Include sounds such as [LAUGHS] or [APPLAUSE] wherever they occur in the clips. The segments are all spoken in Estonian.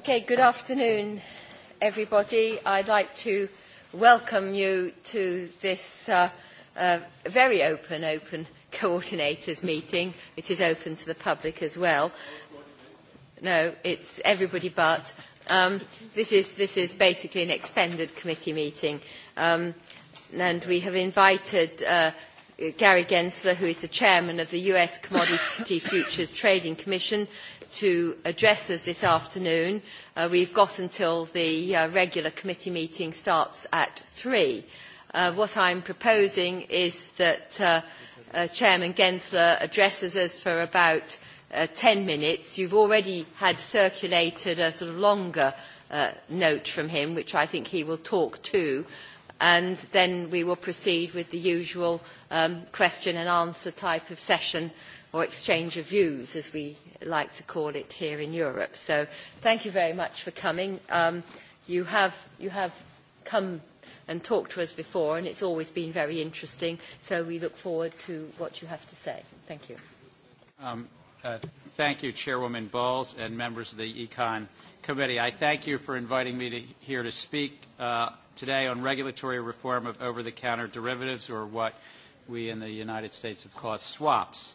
Okay, good afternoon, everybody. I'd like to welcome you to this uh, uh, very open, open [LAUGHS] coordinators meeting. It is open to the public as well. No, it's everybody but. Um, this, is, this is basically an extended committee meeting. Um, and we have invited uh, Gary Gensler, who is the chairman of the US Commodity Futures Trading Commission, to address us this afternoon. Uh, we've got until the uh, regular committee meeting starts at 3. Uh, what I'm proposing is that uh, uh, Chairman Gensler addresses us for about uh, 10 minutes. You've already had circulated a sort of longer uh, note from him, which I think he will talk to, and then we will proceed with the usual um, question and answer type of session uh, or exchange of views, as we like to call it here in Europe. So thank you very much for coming. Um, you, have, you have come and talked to us before, and it's always been very interesting. So we look forward to what you have to say. Thank you. Um, uh, thank you, Chairwoman Bowles and members of the Econ Committee. I thank you for inviting me to, here to speak uh, today on regulatory reform of over-the-counter derivatives, or what we in the United States have called swaps.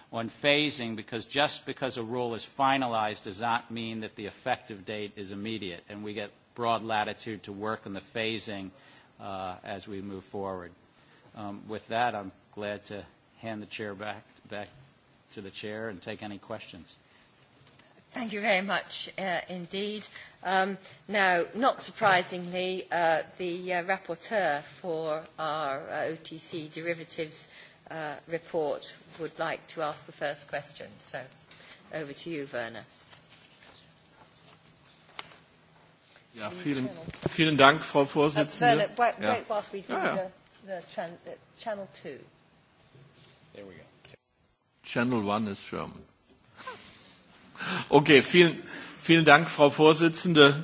on phasing because just because a rule is finalized does not mean that the effective date is immediate, and we get broad latitude to work on the phasing uh, as we move forward. Um, with that, I'm glad to hand the chair back, back to the chair and take any questions. Thank you very much uh, indeed. Um, now, not surprisingly, uh, the uh, rapporteur for our uh, OTC derivatives uh, report would like to ask the first question. So over to you, Werner. Ja, vielen, vielen Dank, Frau Vorsitzende. Uh, Werner, wait, ja. wait whilst we do ja, ja. the, the chan uh, channel two. There we go. Channel one is German. [LAUGHS] Okay, vielen, vielen Dank, Frau Vorsitzende.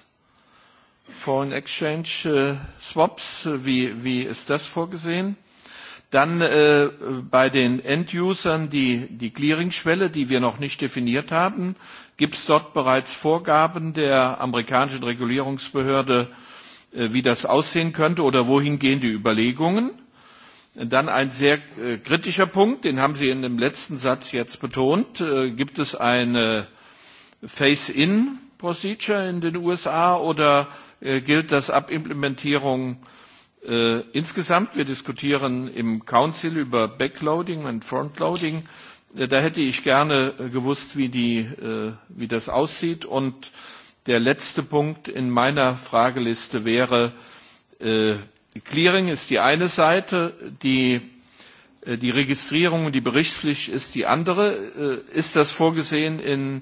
Foreign Exchange äh, Swaps, wie, wie ist das vorgesehen? Dann äh, bei den End-Usern die, die Clearingschwelle, die wir noch nicht definiert haben. Gibt es dort bereits Vorgaben der amerikanischen Regulierungsbehörde, äh, wie das aussehen könnte oder wohin gehen die Überlegungen? Dann ein sehr äh, kritischer Punkt, den haben Sie in dem letzten Satz jetzt betont. Äh, gibt es eine Face-in-Procedure in den USA oder Äh, gilt das ab Implementierung äh, insgesamt. Wir diskutieren im Council über Backloading und Frontloading. Äh, da hätte ich gerne äh, gewusst, wie, die, äh, wie das aussieht. Und der letzte Punkt in meiner Frageliste wäre, äh, Clearing ist die eine Seite, die, äh, die Registrierung und die Berichtspflicht ist die andere. Äh, ist das vorgesehen in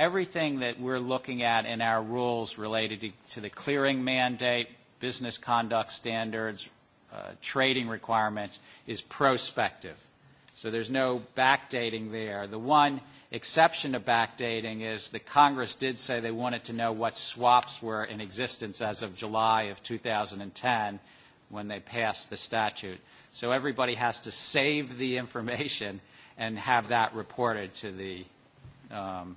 everything that we're looking at in our rules related to, to the clearing mandate, business conduct standards, uh, trading requirements is prospective. So there's no backdating there. The one exception to backdating is the Congress did say they wanted to know what swaps were in existence as of July of 2010 when they passed the statute. So everybody has to save the information and have that reported to the um,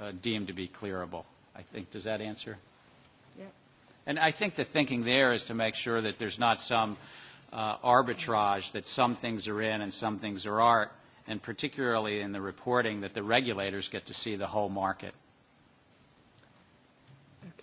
uh, deemed to be clearable. I think does that answer? Yeah. And I think the thinking there is to make sure that there's not some uh, arbitrage that some things are in and some things are art, and particularly in the reporting that the regulators get to see the whole market.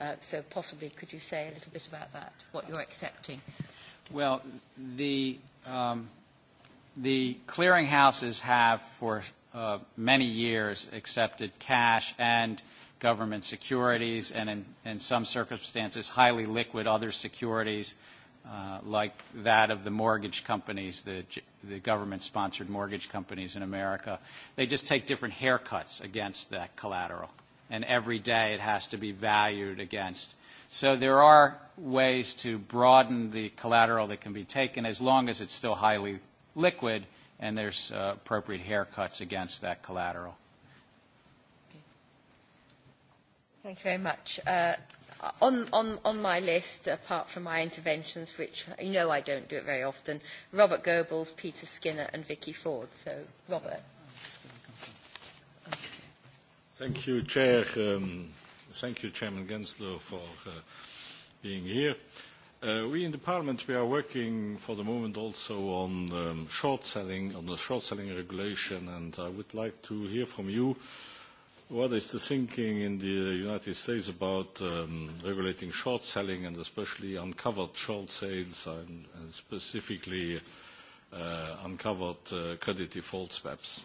Uh, so possibly could you say a little bit about that, what you're accepting? Well, the, um, the clearinghouses have for uh, many years accepted cash and government securities and in, in some circumstances highly liquid other securities uh, like that of the mortgage companies, the, the government-sponsored mortgage companies in America. They just take different haircuts against that collateral and every day it has to be valued against. So there are ways to broaden the collateral that can be taken as long as it's still highly liquid and there's uh, appropriate haircuts against that collateral. Okay. Thank you very much. Uh, on, on, on my list, apart from my interventions, which you know I don't do it very often, Robert Goebbels, Peter Skinner and Vicky Ford. So, Robert. Thank you, Chair. Um, thank you, Chairman Gensler, for uh, being here. Uh, we in the Parliament, we are working for the moment also on um, short selling, on the short selling regulation, and I would like to hear from you what is the thinking in the United States about um, regulating short selling and especially uncovered short sales and, and specifically uh, uncovered uh, credit default swaps?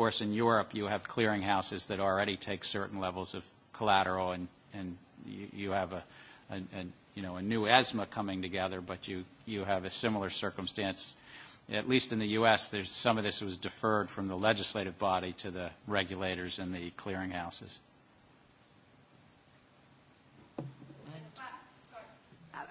course, in Europe, you have clearinghouses that already take certain levels of collateral, and, and you, you have a, a, a, you know, a new ESMA coming together, but you, you have a similar circumstance. At least in the U.S., there's some of this was deferred from the legislative body to the regulators and the clearinghouses.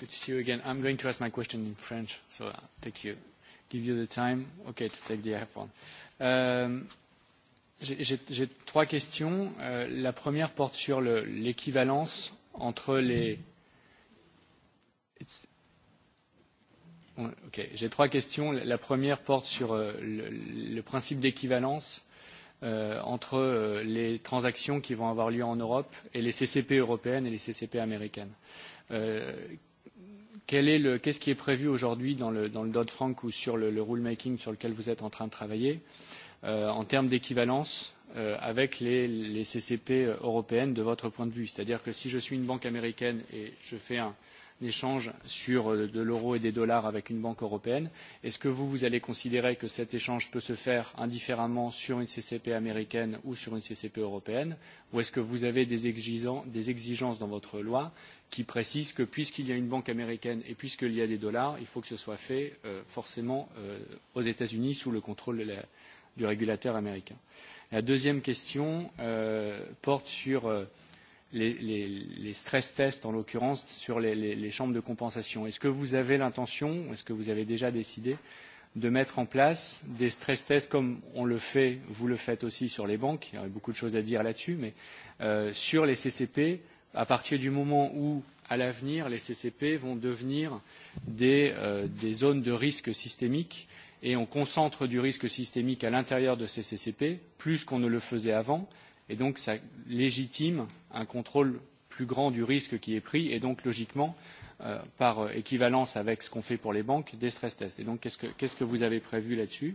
Good to see you again. I'm going to ask my question in French, so I'll take you, give you the time, okay, to take the iPhone. Um, J'ai trois questions. Euh, la première porte sur l'équivalence le, entre les. It's... Ok, j'ai trois questions. La première porte sur euh, le, le principe d'équivalence euh, entre euh, les transactions qui vont avoir lieu en Europe et les CCP européennes et les CCP américaines. Euh, Quel est le, qu'est-ce qui est prévu aujourd'hui dans le, dans le Dodd-Frank ou sur le, le rulemaking sur lequel vous êtes en train de travailler euh, en termes d'équivalence euh, avec les, les CCP euh, européennes de votre point de vue C'est-à-dire que si je suis une banque américaine et je fais un, euh, d'échanges sur euh, de l'euro et des dollars avec une banque européenne. Est-ce que vous, vous allez considérer que cet échange peut se faire indifféremment sur une CCP américaine ou sur une CCP européenne Ou est-ce que vous avez des, exigeants, des exigences dans votre loi qui précisent que puisqu'il y a une banque américaine et puisqu'il y a des dollars, il faut que ce soit fait euh, forcément euh, aux États-Unis sous le contrôle de la, du régulateur américain La deuxième question euh, porte sur... Euh, les, les, les stress tests, en l'occurrence, sur les, les, les chambres de compensation. Est-ce que vous avez l'intention, est-ce que vous avez déjà décidé de mettre en place des stress tests comme on le fait, vous le faites aussi sur les banques, il y aurait beaucoup de choses à dire là-dessus, mais euh, sur les CCP, à partir du moment où, à l'avenir, les CCP vont devenir des, euh, des zones de risque systémique et on concentre du risque systémique à l'intérieur de ces CCP, plus qu'on ne le faisait avant, euh, et donc ça légitime un contrôle plus grand du risque qui est pris et donc logiquement euh, par euh, équivalence avec ce qu'on fait pour les banques des stress tests. Et donc qu'est-ce que, qu'est-ce que vous avez prévu là-dessus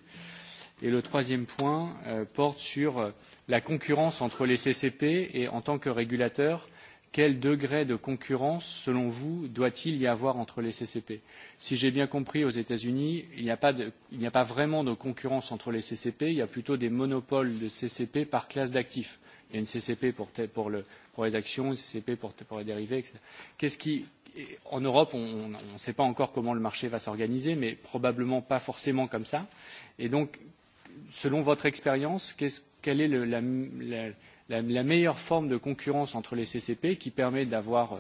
Et le troisième point euh, porte sur euh, la concurrence entre les CCP et en tant que régulateur, quel degré de concurrence, selon vous, doit-il y avoir entre les CCP Si j'ai bien compris, aux États-Unis, il n'y a, pas de, il a pas vraiment de concurrence entre les CCP, il y a plutôt des monopoles de CCP par classe d'actifs. Il y a une CCP pour, pour, le, pour les actions, une CCP pour, pour les dérivés, etc. Qu'est-ce qui, en Europe, on ne sait pas encore comment le marché va s'organiser, mais probablement pas forcément comme ça. Et donc, selon votre expérience, qu est quelle est le, la, la, la, la meilleure forme de concurrence entre les CCP qui permet d'avoir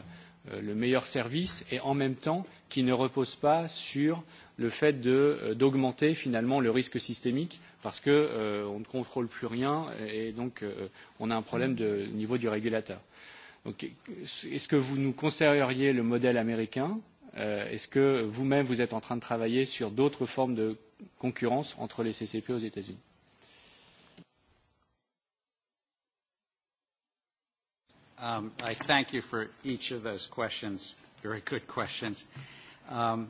euh, le meilleur service et en même temps qui ne repose pas sur euh, le fait euh, d'augmenter finalement le risque systémique parce qu'on euh, ne contrôle plus rien et donc euh, on a un problème de niveau du régulateur. Donc, est-ce que vous nous conseilleriez le modèle américain euh, Est-ce que vous-même, vous êtes en train de travailler sur d'autres formes de concurrence entre les CCP aux États-Unis um, I thank you for each of those questions, very good questions. Um,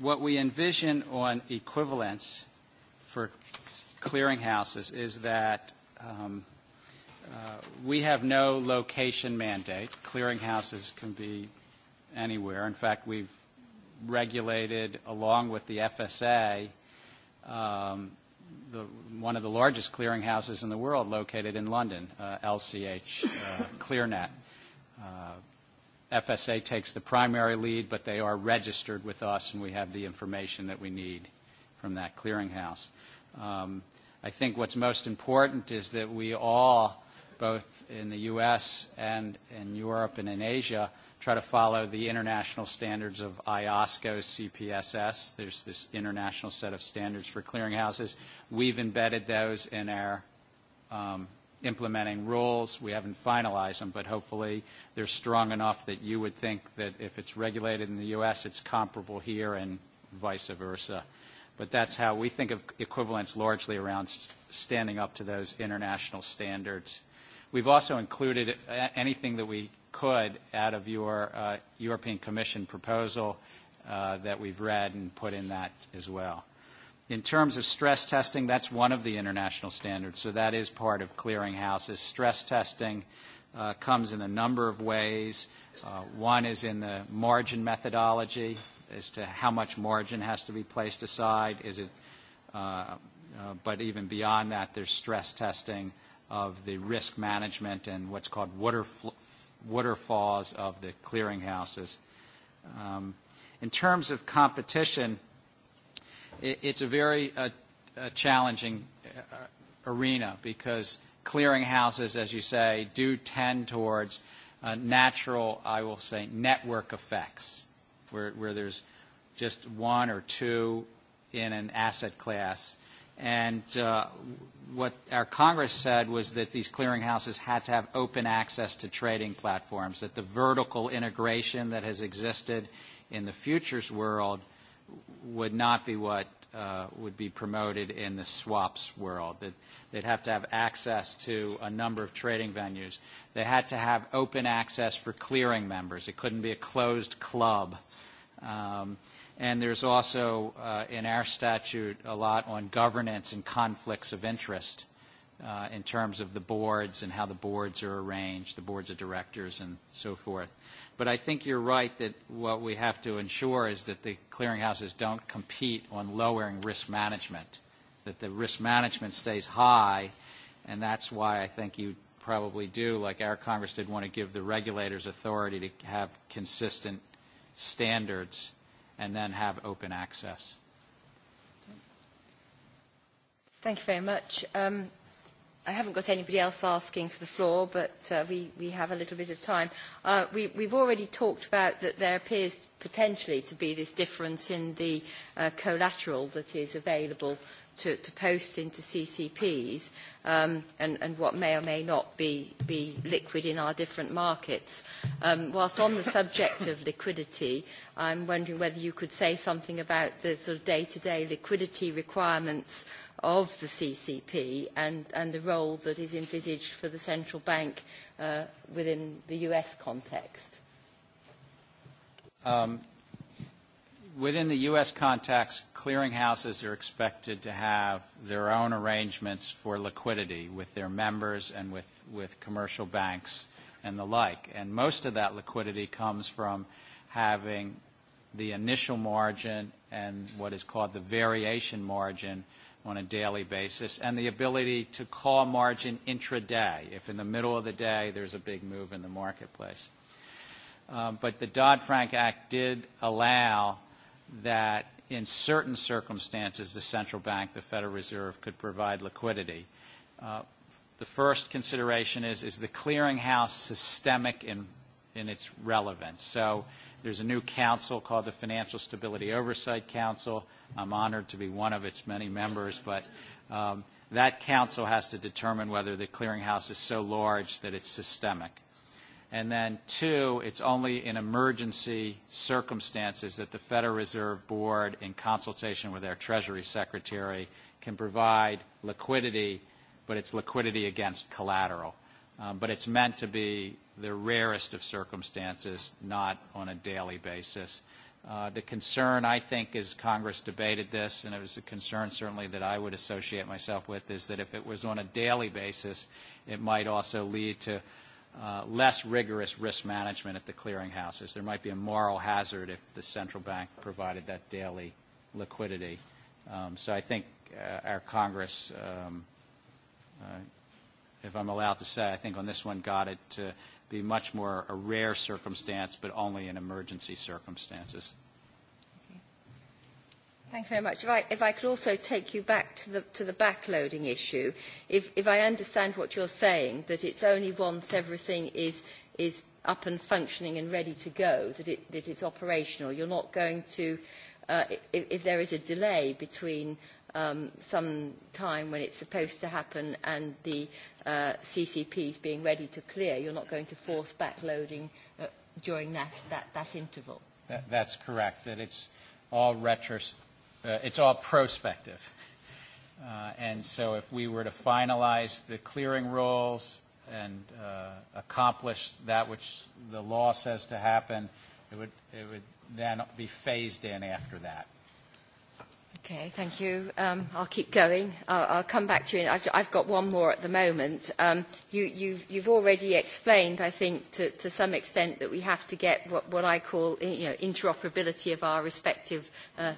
what we envision on equivalence for clearinghouses is that um, uh, we have no location mandate. Clearinghouses can be anywhere. In fact, we've regulated, along with the FSA, um, the, one of the largest clearinghouses in the world located in London, uh, LCH uh, ClearNet. Uh, FSA takes the primary lead, but they are registered with us, and we have the information that we need from that clearinghouse. Um, I think what's most important is that we all, both in the U.S. and in Europe and in Asia, try to follow the international standards of IOSCO CPSS. There's this international set of standards for clearinghouses. We've embedded those in our um, implementing rules. We haven't finalized them, but hopefully they're strong enough that you would think that if it's regulated in the U.S., it's comparable here and vice versa. But that's how we think of equivalence largely around standing up to those international standards. We've also included anything that we could out of your uh, European Commission proposal uh, that we've read and put in that as well. In terms of stress testing, that's one of the international standards, so that is part of clearinghouses. Stress testing uh, comes in a number of ways. Uh, one is in the margin methodology as to how much margin has to be placed aside. Is it, uh, uh, but even beyond that, there's stress testing of the risk management and what's called water waterfalls of the clearinghouses. Um, in terms of competition, uh, it, it's a very uh, uh, challenging uh, arena because clearinghouses, as you say, do tend towards uh, natural, I will say, network effects, where, where there's just one or two in an asset class. And uh, what our Congress said was that these clearinghouses had to have open access to trading platforms, that the vertical integration that has existed in the futures world would not be what uh, would be promoted in the swaps world. That they'd have to have access to a number of trading venues. They had to have open access for clearing members. It couldn't be a closed club. Um, and there's also uh, in our statute a lot on governance and conflicts of interest uh, in terms of the boards and how the boards are arranged, the boards of directors and so forth. But I think you're right that what we have to ensure is that the clearinghouses don't compete on lowering risk management, that the risk management stays high, and that's why I think you probably do, like our Congress did want to give the regulators authority to have consistent standards and then have open access. Thank you very much. Um, I haven't got anybody else asking for the floor, but uh, we, we have a little bit of time. Uh, we, we've already talked about that there appears potentially to be this difference in the uh, collateral that is available to, to post into CCPs um, and, and what may or may not be, be liquid in our different markets. Um, whilst on the subject of liquidity, I'm wondering whether you could say something about the sort of day-to-day -day liquidity requirements of the CCP and, and the role that is envisaged for the central bank uh, within the US context? Um, within the U.S. context, clearinghouses are expected to have their own arrangements for liquidity with their members and with, with commercial banks and the like. And most of that liquidity comes from having the initial margin and what is called the variation margin – on a daily basis, and the ability to call margin intraday if in the middle of the day there's a big move in the marketplace. Um, but the Dodd-Frank Act did allow that in certain circumstances, the central bank, the Federal Reserve, could provide liquidity. Uh, the first consideration is, is the clearinghouse systemic in, in its relevance? So there's a new council called the Financial Stability Oversight Council I'm honored to be one of its many members, but um, that council has to determine whether the clearinghouse is so large that it's systemic. And then two, it's only in emergency circumstances that the Federal Reserve Board, in consultation with their Treasury Secretary, can provide liquidity, but it's liquidity against collateral. Um, but it's meant to be the rarest of circumstances, not on a daily basis. Uh, Uh, the concern, I think, as Congress debated this, and it was a concern certainly that I would associate myself with, is that if it was on a daily basis, it might also lead to uh, less rigorous risk management at the clearinghouses. There might be a moral hazard if the central bank provided that daily liquidity. Um, so I think uh, our Congress, um, uh, if I'm allowed to say, I think on this one got it. Uh, be much more a rare circumstance, but only in emergency circumstances. Okay. Thank you very much. If I, if I could also take you back to the, to the backloading issue, if, if I understand what you're saying, that it's only once everything is, is up and functioning and ready to go, that, it, that it's operational. You're not going to, uh, if, if there is a delay between uh, um, some time when it's supposed to happen and the uh, CCP is being ready to clear. You're not going to force backloading uh, during that, that, that interval. That, that's correct, that it's all retros, uh, it's all prospective. Uh, and so if we were to finalize the clearing rules and uh, accomplish that which the law says to happen, it would, it would then be phased in after that. Okay, thank you. Um, I'll keep going. I'll, I'll come back to you. I've, I've got one more at the moment. Um, you, you've, you've already explained, I think, to, to some extent that we have to get what, what I call you know, interoperability of our respective uh,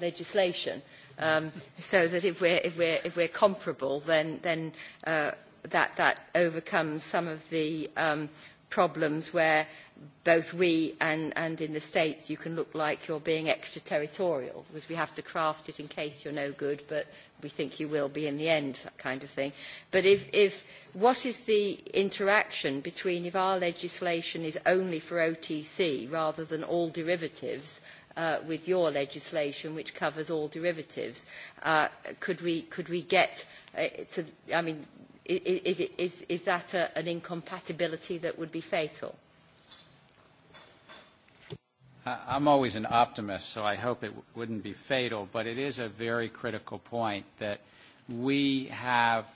legislation, um, so that if we're, if we're, if we're comparable, then, then uh, that, that overcomes some of the um, problems where both we and, and in the States you can look like you're being extraterritorial because we have to craft it in case you're no good, but we think you will be in the end, that kind of thing. But if, if what is the interaction between if our legislation is only for OTC rather than all derivatives, uh, with your legislation, which covers all derivatives, uh, could we could we get uh, to? I mean, is, is, is that a, an incompatibility that would be fatal? I'm always an optimist, so I hope it wouldn't be fatal, but it is a very critical point that we have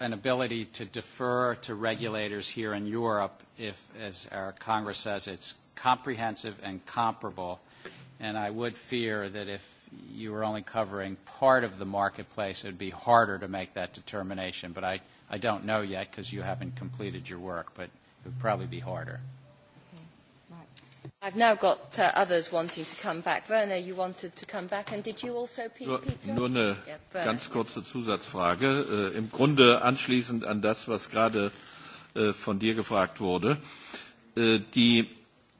an ability to defer to regulators here in Europe if, as our Congress says, it's comprehensive and comparable. And I would fear that if you were only covering part of the marketplace, it would be harder to make that determination. But I I don't know yet because you haven't completed your work, but it would probably be harder. Okay. Right. I've now got uh, others wanting to come back. Werner, you wanted to come back, and did you also, Peter? Nur, nur eine yeah, Werner. ganz kurze Zusatzfrage. Äh, Im Grunde anschließend an das, was gerade äh, von dir gefragt wurde. Äh, die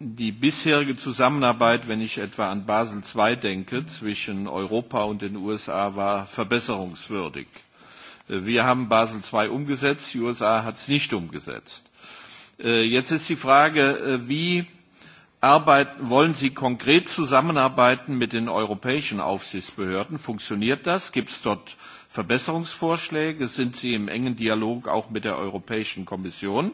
die bisherige Zusammenarbeit, wenn ich etwa an Basel II denke, zwischen Europa und den USA war verbesserungswürdig. Äh, Wir haben Basel II umgesetzt, die USA hat es nicht umgesetzt. Äh, jetzt ist die Frage, äh, wie arbeiten, wollen Sie konkret zusammenarbeiten mit den europäischen Aufsichtsbehörden? Funktioniert das? Gibt es dort Verbesserungsvorschläge? Sind Sie im engen Dialog auch mit der Europäischen Kommission,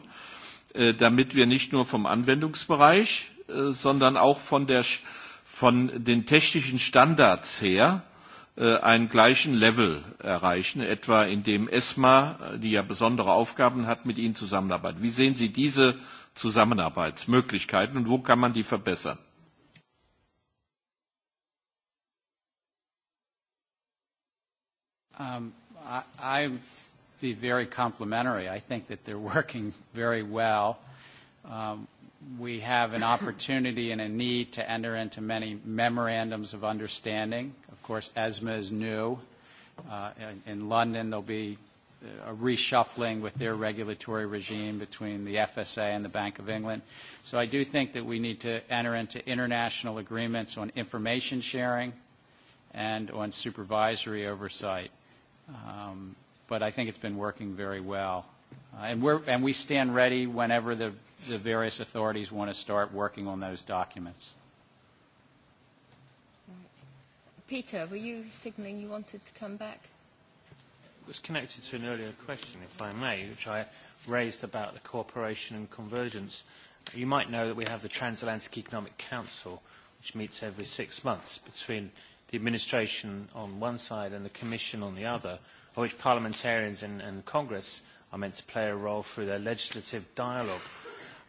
äh, damit wir nicht nur vom Anwendungsbereich, sondern auch von, der, von den technischen Standards her Äh, einen gleichen Level erreichen, etwa indem ESMA, äh, die ja besondere Aufgaben hat, mit Ihnen zusammenarbeitet. Wie sehen Sie diese Zusammenarbeitsmöglichkeiten und wo kann man die verbessern? Um, I, I be very complimentary. I think that they're [LAUGHS] working very well. Um, we have an opportunity and a need to enter into many memorandums of understanding. Of course, ESMA is new. Uh, in London, there'll be a reshuffling with their regulatory regime between the FSA and the Bank of England. So I do think that we need to enter into international agreements on information sharing and on supervisory oversight. Um, but I think it's been working very well. Uh, and, we're, and we stand ready whenever the the various authorities want to start working on those documents. Peter, were you signalling you wanted to come back? It was connected to an earlier question, if I may, which I raised about the cooperation and convergence. You might know that we have the Transatlantic Economic Council, which meets every six months between the administration on one side and the Commission on the other, of which parliamentarians and, and Congress are meant to play a role through their legislative dialogue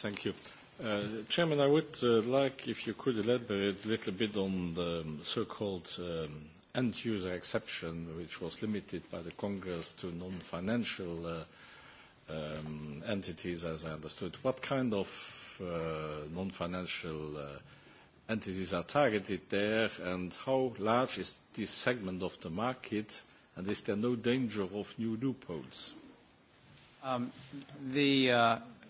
Thank you. Uh, Chairman, I would uh, like if you could elaborate a little bit on the um, so-called um, end-user exception, which was limited by the Congress to non-financial uh, um, entities, as I understood. What kind of uh, non-financial uh, entities are targeted there, and how large is this segment of the market, and is there no danger of new loopholes? Um, the uh,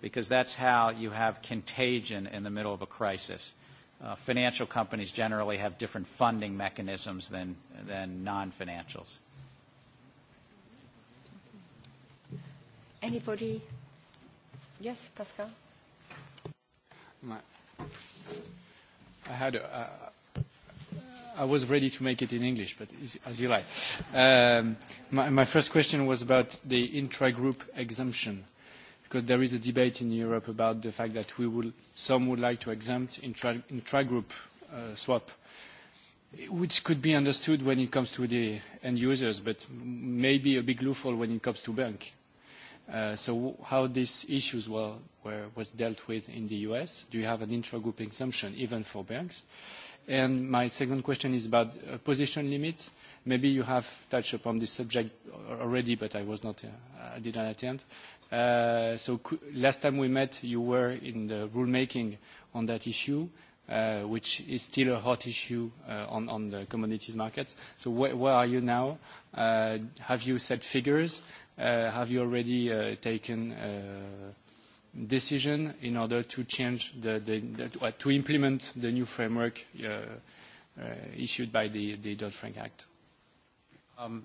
because that's how you have contagion in the middle of a crisis. Uh, financial companies generally have different funding mechanisms than, than non-financials. Anybody? Yes, Pascal? My, I had a, uh, I was ready to make it in English, but as you like. Um, my, my first question was about the intra-group exemption. Uh, because there is a debate in Europe about the fact that we will, some would like to exempt intra, intra-group uh, swap, which could be understood when it comes to the end users, but maybe a big loophole when it comes to bank. Uh, so how these issues were, were, was dealt with in the U.S. Do you have an intra-group exemption even for banks? And my second question is about uh, position limit. Maybe you have touched upon this subject already, but I was not, uh, I didn't attend. Uh, so last time we met, you were in the rulemaking on that issue, uh, which is still a hot issue uh, on, on the commodities markets. So wh where are you now? Uh, have you set figures? Uh, have you already uh, taken decision in order to change the, the, the to implement the new framework issued by the, the Dodd-Frank Act? Um,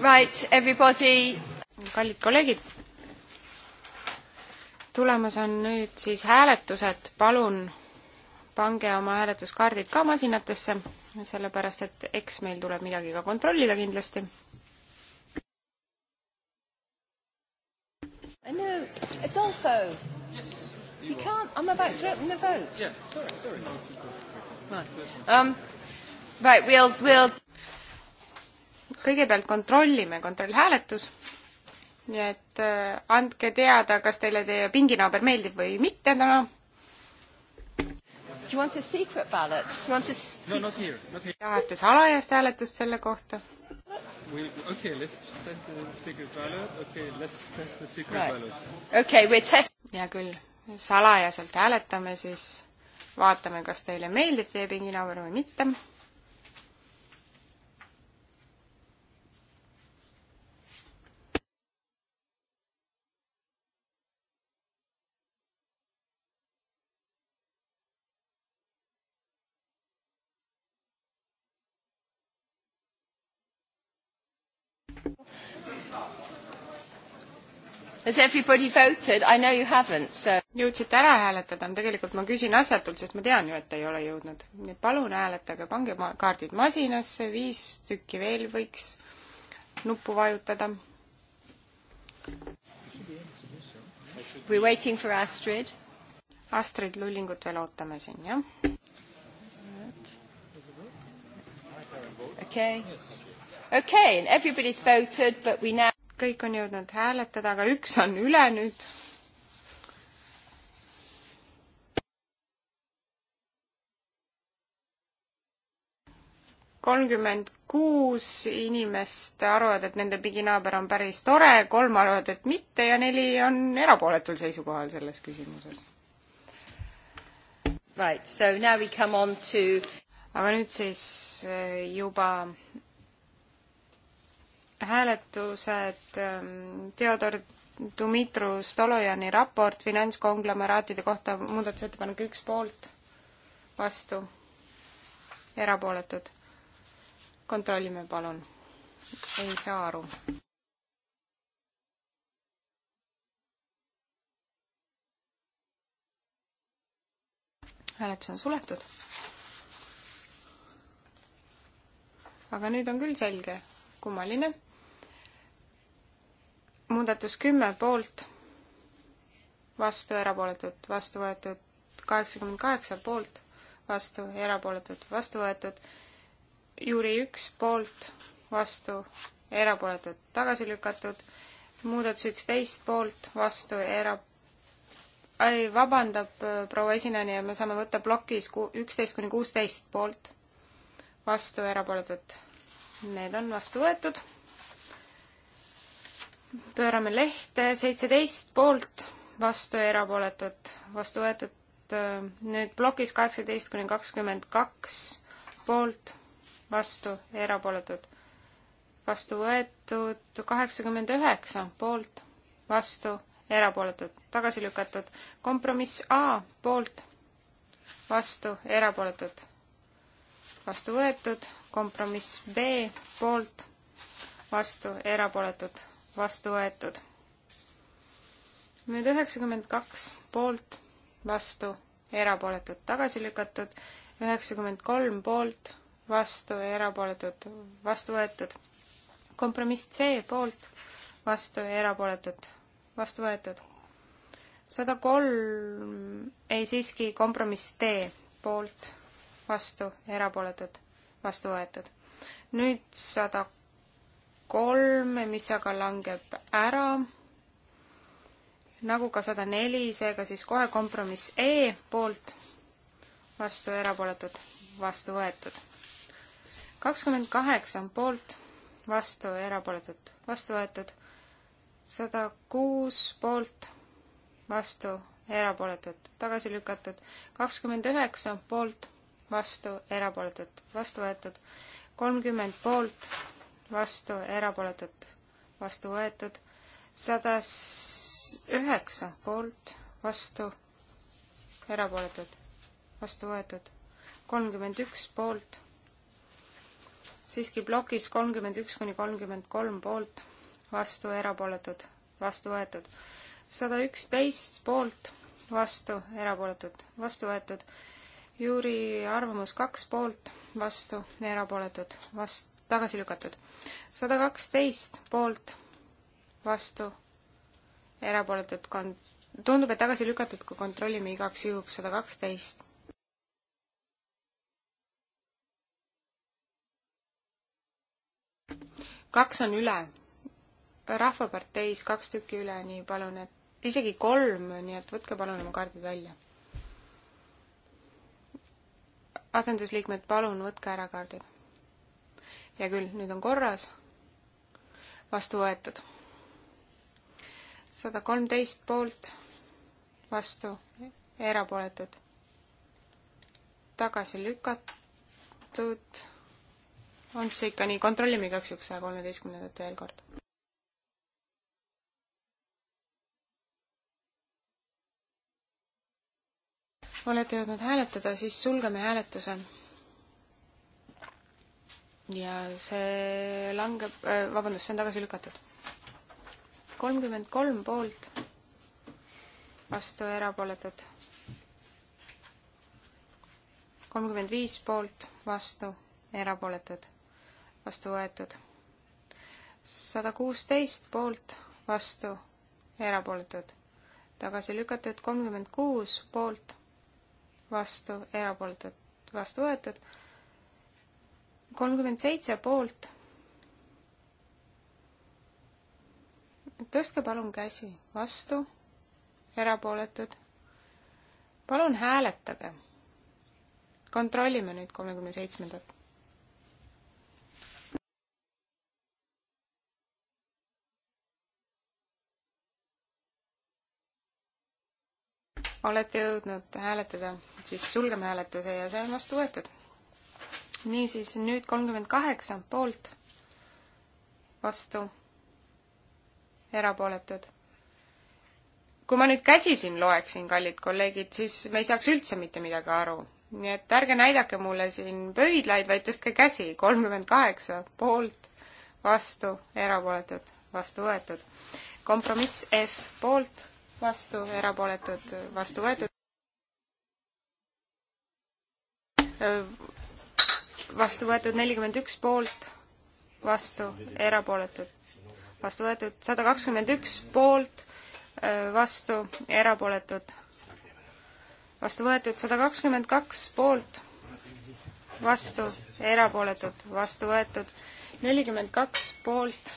Right, everybody. kallid kolleegid, tulemas on nüüd siis hääletused, palun pange oma hääletuskaardid ka masinatesse, sellepärast et eks meil tuleb midagi ka kontrollida kindlasti. no, Adolfo yes,. You can't, I am about to open the vote. Yeah, sorry, sorry. Right. Um, right, we'll, we'll kõigepealt kontrollime, kontrollhääletus, nii et äh, andke teada, kas teile teie pinginaaber meeldib või mitte täna no.. You want a secret ballot? You want a no, not here, not here. tahate salajast hääletust selle kohta? We, okay, let's test the secret ballot. Okay, let's test the secret right. ballot. Okay, we test. hea küll, salajaselt hääletame siis, vaatame, kas teile meeldib teie pinginaaber või mitte Has everybody voted? I know you haven't, so. jõudsite ära hääletada, tegelikult ma küsin asjatult, sest ma tean ju, et ei ole jõudnud. nii et palun hääletage, pange ma-, kaardid masinasse, viis tükki veel võiks nuppu vajutada. We are waiting for Astrid. Astrid Lullingut veel ootame siin, jah. okei okay., okei okay,, everybody has voted, but we now kõik on jõudnud hääletada, aga üks on üle nüüd. kolmkümmend kuus inimest arvavad, et nende piginaaber on päris tore, kolm arvavad, et mitte ja neli on erapooletul seisukohal selles küsimuses. Right, so now we come on to aga nüüd siis eh, juba hääletused ähm, Theodor Dumitru Stolojani raport finantskonglomeraatide kohta, muudatusettepanek üks poolt, vastu, erapooletud. kontrollime palun. ei saa aru. hääletus on suletud. aga nüüd on küll selge, kummaline muudatus kümme poolt, vastu, erapooletud, vastu võetud, kaheksakümmend kaheksa poolt, vastu, erapooletud, vastu võetud, juuri üks poolt, vastu, erapooletud, tagasi lükatud, muudatus üksteist poolt, vastu, era-, ei, vabandab äh, proua esinejani ja me saame võtta plokis ku-, üksteist kuni kuusteist poolt, vastu, erapooletud. Need on vastu võetud pöörame lehte, seitseteist poolt, vastu ja erapooletud, vastu võetud äh, nüüd plokis kaheksateist kuni kakskümmend kaks poolt, vastu ja erapooletud. vastu võetud kaheksakümmend üheksa poolt, vastu, erapooletud, tagasi lükatud. kompromiss A poolt, vastu, erapooletud, vastu võetud. kompromiss B poolt, vastu, erapooletud vastu võetud. nüüd üheksakümmend kaks poolt, vastu, erapooletud, tagasi lükatud, üheksakümmend kolm poolt, vastu ja erapooletud, vastu võetud. kompromiss C poolt, vastu ja erapooletud, vastu võetud. sada kolm, ei siiski, kompromiss D poolt, vastu, erapooletud, vastu võetud. nüüd sada kolm, mis aga langeb ära, nagu ka sada neli, seega siis kohe kompromiss E poolt, vastu erapooletud, vastu võetud. kakskümmend kaheksa on poolt, vastu erapooletud, vastu võetud. sada kuus poolt, vastu erapooletud, tagasi lükatud. kakskümmend üheksa poolt, vastu erapooletud, vastu võetud. kolmkümmend poolt, vastu, erapooletud, vastu võetud, sada üheksa poolt, vastu, erapooletud, vastu võetud, kolmkümmend üks poolt, siiski plokis kolmkümmend üks kuni kolmkümmend kolm poolt, vastu, erapooletud, vastu võetud, sada üksteist poolt, vastu, erapooletud, vastu võetud, Jüri arvamus kaks poolt, vastu, erapooletud, vast-, tagasi lükatud sada kaksteist poolt, vastu, erapooletud kon-, tundub, et tagasi lükatud, kui kontrollime igaks juhuks sada kaksteist. kaks on üle. rahvaparteis kaks tükki üle, nii palun, et isegi kolm, nii et võtke palun oma kaardid välja. asendusliikmed, palun võtke ära kaardid hea küll, nüüd on korras. vastu võetud. sada kolmteist poolt, vastu, erapooletud. tagasi lükatud. on see ikka nii, kontrollime igaks juhuks saja kolmeteistkümnendat veel kord. olete jõudnud hääletada, siis sulgeme hääletuse ja see langeb, äh, vabandust, see on tagasi lükatud. kolmkümmend kolm poolt, vastu erapooletud. kolmkümmend viis poolt, vastu erapooletud, vastu võetud. sada kuusteist poolt, vastu erapooletud, tagasi lükatud. kolmkümmend kuus poolt, vastu erapooletud, vastu võetud kolmkümmend seitse poolt. tõstke palun käsi vastu, erapooletud. palun hääletage. kontrollime nüüd kolmekümne seitsmendat. olete jõudnud hääletada, siis sulgeme hääletuse ja see on vastu võetud niisiis nüüd kolmkümmend kaheksa poolt, vastu, erapooletud. kui ma nüüd käsi siin loeksin, kallid kolleegid, siis me ei saaks üldse mitte midagi aru. nii et ärge näidake mulle siin pöidlaid, vaid tõstke käsi, kolmkümmend kaheksa poolt, vastu, erapooletud, vastu võetud. kompromiss F poolt, vastu, erapooletud, vastu võetud vastu võetud nelikümmend üks poolt, vastu, erapooletud, vastu võetud sada kakskümmend üks poolt, äh, vastu, erapooletud, vastu võetud sada kakskümmend kaks poolt, vastu, erapooletud, vastu võetud nelikümmend kaks poolt,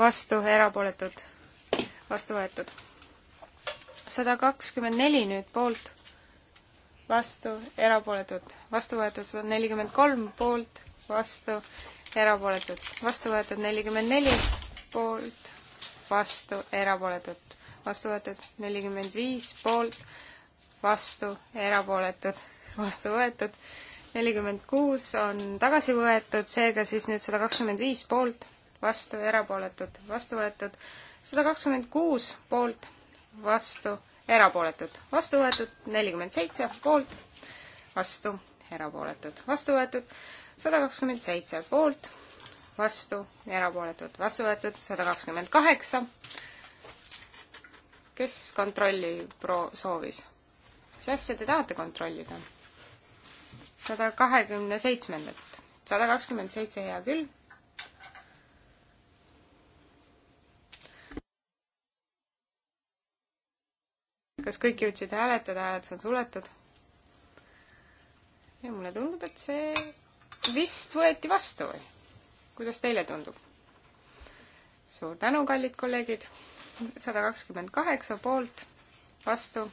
vastu, erapooletud, vastu võetud. sada kakskümmend neli nüüd poolt vastu, erapooletud, vastu võetud sada nelikümmend kolm poolt, vastu, erapooletud, vastu võetud nelikümmend neli poolt, vastu, erapooletud, vastu võetud nelikümmend viis poolt, vastu, erapooletud, vastu võetud nelikümmend kuus on tagasi võetud, seega siis nüüd sada kakskümmend viis poolt, vastu, erapooletud, vastu võetud sada kakskümmend kuus poolt, vastu, erapooletud, vastu võetud nelikümmend seitse, poolt, vastu, erapooletud, vastu võetud sada kakskümmend seitse, poolt, vastu, erapooletud, vastu võetud sada kakskümmend kaheksa. kes kontrolli pro-, soovis? mis asja te tahate kontrollida? sada kahekümne seitsmendat, sada kakskümmend seitse, hea küll kas kõik jõudsid hääletada, hääletus on suletud? ja mulle tundub, et see vist võeti vastu või? kuidas teile tundub? suur tänu, kallid kolleegid. sada kakskümmend kaheksa poolt, vastu,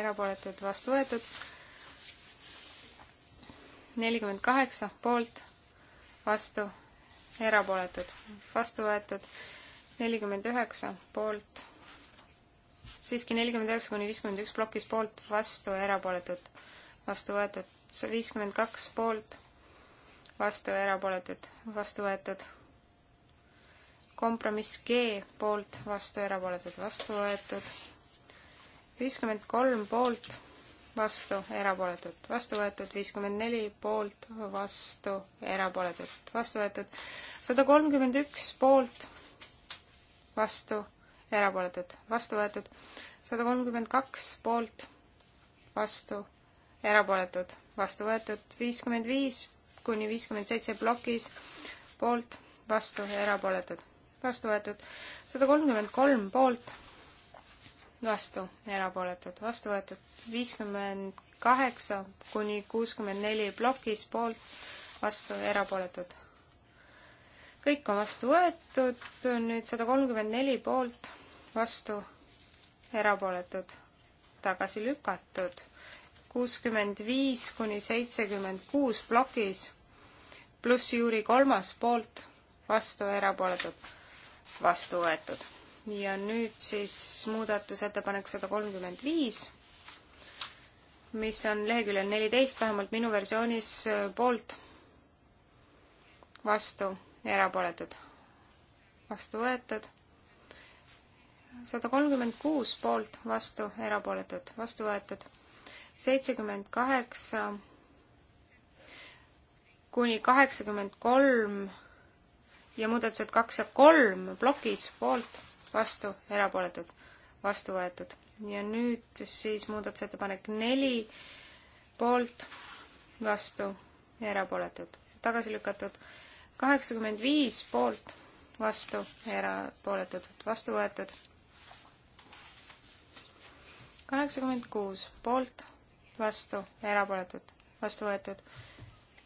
erapooletud, vastu võetud. nelikümmend kaheksa poolt, vastu, erapooletud, vastu võetud. nelikümmend üheksa poolt siiski nelikümmend üheksa kuni viiskümmend üks plokis poolt, vastu, erapooletud, vastu võetud, viiskümmend kaks poolt, vastu, erapooletud, vastu võetud. kompromiss G poolt, vastu, erapooletud, vastu võetud. viiskümmend kolm poolt, vastu, erapooletud, vastu võetud, viiskümmend neli poolt, vastu, erapooletud, vastu võetud, sada kolmkümmend üks poolt, vastu erapooletud, vastu võetud. sada kolmkümmend kaks poolt, vastu, erapooletud, vastu võetud. viiskümmend viis kuni viiskümmend seitse plokis, poolt, vastu ja erapooletud, vastu võetud. sada kolmkümmend kolm poolt, vastu, erapooletud, vastu võetud. viiskümmend kaheksa kuni kuuskümmend neli plokis, poolt, vastu, erapooletud kõik on vastu võetud, nüüd sada kolmkümmend neli poolt vastu, erapooletud, tagasi lükatud. kuuskümmend viis kuni seitsekümmend kuus plokis, pluss juuri kolmas poolt, vastu, erapooletud, vastu võetud. ja nüüd siis muudatusettepanek sada kolmkümmend viis mis on leheküljel neliteist, vähemalt minu versioonis poolt, vastu ja erapooletud. vastu võetud sada kolmkümmend kuus poolt, vastu, erapooletud, vastu võetud. seitsekümmend kaheksa kuni kaheksakümmend kolm ja muudatused kaks ja kolm plokis poolt, vastu, erapooletud, vastu võetud. ja nüüd siis muudatusettepanek neli poolt, vastu ja erapooletud, tagasi lükatud. kaheksakümmend viis poolt, vastu, erapooletud, vastu võetud kaheksakümmend kuus poolt, vastu, erapooletud, vastu võetud.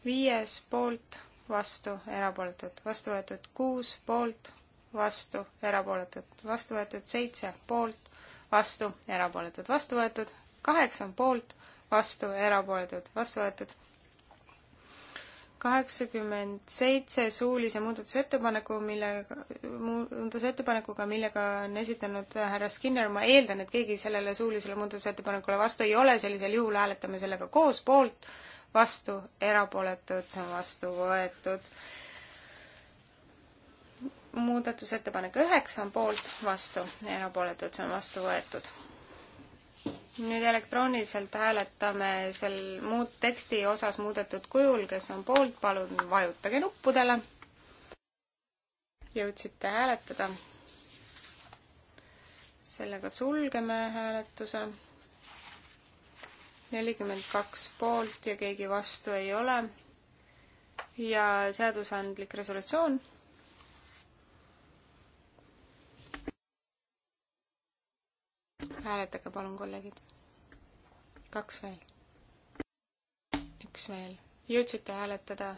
viies poolt, vastu, erapooletud, vastu võetud. kuus poolt, vastu, erapooletud, vastu võetud. seitse poolt, vastu, erapooletud, vastu võetud. kaheksa poolt, vastu, erapooletud, vastu võetud kaheksakümmend seitse suulise muudatusettepaneku, millega, muudatusettepanekuga, millega on esitanud härra Skinner, ma eeldan, et keegi sellele suulisele muudatusettepanekule vastu ei ole, sellisel juhul hääletame sellega koos poolt, vastu, erapooletud, see on vastu võetud. muudatusettepanek üheksa on poolt, vastu, erapooletud, see on vastu võetud nüüd elektrooniliselt hääletame sel muud teksti osas muudetud kujul, kes on poolt, palun vajutage nuppudele. jõudsite hääletada. sellega sulgeme hääletuse. nelikümmend kaks poolt ja keegi vastu ei ole. ja seadusandlik resolutsioon hääletage palun, kolleegid. kaks veel. üks veel. jõudsite hääletada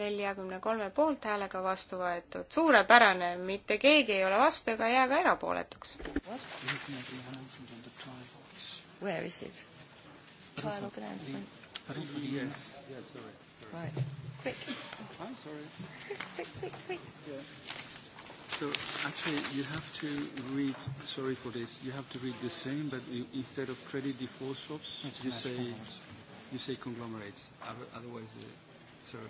neljakümne kolme poolthäälega vastu võetud. suurepärane, mitte keegi ei ole vastu ega jää ka erapooletuks. Where is it? Trial of announcement. Yes, yes, sorry. Right, quick. I'm sorry. Quick, quick, quick, quick. Yeah. So actually, you have to read. Sorry for this. You have to read the same, but you, instead of credit default swaps, it's you say you say conglomerates. Otherwise, uh, sorry.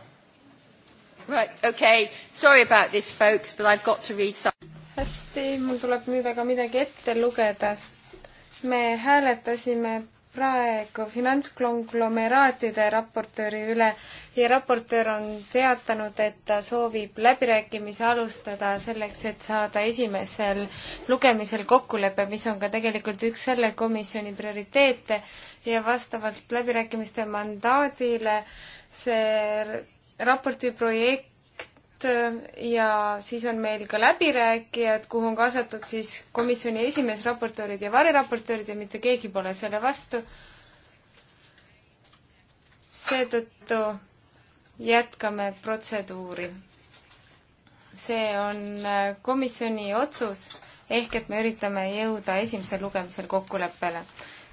Right. Okay. Sorry about this, folks, but I've got to read some. hästi, mul tuleb nüüd aga midagi ette lugeda. me hääletasime praegu finantskonglomeraatide raportööri üle ja raportöör on teatanud, et ta soovib läbirääkimisi alustada selleks, et saada esimesel lugemisel kokkulepe, mis on ka tegelikult üks selle komisjoni prioriteete ja vastavalt läbirääkimiste mandaadile see raporti projekt Äh, ja siis on meil ka läbirääkijad, kuhu on kaasatud siis komisjoni esimees, raportöörid ja variraportöörid ja mitte keegi pole selle vastu. seetõttu jätkame protseduuri. see on äh, komisjoni otsus ehk et me üritame jõuda esimesel lugemisel kokkuleppele.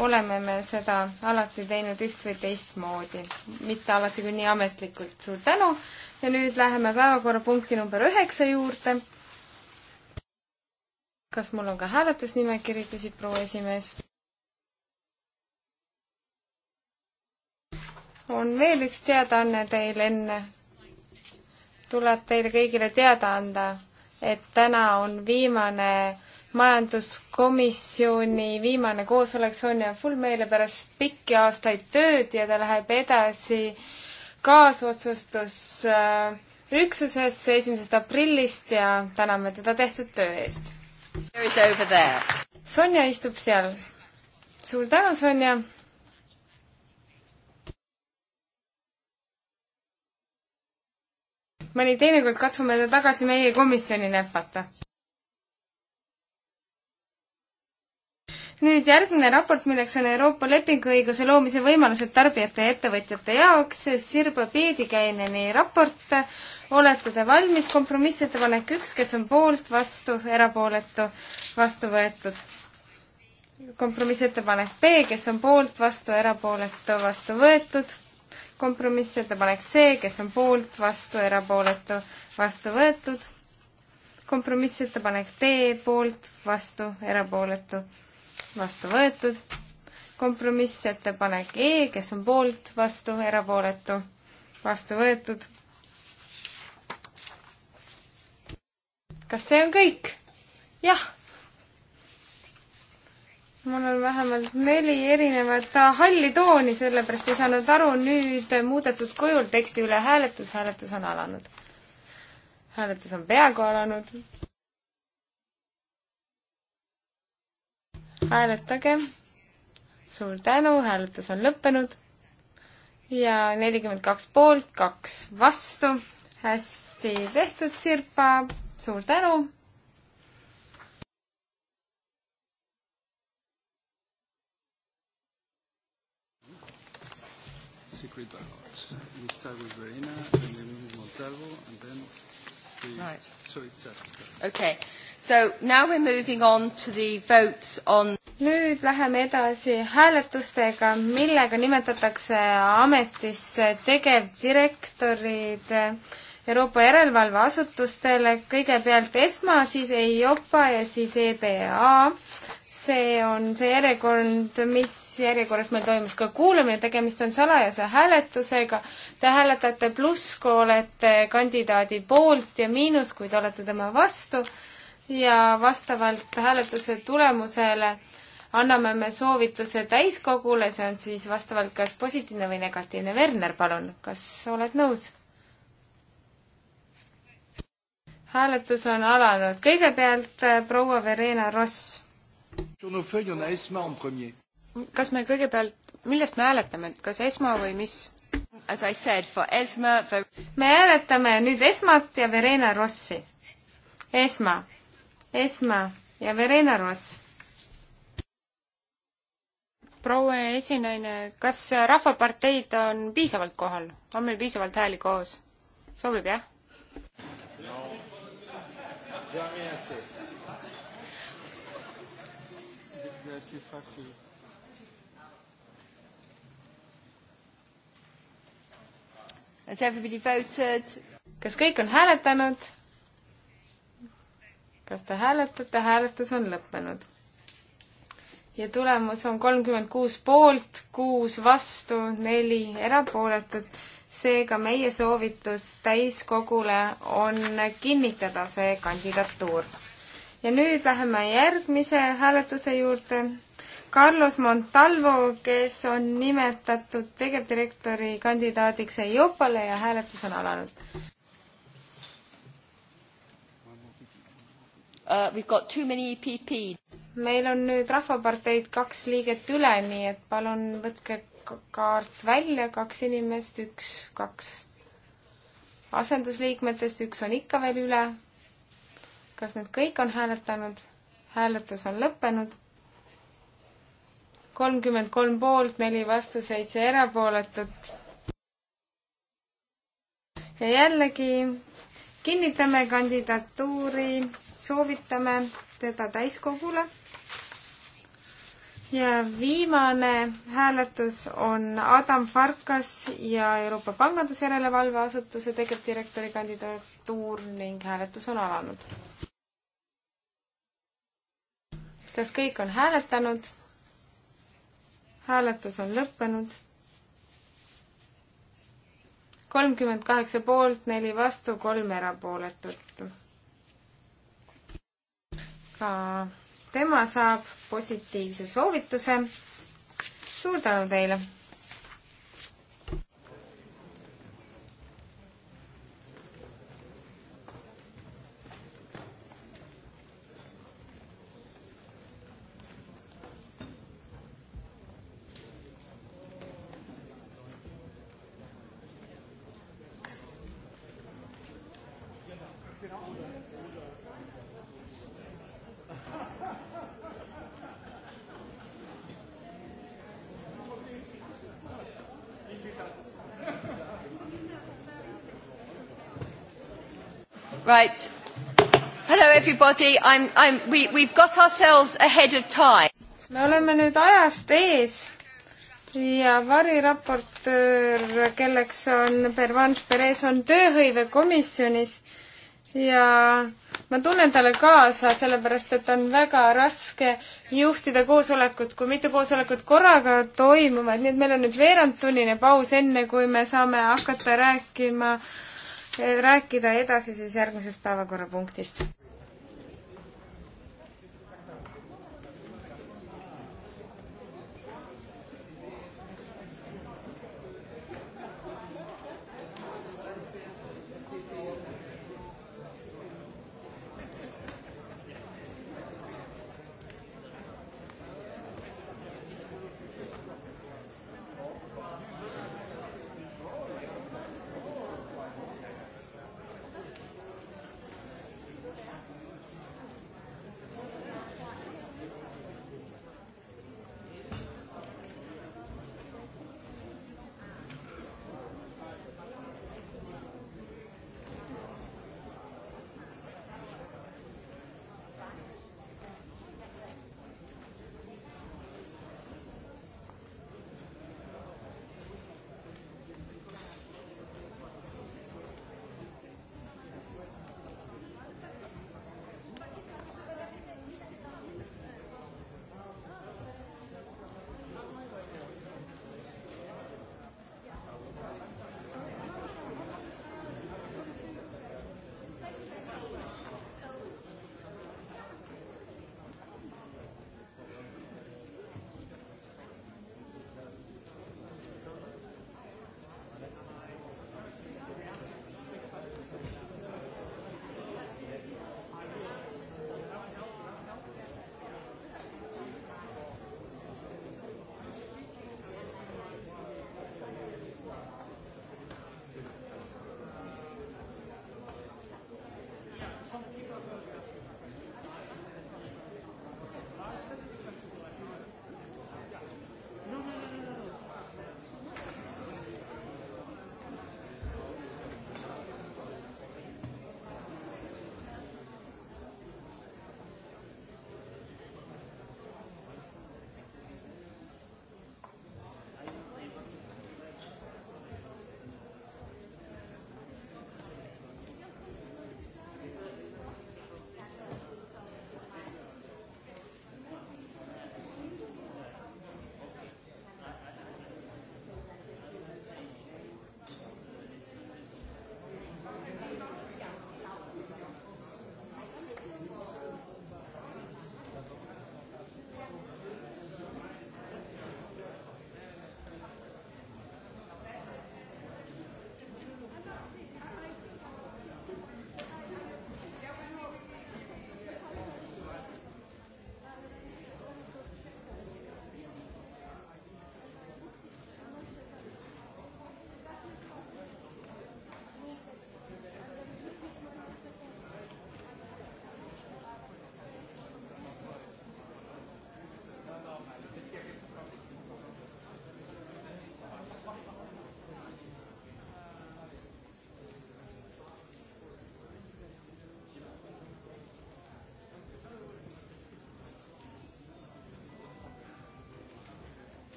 oleme me seda alati teinud üht või teistmoodi, mitte alati küll nii ametlikult. suur tänu ja nüüd läheme päevakorrapunkti number üheksa juurde. kas mul on ka hääletusnimekiri, küsib proua esimees. on veel üks teadaanne teil enne. tuleb teile kõigile teada anda, et täna on viimane majanduskomisjoni viimane koosolek Sonja Full meile pärast pikki aastaid tööd ja ta läheb edasi äh, kaasotsustusüksusesse äh, esimesest aprillist ja täname teda tehtud töö eest. Sonja istub seal. suur tänu, Sonja. mõni teinekord katsume ta tagasi meie komisjoni näpata nüüd järgmine raport, milleks on Euroopa lepinguõiguse loomise võimalused tarbijate ja ettevõtjate jaoks, Sirba Peedikäineni raport. olete te valmis? kompromissettepanek üks, kes on poolt, vastu, erapooletu, vastu võetud. kompromissettepanek B, kes on poolt, vastu, erapooletu, vastu võetud. kompromissettepanek C, kes on poolt, vastu, erapooletu, vastu võetud. kompromissettepanek D, poolt, vastu, erapooletu vastu võetud. kompromissettepanek E, kes on poolt, vastu, erapooletu, vastu võetud. kas see on kõik? jah. mul on vähemalt neli erinevat halli tooni, sellepärast ei saanud aru, nüüd muudetud kujul teksti üle hääletus, hääletus on alanud. hääletus on peaaegu alanud hääletage. suur tänu, hääletus on lõppenud. ja nelikümmend kaks poolt, kaks vastu. hästi tehtud, Sirpa, suur tänu. Secret ballot. We start with Verena and then Montalvo and then we... Right. So it's just... Okay. So now we're moving on to the votes on nüüd läheme edasi hääletustega, millega nimetatakse ametisse tegevdirektorid Euroopa järelevalveasutustele, kõigepealt ESMA, siis EIOPA ja siis EBA. see on see järjekord, mis järjekorras meil toimus ka kuulamine, tegemist on salajase hääletusega. Te hääletate pluss, kui olete kandidaadi poolt ja miinus, kui te olete tema vastu ja vastavalt hääletuse tulemusele anname me soovituse täiskogule, see on siis vastavalt kas positiivne või negatiivne. Werner, palun, kas oled nõus? hääletus on alanud. kõigepealt äh, proua Verena Ross. kas me kõigepealt, millest me hääletame, kas ESMA või mis? For... me hääletame nüüd ESMA-t ja Verena Rossi. ESMA Esma ja Verena Ross. proua esinaine, kas Rahvaparteid on piisavalt kohal, on meil piisavalt hääli koos? sobib jah no.? Has everybody voted? kas kõik on hääletanud? kas te hääletate, hääletus on lõppenud. ja tulemus on kolmkümmend kuus poolt, kuus vastu, neli erapooletut. seega meie soovitus täiskogule on kinnitada see kandidatuur. ja nüüd läheme järgmise hääletuse juurde. Carlos Montalvo, kes on nimetatud tegevdirektori kandidaadiks EIOPA-le ja hääletus on alanud. Uh, we've got too many EPP. meil on nüüd Rahvaparteid kaks liiget üle, nii et palun võtke kaart välja, kaks inimest, üks, kaks asendusliikmetest, üks on ikka veel üle. kas need kõik on hääletanud? hääletus on lõppenud. kolmkümmend kolm poolt, neli vastu, seitse erapooletut. ja jällegi kinnitame kandidatuuri soovitame teda täiskogule. ja viimane hääletus on Adam Farkas ja Euroopa Pangandusjärelevalve Asutuse tegevdirektori kandidatuur ning hääletus on alanud. kas kõik on hääletanud? hääletus on lõppenud. kolmkümmend kaheksa poolt, neli vastu, kolm erapooletut ka tema saab positiivse soovituse. suur tänu teile! Right. Hello everybody, I'm, I'm, we, we've got ourselves ahead of time. me oleme nüüd ajast ees ja variraportöör, kelleks on Pervanš Perez, on tööhõivekomisjonis ja ma tunnen talle kaasa, sellepärast et on väga raske juhtida koosolekut, kui mitu koosolekut korraga toimuvad, nii et meil on nüüd veerandtunnine paus, enne kui me saame hakata rääkima äh, Eh, rääkida edasi siis järgmisest päevakorrapunktist.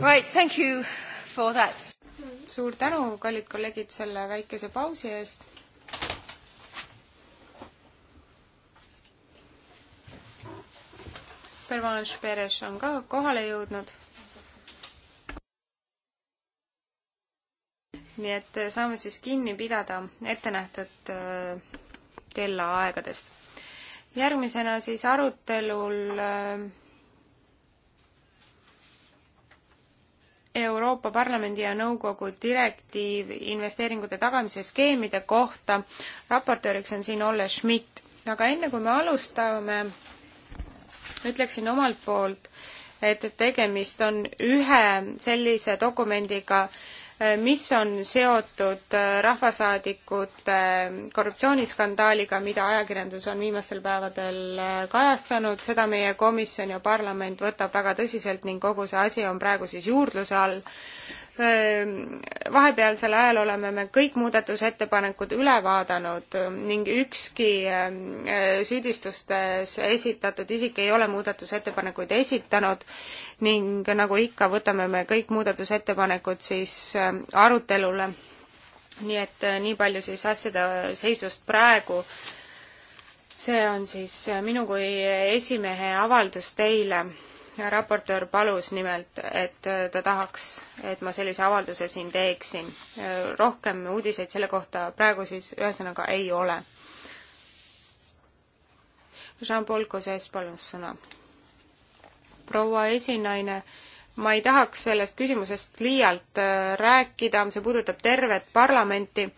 Right, thank you for that. suur tänu, kallid kolleegid, selle väikese pausi eest. Pervanš Peres on ka kohale jõudnud. nii et saame siis kinni pidada ettenähtud äh, kellaaegadest. järgmisena siis arutelul äh, Euroopa Parlamendi ja Nõukogu direktiiv investeeringute tagamise skeemide kohta. raportööriks on siin Olle Schmidt. aga enne kui me alustame, ütleksin omalt poolt, et tegemist on ühe sellise dokumendiga, Äh, mis on seotud äh, rahvasaadikute äh, korruptsiooniskandaaliga, mida ajakirjandus on viimastel päevadel kajastanud, seda meie komisjon ja parlament võtab väga tõsiselt ning kogu see asi on praegu siis juurdluse all. Ehm, vahepealsel ajal oleme me kõik muudatusettepanekud üle vaadanud ning ükski ehm, süüdistustes esitatud isik ei ole muudatusettepanekuid esitanud ning nagu ikka, võtame me kõik muudatusettepanekud siis ehm, arutelule. nii et eh, nii palju siis asjade seisust praegu. see on siis eh, minu kui esimehe avaldus teile raportöör palus nimelt, et ta tahaks, et ma sellise avalduse siin teeksin. rohkem uudiseid selle kohta praegu siis ühesõnaga ei ole. Jean-Paul Cosses, palun sõna. proua esinaine ma ei tahaks sellest küsimusest liialt äh, rääkida, see puudutab tervet parlamenti,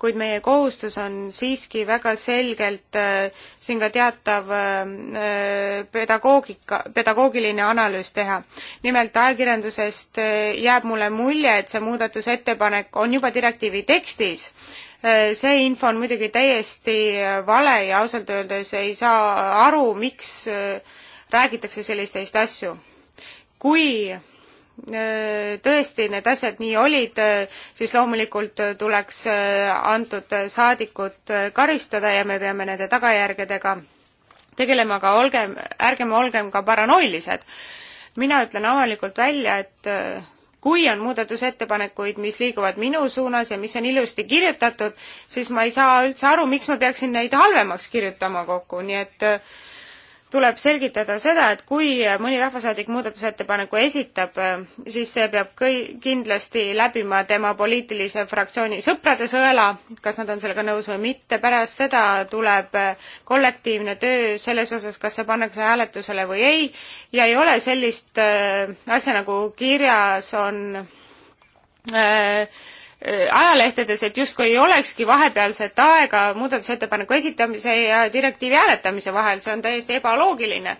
kuid meie kohustus on siiski väga selgelt äh, siin ka teatav äh, pedagoogika, pedagoogiline analüüs teha. nimelt ajakirjandusest jääb mulle mulje, et see muudatusettepanek on juba direktiivi tekstis, see info on muidugi täiesti vale ja ausalt öeldes ei saa aru, miks räägitakse sellisteist asju kui äh, tõesti need asjad nii olid, äh, siis loomulikult äh, tuleks antud saadikud karistada ja me peame nende tagajärgedega tegelema, aga olgem, ärgem olgem ka paranoilised. mina ütlen avalikult välja, et kui on muudatusettepanekuid, mis liiguvad minu suunas ja mis on ilusti kirjutatud, siis ma ei saa üldse aru, miks ma peaksin neid halvemaks kirjutama kokku, nii et äh, tuleb selgitada seda, et kui mõni rahvasaadik muudatusettepaneku esitab, siis see peab kõi-, kindlasti läbima tema poliitilise fraktsiooni sõprade sõela, kas nad on sellega nõus või mitte, pärast seda tuleb kollektiivne töö selles osas, kas see pannakse hääletusele või ei, ja ei ole sellist äh, asja, nagu kirjas on äh, Äh, ajalehtedes, et justkui ei olekski vahepealset aega muudatusettepaneku esitamise ja direktiivi hääletamise vahel, see on täiesti ebaloogiline.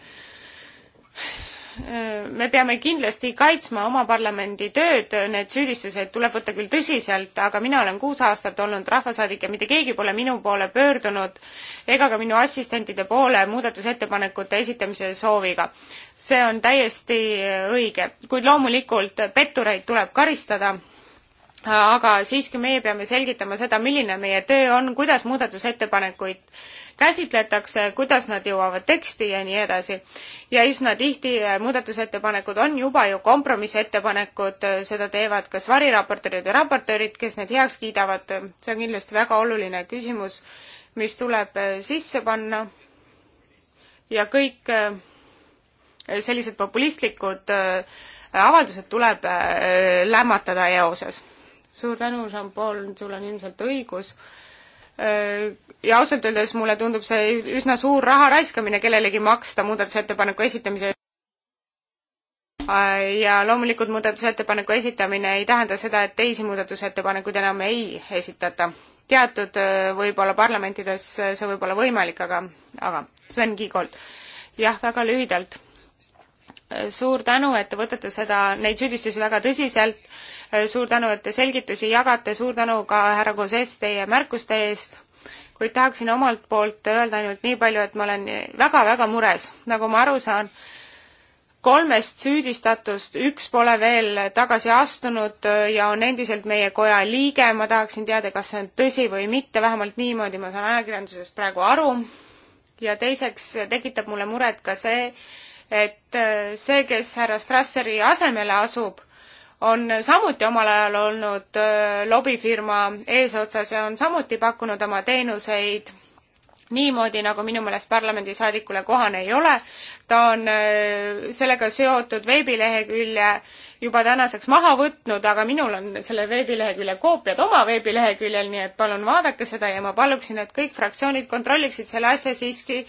Äh, me peame kindlasti kaitsma oma parlamendi tööd, need süüdistused tuleb võtta küll tõsiselt, aga mina olen kuus aastat olnud rahvasaadik ja mitte keegi pole minu poole pöördunud ega ka minu assistentide poole muudatusettepanekute esitamise sooviga. see on täiesti õige, kuid loomulikult pettureid tuleb karistada aga siiski meie peame selgitama seda, milline meie töö on, kuidas muudatusettepanekuid käsitletakse, kuidas nad jõuavad teksti ja nii edasi. ja üsna tihti eh, muudatusettepanekud on juba ju kompromissettepanekud, eh, seda teevad kas variraportöörid või raportöörid, kes need heaks kiidavad, see on kindlasti väga oluline küsimus, mis tuleb eh, sisse panna ja kõik sellised populistlikud avaldused tuleb lämmatada eoses suur tänu, Jean-Paul, sul on ilmselt õigus äh, ja ausalt öeldes mulle tundub see üsna suur raha raiskamine kellelegi maksta muudatusettepaneku esitamise äh, ja loomulikult muudatusettepaneku esitamine ei tähenda seda, et teisi muudatusettepanekuid enam ei esitata. teatud äh, võib-olla parlamentides see võib olla võimalik, aga, aga Sven Kiigolt. jah, väga lühidalt suur tänu, et te võtate seda, neid süüdistusi väga tõsiselt, suur tänu, et te selgitusi jagate, suur tänu ka härra Koses teie märkuste eest, kuid tahaksin omalt poolt öelda ainult nii palju, et ma olen väga-väga mures, nagu ma aru saan, kolmest süüdistatust üks pole veel tagasi astunud ja on endiselt meie koja liige, ma tahaksin teada, kas see on tõsi või mitte, vähemalt niimoodi ma saan ajakirjandusest praegu aru, ja teiseks tekitab mulle muret ka see, et äh, see, kes härra Strasseri asemele asub, on samuti omal ajal olnud äh, lobifirma eesotsas ja on samuti pakkunud oma teenuseid niimoodi, nagu minu meelest parlamendisaadikule kohane ei ole. ta on äh, sellega seotud veebilehekülje juba tänaseks maha võtnud, aga minul on selle veebilehekülje koopiad oma veebileheküljel, nii et palun vaadake seda ja ma paluksin, et kõik fraktsioonid kontrolliksid selle asja siiski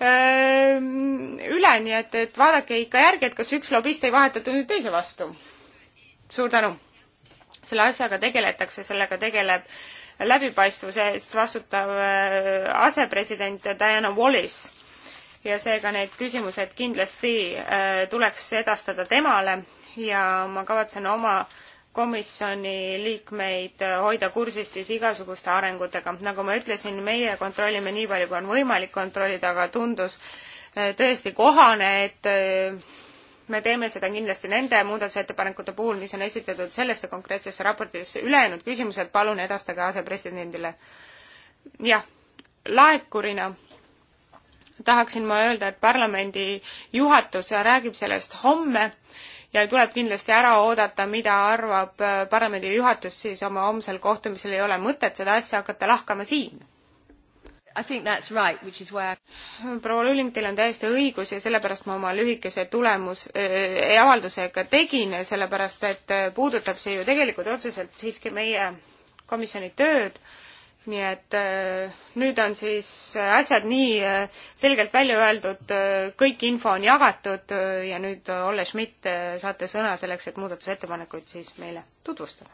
üle, nii et, et vaadake ikka järgi, et kas üks lobist ei vahetatud nüüd teise vastu. suur tänu! selle asjaga tegeletakse, sellega tegeleb läbipaistvuse eest vastutav asepresident Diana Wallis ja seega need küsimused kindlasti tuleks edastada temale ja ma kavatsen oma komisjoni liikmeid hoida kursis siis igasuguste arengutega. nagu ma ütlesin, meie kontrollime nii palju, kui on võimalik kontrollida, aga tundus äh, tõesti kohane, et äh, me teeme seda kindlasti nende muudatusettepanekute puhul, mis on esitatud sellesse konkreetsesse raportisse. ülejäänud küsimused palun edastage asepresidendile. jah, laekurina tahaksin ma öelda, et parlamendi juhatus räägib sellest homme ja tuleb kindlasti ära oodata, mida arvab äh, parlamendi juhatus siis oma homsel kohtumisel, ei ole mõtet seda asja hakata lahkama siin. Right, where... proua Lulling, teil on täiesti õigus ja sellepärast ma oma lühikese tulemus äh,, äh avalduse ka tegin, sellepärast et äh, puudutab see ju tegelikult otseselt siiski meie komisjoni tööd äh, nii et äh, nüüd on siis äh, asjad nii äh, selgelt välja öeldud, kõik info on jagatud ja nüüd Olle Schmidt saate sõna selleks, et muudatusettepanekuid siis meile tutvustada.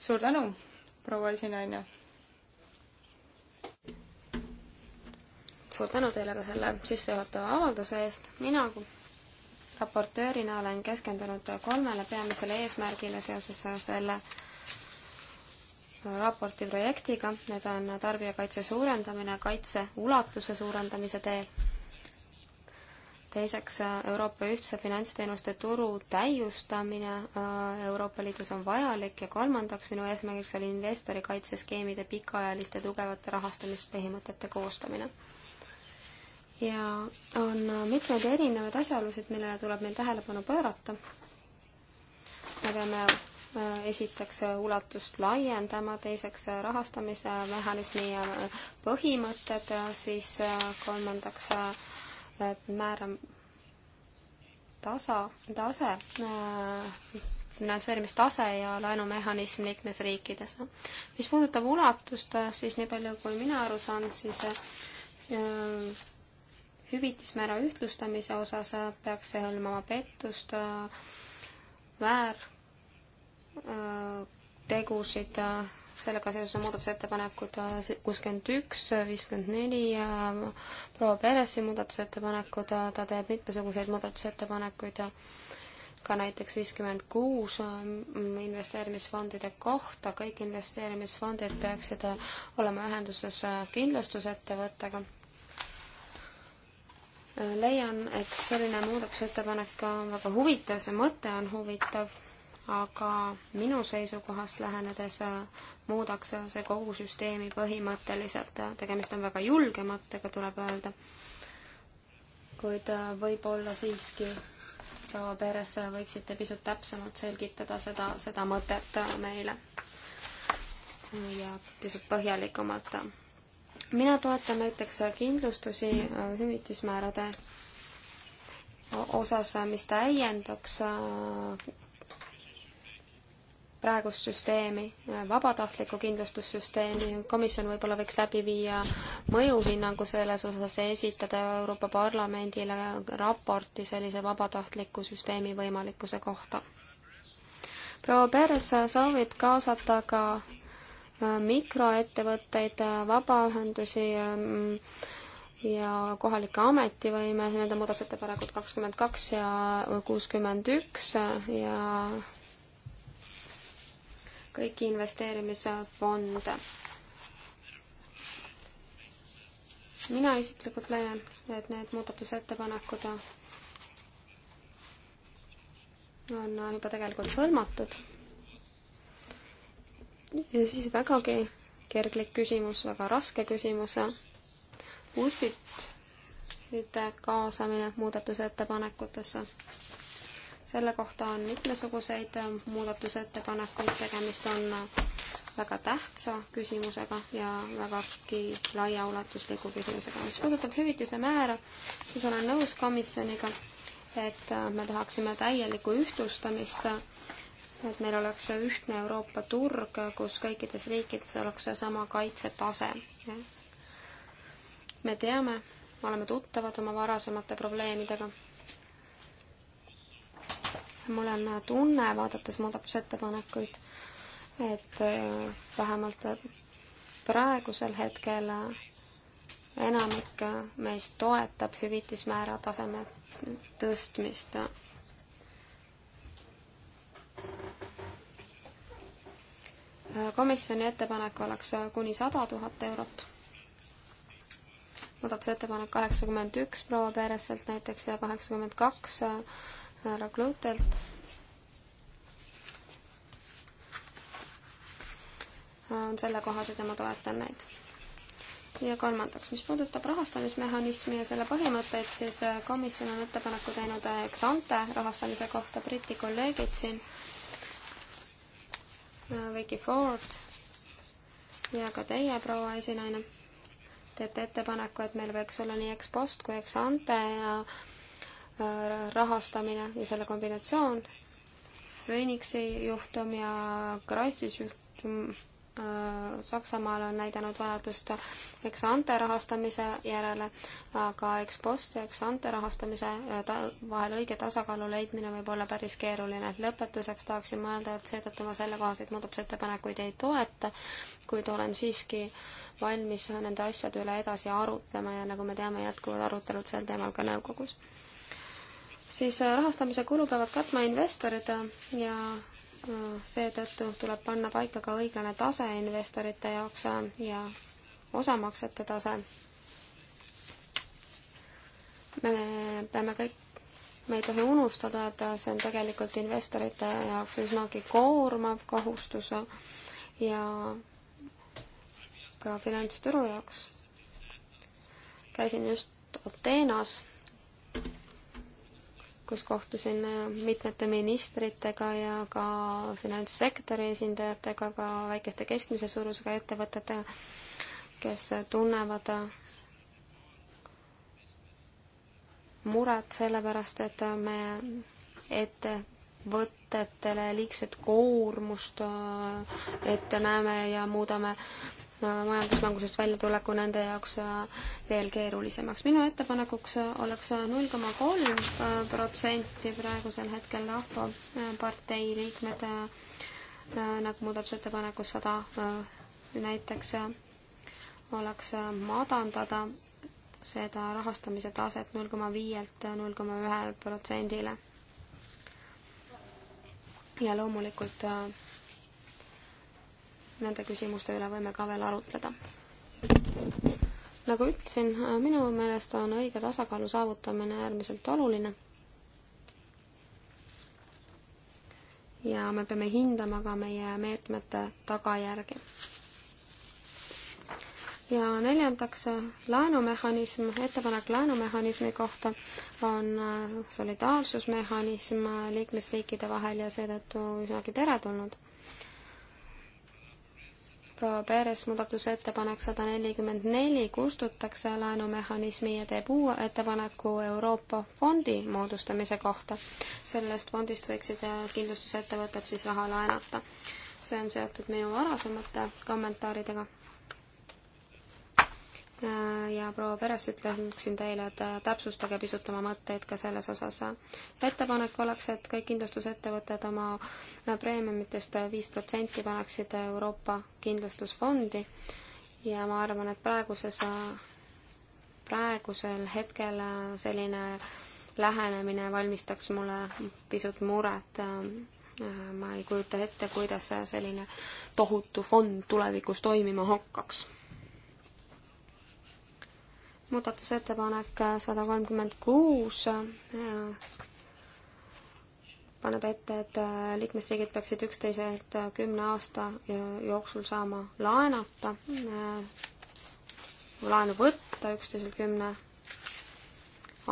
suur tänu, proua esinaine. suur tänu teile ka selle sissejuhatava avalduse eest, mina raportöörina olen keskendunud kolmele peamisele eesmärgile seoses selle raporti projektiga, need on tarbijakaitse suurendamine kaitse ulatuse suurendamise teel. teiseks, Euroopa ühtse finantsteenuste turu täiustamine äh, Euroopa Liidus on vajalik ja kolmandaks, minu eesmärgiks oli investori kaitseskeemide pikaajaliste tugevate rahastamispõhimõtete koostamine ja on mitmeid erinevaid asjaolusid, millele tuleb meil tähelepanu pöörata. me peame Äh, esiteks äh, ulatust laiendama, teiseks äh, rahastamise mehhanismi põhimõtted, siis kolmandaks määram-, tasa, tase, finantseerimistase ja laenumehhanism liikmesriikides. mis puudutab ulatust, siis nii palju, kui mina aru saan, siis hüvitismäära ühtlustamise osas peaks see hõlmama pettust, väär, Äh, tegusid, äh, sellega seoses on muudatusettepanekud äh, kuuskümmend üks, viiskümmend neli ja proua Peresi muudatusettepanekud, ta teeb mitmesuguseid muudatusettepanekuid, ka näiteks viiskümmend kuus investeerimisfondide kohta, kõik investeerimisfondid peaksid olema ühenduses kindlustusettevõttega leian, et selline muudatusettepanek on väga huvitav, see mõte on huvitav aga minu seisukohast lähenedes äh, muudaks see kogu süsteemi põhimõtteliselt, tegemist on väga julge mõttega, tuleb öelda, kuid äh, võib-olla siiski proua Peres, äh, võiksite pisut täpsemalt selgitada seda, seda mõtet meile ja pisut põhjalikumalt. mina toetan näiteks kindlustusi hüvitismäärade osas, mis täiendaks praegust süsteemi, vabatahtlikku kindlustussüsteemi, komisjon võib-olla võiks läbi viia mõjuhinnangu selles osas ja esitada Euroopa Parlamendile raporti sellise vabatahtliku süsteemi võimalikkuse kohta. proua Peres soovib kaasata ka äh, mikroettevõtteid, äh, vabaühendusi ähm, ja kohalike ametivõime, need on muudatusettepanekud kakskümmend kaks ja kuuskümmend üks äh, ja kõiki investeerimisfonde. mina isiklikult leian, et need muudatusettepanekud on juba tegelikult hõlmatud. ja siis vägagi kerglik küsimus, väga raske küsimus, ussid kaasamine muudatusettepanekutesse selle kohta on mitmesuguseid muudatusettepanekuid, tegemist on väga tähtsa küsimusega ja vägagi laiaulatusliku küsimusega. mis puudutab hüvitise määra, siis olen nõus komisjoniga, et me tahaksime täielikku ühtlustamist, et meil oleks ühtne Euroopa turg, kus kõikides riikides oleks seesama kaitsetase. me teame, oleme tuttavad oma varasemate probleemidega mul on tunne, vaadates muudatusettepanekuid, et äh, vähemalt äh, praegusel hetkel äh, enamik meist toetab hüvitismäära taseme tõstmist. komisjoni ettepanek oleks kuni sada tuhat eurot muudatusettepanek kaheksakümmend üks proua Peereselt näiteks ja kaheksakümmend kaks härra Klotelt. on sellekohased ja ma toetan neid. ja kolmandaks, mis puudutab rahastamismehhanismi ja selle põhimõtteid, siis äh, komisjon on ettepaneku teinud äh, eksante rahastamise kohta Briti kolleegid siin, äh, Vicky Ford ja ka teie, proua esinaine, teete ettepaneku, et meil võiks olla nii ekspost kui eksante ja Äh, rahastamine ja selle kombinatsioon, Phoenixi juhtum ja Grossis juhtum äh, Saksamaal on näidanud vajadust eks ante rahastamise järele, aga eks post ja eks ante rahastamise äh, vahel õige tasakaalu leidmine võib olla päris keeruline. lõpetuseks tahaksin mõelda, et seetõttu ma sellekohaseid muudatusettepanekuid ei toeta, kuid olen siiski valmis nende asjade üle edasi arutlema ja nagu me teame, jätkuvad arutelud sel teemal ka nõukogus siis äh, rahastamise kulu peavad katma investorid äh, ja äh, seetõttu tuleb panna paika ka õiglane tase investorite jaoks ja osamaksete tase. me peame kõik, me ei tohi unustada, et see on tegelikult investorite jaoks üsnagi koormav kohustus ja ka finantsturu jaoks. käisin just Ateenas kus kohtusin äh, mitmete ministritega ja ka finantssektori esindajatega, ka väikeste keskmise suurusega ettevõtetega, kes tunnevad äh, muret selle pärast, et äh, me ettevõtetele liigset koormust ette näeme ja muudame majanduslangusest väljatuleku nende jaoks äh, veel keerulisemaks. minu ettepanekuks äh, oleks äh, null koma kolm protsenti praegusel hetkel Rahvapartei liikmed nagu muudatusettepanekus sada näiteks oleks madandada seda rahastamise taset null koma viielt null koma ühele protsendile. ja loomulikult nende küsimuste üle võime ka veel arutleda. nagu ütlesin, minu meelest on õige tasakaalu saavutamine äärmiselt oluline. ja me peame hindama ka meie meetmete tagajärgi. ja neljandaks, laenumehhanism, ettepanek laenumehhanismi kohta on solidaarsusmehhanism liikmesriikide vahel ja seetõttu üsnagi teretulnud proua Peeres muudatusettepanek sada nelikümmend neli kustutakse laenumehhanismi ja teeb uue ettepaneku Euroopa fondi moodustamise kohta. sellest fondist võiksid kindlustusettevõtted siis raha laenata. see on seotud minu varasemate kommentaaridega ja proua Peres ütleksin teile, et täpsustage pisut oma mõtteid ka selles osas. ettepanek oleks, et kõik kindlustusettevõtted oma preemiumitest viis protsenti paneksid Euroopa Kindlustusfondi ja ma arvan, et praeguses, praegusel hetkel selline lähenemine valmistaks mulle pisut muret. ma ei kujuta ette, kuidas selline tohutu fond tulevikus toimima hakkaks muudatusettepanek sada kolmkümmend kuus äh, paneb ette, et äh, liikmesriigid peaksid üksteiselt äh, kümne aasta jooksul saama laenata, laenu võtta üksteiselt kümne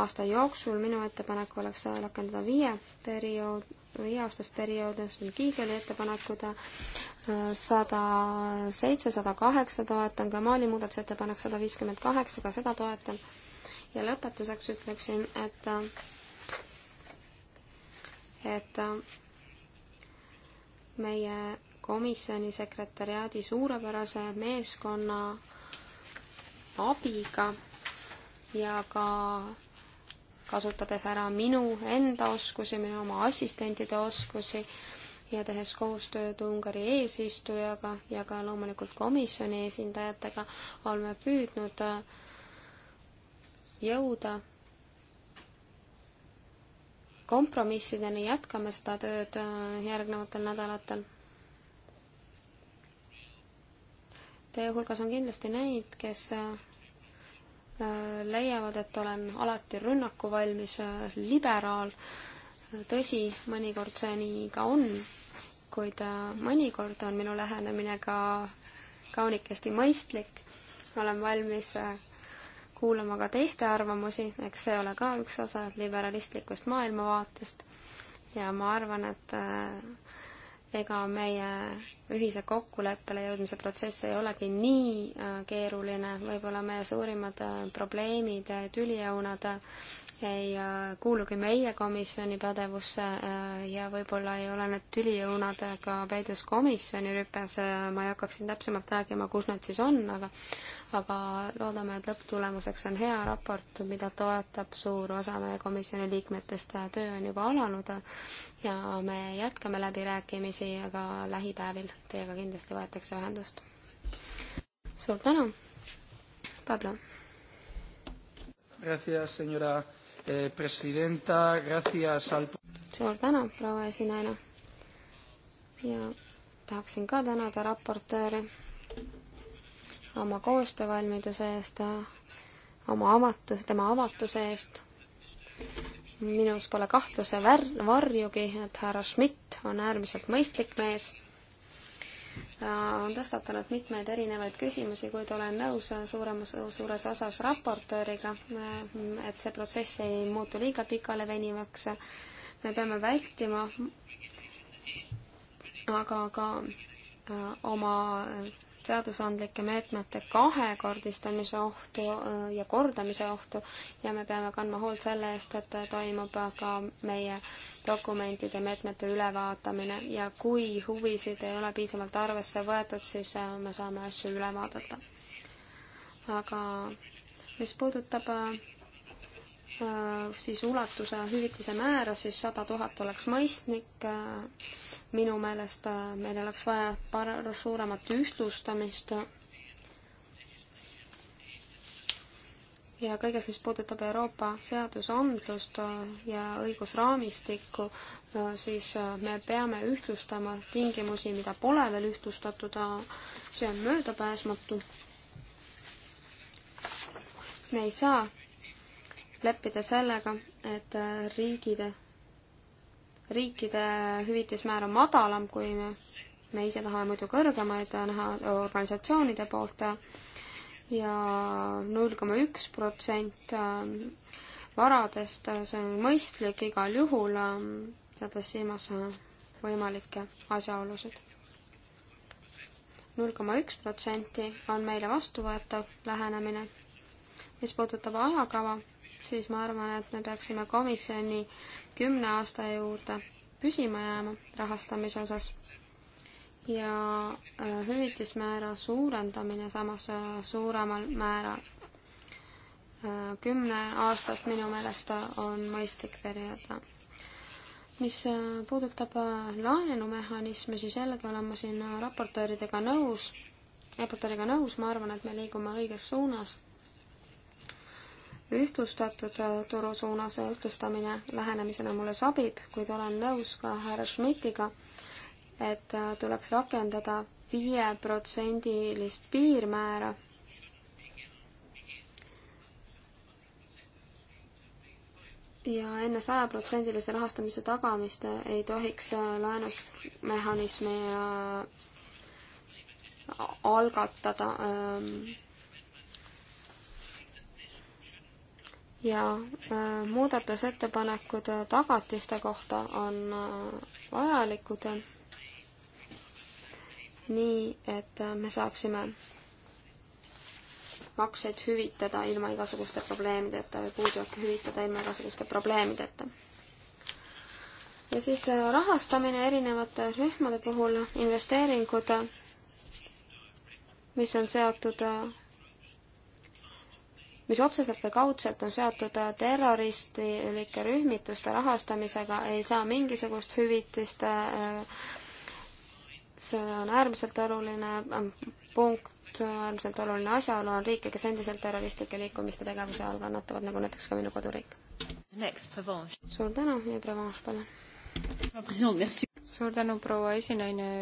aasta jooksul, minu ettepanek oleks rakendada viie periood, viieaastast perioodi, see on Kiigeli ettepanekud, sada seitse, sada kaheksa toetan, ka Mali muudatusettepanek sada viiskümmend kaheksa, ka seda toetan. ja lõpetuseks ütleksin, et et meie komisjoni sekretäriaadi suurepärase meeskonna abiga ja ka kasutades ära minu enda oskusi, minu oma assistentide oskusi, ja tehes koostööd Ungari eesistujaga ja ka loomulikult komisjoni esindajatega oleme püüdnud äh, jõuda kompromissideni, jätkame seda tööd äh, järgnevatel nädalatel. Teie hulgas on kindlasti neid, kes äh, leiavad, et olen alati rünnaku valmis liberaal. tõsi, mõnikord see nii ka on, kuid äh, mõnikord on minu lähenemine ka kaunikesti mõistlik. olen valmis äh, kuulama ka teiste arvamusi, eks see ole ka üks osa liberalistlikust maailmavaatest. ja ma arvan, et äh, ega meie ühise kokkuleppele jõudmise protsess ei olegi nii keeruline, võib-olla meie suurimad probleemid ja tüliõunad ei äh, kuulugi meie komisjoni pädevusse äh, ja võib-olla ei ole need tüliõunad ka peidus komisjoni rüpes, äh, ma ei hakkaks siin täpsemalt rääkima, kus need siis on, aga aga loodame, et lõpptulemuseks on hea raport, mida toetab suur osa meie komisjoni liikmetest, töö on juba alanud ja me jätkame läbirääkimisi, aga lähipäevil teiega kindlasti võetakse ühendust. suur tänu, Pablo! Gracias, señora Eh, presidenta, gracias al... suur tänu, proua esinaine. ja tahaksin ka tänada raportööri oma koostöövalmiduse eest, oma avatus, tema avatuse eest. minus pole kahtluse vär-, varjugi, et härra Schmidt on äärmiselt mõistlik mees Äh, on tõstatanud mitmeid erinevaid küsimusi, kuid olen nõus äh, suuremas, suures osas raportööriga, äh, et see protsess ei muutu liiga pikalevenivaks. me peame vältima aga ka oma seadusandlike meetmete kahekordistamise ohtu äh, ja kordamise ohtu ja me peame kandma hoolt selle eest, et toimub ka meie dokumentide meetmete ülevaatamine ja kui huvisid ei ole piisavalt arvesse võetud, siis äh, me saame asju üle vaadata. aga mis puudutab äh, siis ulatuse hüvitise määra, siis sada tuhat oleks mõistlik minu meelest äh, meil oleks vaja par-, suuremat ühtlustamist ja kõiges, mis puudutab Euroopa seadusandlust äh, ja õigusraamistikku, äh, siis me peame ühtlustama tingimusi, mida pole veel ühtlustatud, see on möödapääsmatu. me ei saa leppida sellega, et riigid riikide hüvitismäär on madalam, kui me, me ise tahame muidu kõrgemaid näha organisatsioonide poolt ja null koma üks protsent ähm, varadest, äh, see on mõistlik igal juhul, pidades ähm, silmas äh, võimalikke asjaolusid. null koma üks protsenti on meile vastuvõetav lähenemine. mis puudutab ajakava, siis ma arvan, et me peaksime komisjoni kümne aasta juurde püsima jääma rahastamise osas ja äh, hüvitismäära suurendamine samas äh, suuremal määral. Äh, kümne aastat minu meelest on mõistlik periood. mis puudutab laenumehhanismi, siis jällegi olen ma siin raportööridega nõus, raportööriga nõus, ma arvan, et me liigume õiges suunas ühtlustatud äh, turu suunas ühtlustamine lähenemisena mulle sobib, kuid olen nõus ka härra Schmidtiga, et äh, tuleks rakendada viieprotsendilist piirmäära. ja enne sajaprotsendilise rahastamise tagamist äh, ei tohiks laenusmehhanismi algatada ähm, ja äh, muudatusettepanekud äh, tagatiste kohta on äh, vajalikud nii, et me saaksime makseid hüvitada ilma igasuguste probleemideta või puudujääke hüvitada ilma igasuguste probleemideta. ja siis rahastamine erinevate rühmade puhul, investeeringud, mis on seotud mis otseselt või kaudselt on seotud äh, terroristlike rühmituste rahastamisega, ei saa mingisugust hüvitist. Äh, see on äärmiselt oluline äh, punkt, äärmiselt oluline asjaolu on riike, kes endiselt terroristlike liikumiste tegevuse all kannatavad, nagu näiteks ka minu koduriik. suur tänu ja Prevanche, palun! suur tänu, proua esinaine,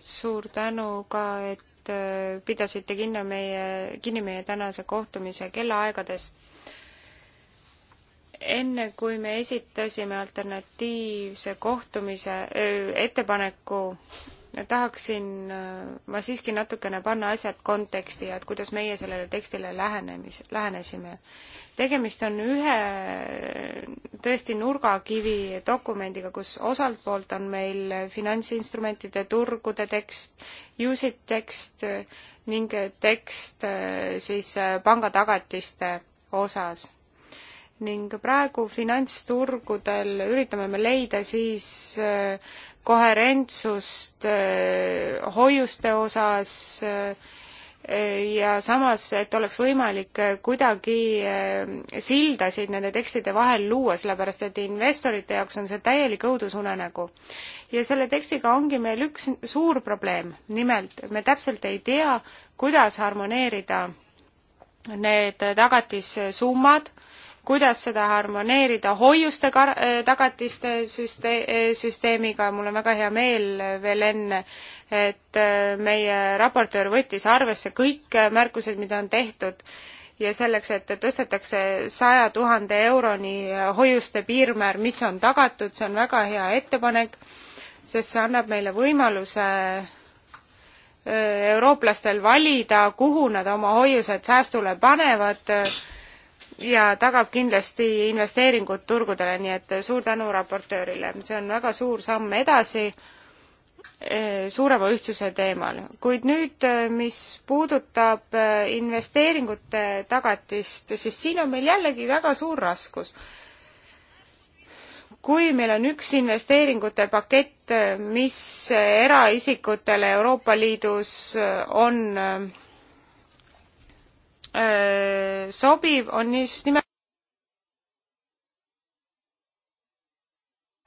suur tänu ka, et et äh, pidasite kinno meie, kinni meie tänase kohtumise kellaaegadest. enne kui me esitasime alternatiivse kohtumise, äh, ettepaneku tahaksin äh, ma siiski natukene panna asjad konteksti ja et kuidas meie sellele tekstile lähenemis, lähenesime. tegemist on ühe tõesti nurgakivi dokumendiga, kus osalt poolt on meil finantsinstrumentide turgude tekst, USIT tekst ning tekst äh, siis äh, pangatagatiste osas ning praegu finantsturgudel üritame me leida siis äh, koherentsust äh, hoiuste osas äh, ja samas, et oleks võimalik äh, kuidagi sildasid nende tekstide vahel luua, sellepärast et investorite jaoks on see täielik õudusunenägu. ja selle tekstiga ongi meil üks suur probleem, nimelt me täpselt ei tea, kuidas harmoneerida need tagatissummad, kuidas seda harmoneerida hoiuste kar-, äh, tagatiste süste-, äh, süsteemiga, mul on väga hea meel veel enne, et äh, meie raportöör võttis arvesse kõik märkused, mida on tehtud ja selleks, et tõstetakse saja tuhande euroni hoiuste piirmäär, mis on tagatud, see on väga hea ettepanek, sest see annab meile võimaluse eurooplastel valida, kuhu nad oma hoiused säästule panevad ja tagab kindlasti investeeringud turgudele, nii et suur tänu raportöörile, see on väga suur samm edasi eh, suurema ühtsuse teemal. kuid nüüd, eh, mis puudutab eh, investeeringute tagatist, siis siin on meil jällegi väga suur raskus. kui meil on üks investeeringute pakett, mis eraisikutele Euroopa Liidus on öö, äh, sobiv, on just nimelt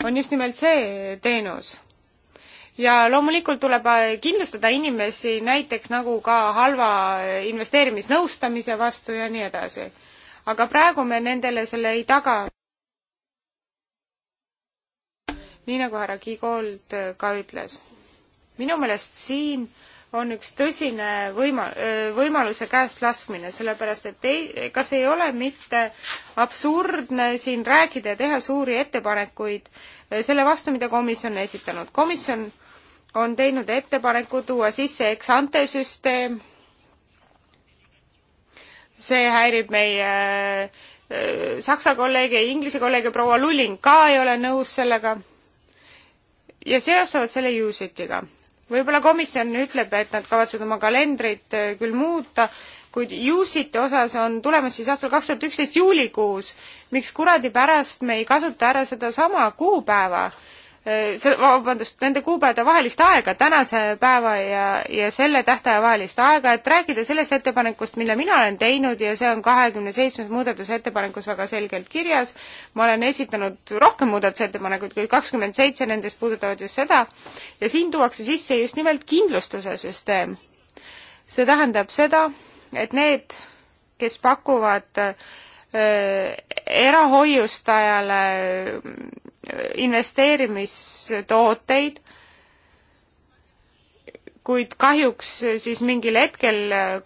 on just nimelt see teenus. ja loomulikult tuleb äh, kindlustada inimesi näiteks nagu ka halva äh, investeerimisnõustamise vastu ja nii edasi. aga praegu me nendele selle ei taga. nii nagu härra Kiigold ka ütles. minu meelest siin äh, on üks tõsine võima-, võimaluse käest laskmine, sellepärast et ei, kas ei ole mitte absurdne siin rääkida ja teha suuri ettepanekuid eh, selle vastu, mida komisjon on esitanud. komisjon on teinud ettepaneku tuua sisse ex-ante süsteem, see häirib meie äh, saksa kolleege ja inglise kolleege, proua Lulling ka ei ole nõus sellega ja seostavad selle USIT-iga võib-olla komisjon ütleb, et nad kavatsevad oma kalendrit äh, küll muuta, kuid UCIT-i osas on tulemas siis aastal kaks tuhat üksteist juulikuus. miks kuradi pärast me ei kasuta ära sedasama kuupäeva, Eh, see, vabandust, nende kuupäevade vahelist aega, tänase päeva ja, ja selle tähtaja vahelist aega, et rääkida sellest ettepanekust, mille mina olen teinud ja see on kahekümne seitsmes muudatusettepanekus väga selgelt kirjas. ma olen esitanud rohkem muudatusettepanekuid kui kakskümmend seitse, nendest puudutavad just seda ja siin tuuakse sisse just nimelt kindlustuse süsteem. see tähendab seda, et need, kes pakuvad äh, erahoiustajale investeerimistooteid, kuid kahjuks siis mingil hetkel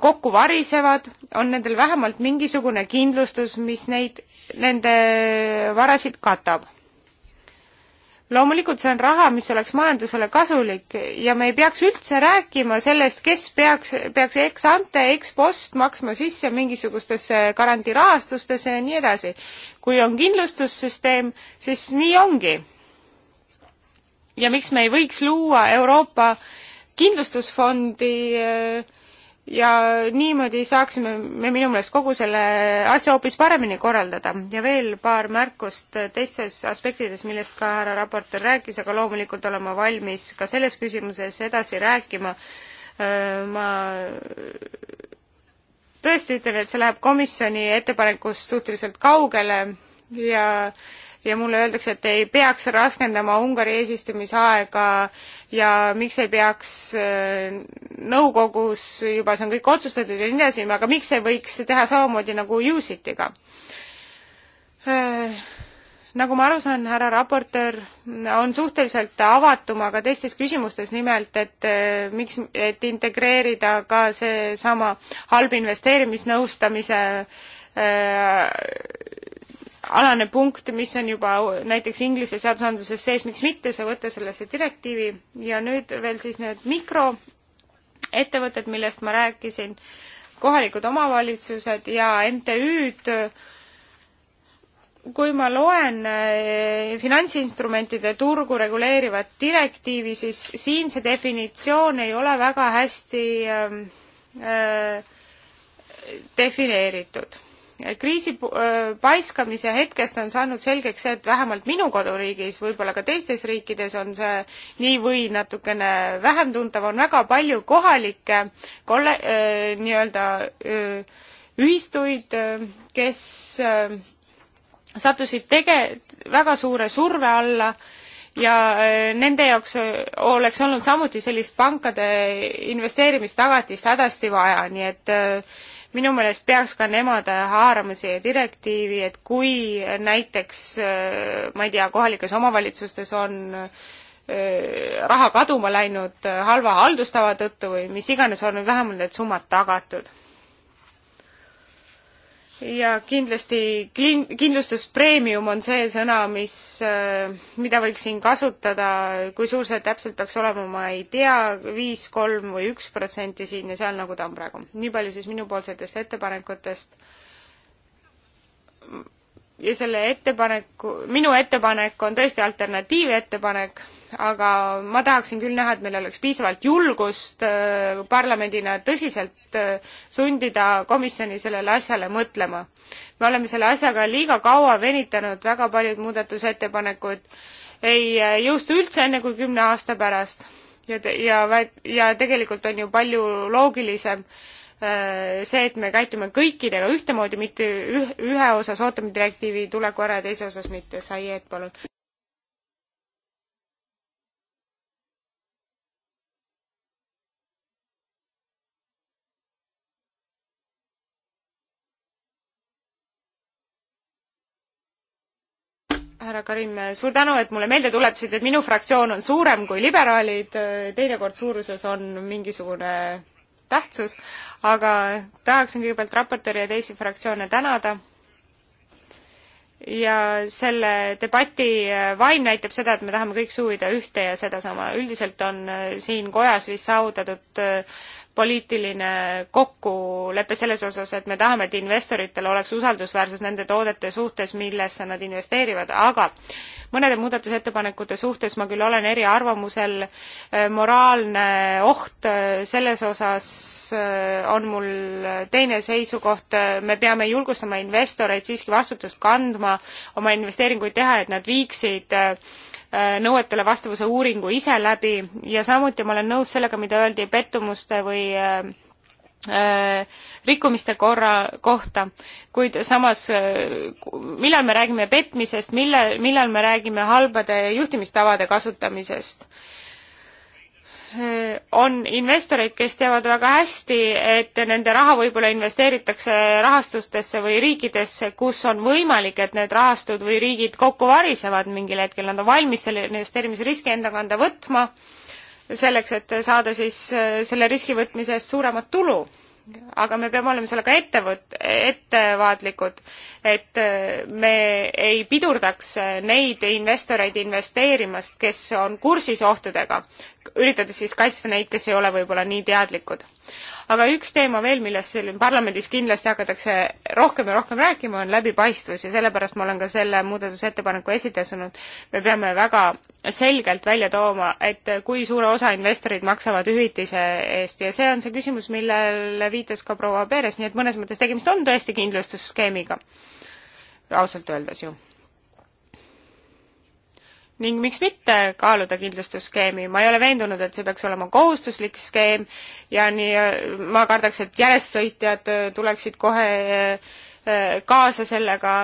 kokku varisevad, on nendel vähemalt mingisugune kindlustus, mis neid, nende varasid katab loomulikult see on raha, mis oleks majandusele kasulik ja me ei peaks üldse rääkima sellest, kes peaks, peaks ex ante, ex post maksma sisse mingisugustesse garantiirahastustesse ja nii edasi. kui on kindlustussüsteem, siis nii ongi. ja miks me ei võiks luua Euroopa kindlustusfondi äh, ja niimoodi saaksime me minu meelest kogu selle asja hoopis paremini korraldada ja veel paar märkust teistes aspektides, millest ka härra raportöör rääkis, aga loomulikult olen ma valmis ka selles küsimuses edasi rääkima. ma tõesti ütlen, et see läheb komisjoni ettepanekust suhteliselt kaugele ja ja mulle öeldakse, et ei peaks raskendama Ungari eesistumisaega ja miks ei peaks äh, nõukogus juba see on kõik otsustatud ja nii edasi, aga miks ei võiks teha samamoodi nagu UCIT-iga? Äh, nagu ma aru saan, härra raportöör on suhteliselt avatum, aga teistes küsimustes nimelt, et äh, miks, et integreerida ka seesama halb investeerimisnõustamise alane punkt, mis on juba näiteks Inglise seadusandluses sees, miks mitte see võtta sellesse direktiivi ja nüüd veel siis need mikroettevõtted, millest ma rääkisin, kohalikud omavalitsused ja MTÜ-d, kui ma loen eh, finantsinstrumentide turgu reguleerivat direktiivi, siis siin see definitsioon ei ole väga hästi äh, äh, defineeritud kriisi paiskamise hetkest on saanud selgeks see, et vähemalt minu koduriigis, võib-olla ka teistes riikides on see nii või natukene vähem tuntav, on väga palju kohalikke kolle-, nii-öelda ühistuid, kes sattusid tege-, väga suure surve alla ja nende jaoks oleks olnud samuti sellist pankade investeerimistagatist hädasti vaja, nii et minu meelest peaks ka nemad haarama siia direktiivi, et kui näiteks äh, ma ei tea, kohalikes omavalitsustes on äh, raha kaduma läinud äh, halva haldustava tõttu või mis iganes, on vähemalt need summad tagatud ja kindlasti klin-, kindlustuspreemium on see sõna, mis, äh, mida võiks siin kasutada, kui suur see täpselt peaks olema, ma ei tea, viis, kolm või üks protsenti siin ja seal, nagu ta on praegu. nii palju siis minupoolsetest ettepanekutest. ja selle ettepaneku, minu ettepanek on tõesti alternatiivettepanek aga ma tahaksin küll näha, et meil oleks piisavalt julgust äh, parlamendina tõsiselt äh, sundida komisjoni sellele asjale mõtlema. me oleme selle asjaga liiga kaua venitanud, väga paljud muudatusettepanekud ei äh, jõustu üldse enne kui kümne aasta pärast ja, ja, ja tegelikult on ju palju loogilisem see, et me käitume kõikidega ühtemoodi, mitte ühe osas ootame direktiivi tuleku ära ja teise osas mitte. Saied, palun. härra Karim, suur tänu, et mulle meelde tuletasid, et minu fraktsioon on suurem kui liberaalid, teinekord suuruses on mingisugune tähtsus, aga tahaksin kõigepealt raportööri ja teisi fraktsioone tänada ja selle debati vaim näitab seda, et me tahame kõik suvida ühte ja sedasama. üldiselt on siin kojas vist saavutatud poliitiline kokkulepe selles osas, et me tahame, et investoritel oleks usaldusväärsus nende toodete suhtes, millesse nad investeerivad, aga mõnede muudatusettepanekute suhtes ma küll olen eriarvamusel, äh, moraalne oht äh, selles osas äh, on mul teine seisukoht, me peame julgustama investoreid siiski vastutust kandma, oma investeeringuid teha, et nad viiksid Äh, nõuetele vastavuse uuringu ise läbi ja samuti ma olen nõus sellega, mida öeldi pettumuste või äh, äh, rikkumiste korra, kohta, kuid samas millal me räägime petmisest, mille, millal me räägime halbade juhtimistavade kasutamisest on investoreid, kes teavad väga hästi, et nende raha võib-olla investeeritakse rahastustesse või riikidesse, kus on võimalik, et need rahastud või riigid kokku varisevad mingil hetkel, nad on valmis selle investeerimisriski enda kanda võtma, selleks, et saada siis äh, selle riski võtmise eest suuremat tulu. aga me peame olema sellega ettevõt-, ettevaatlikud, et äh, me ei pidurdaks äh, neid investoreid investeerimast, kes on kursis ohtudega üritades siis kaitsta neid, kes ei ole võib-olla nii teadlikud. aga üks teema veel, millest siin parlamendis kindlasti hakatakse rohkem ja rohkem rääkima, on läbipaistvus ja sellepärast ma olen ka selle muudatusettepaneku esitanud. me peame väga selgelt välja tooma, et kui suure osa investorid maksavad hüvitise eest ja see on see küsimus, millele viitas ka proua Peeres, nii et mõnes mõttes tegemist on tõesti kindlustusskeemiga. ausalt öeldes ju ning miks mitte kaaluda kindlustusskeemi, ma ei ole veendunud, et see peaks olema kohustuslik skeem ja nii ma kardaks, et järjestsõitjad äh, tuleksid kohe äh, äh, kaasa sellega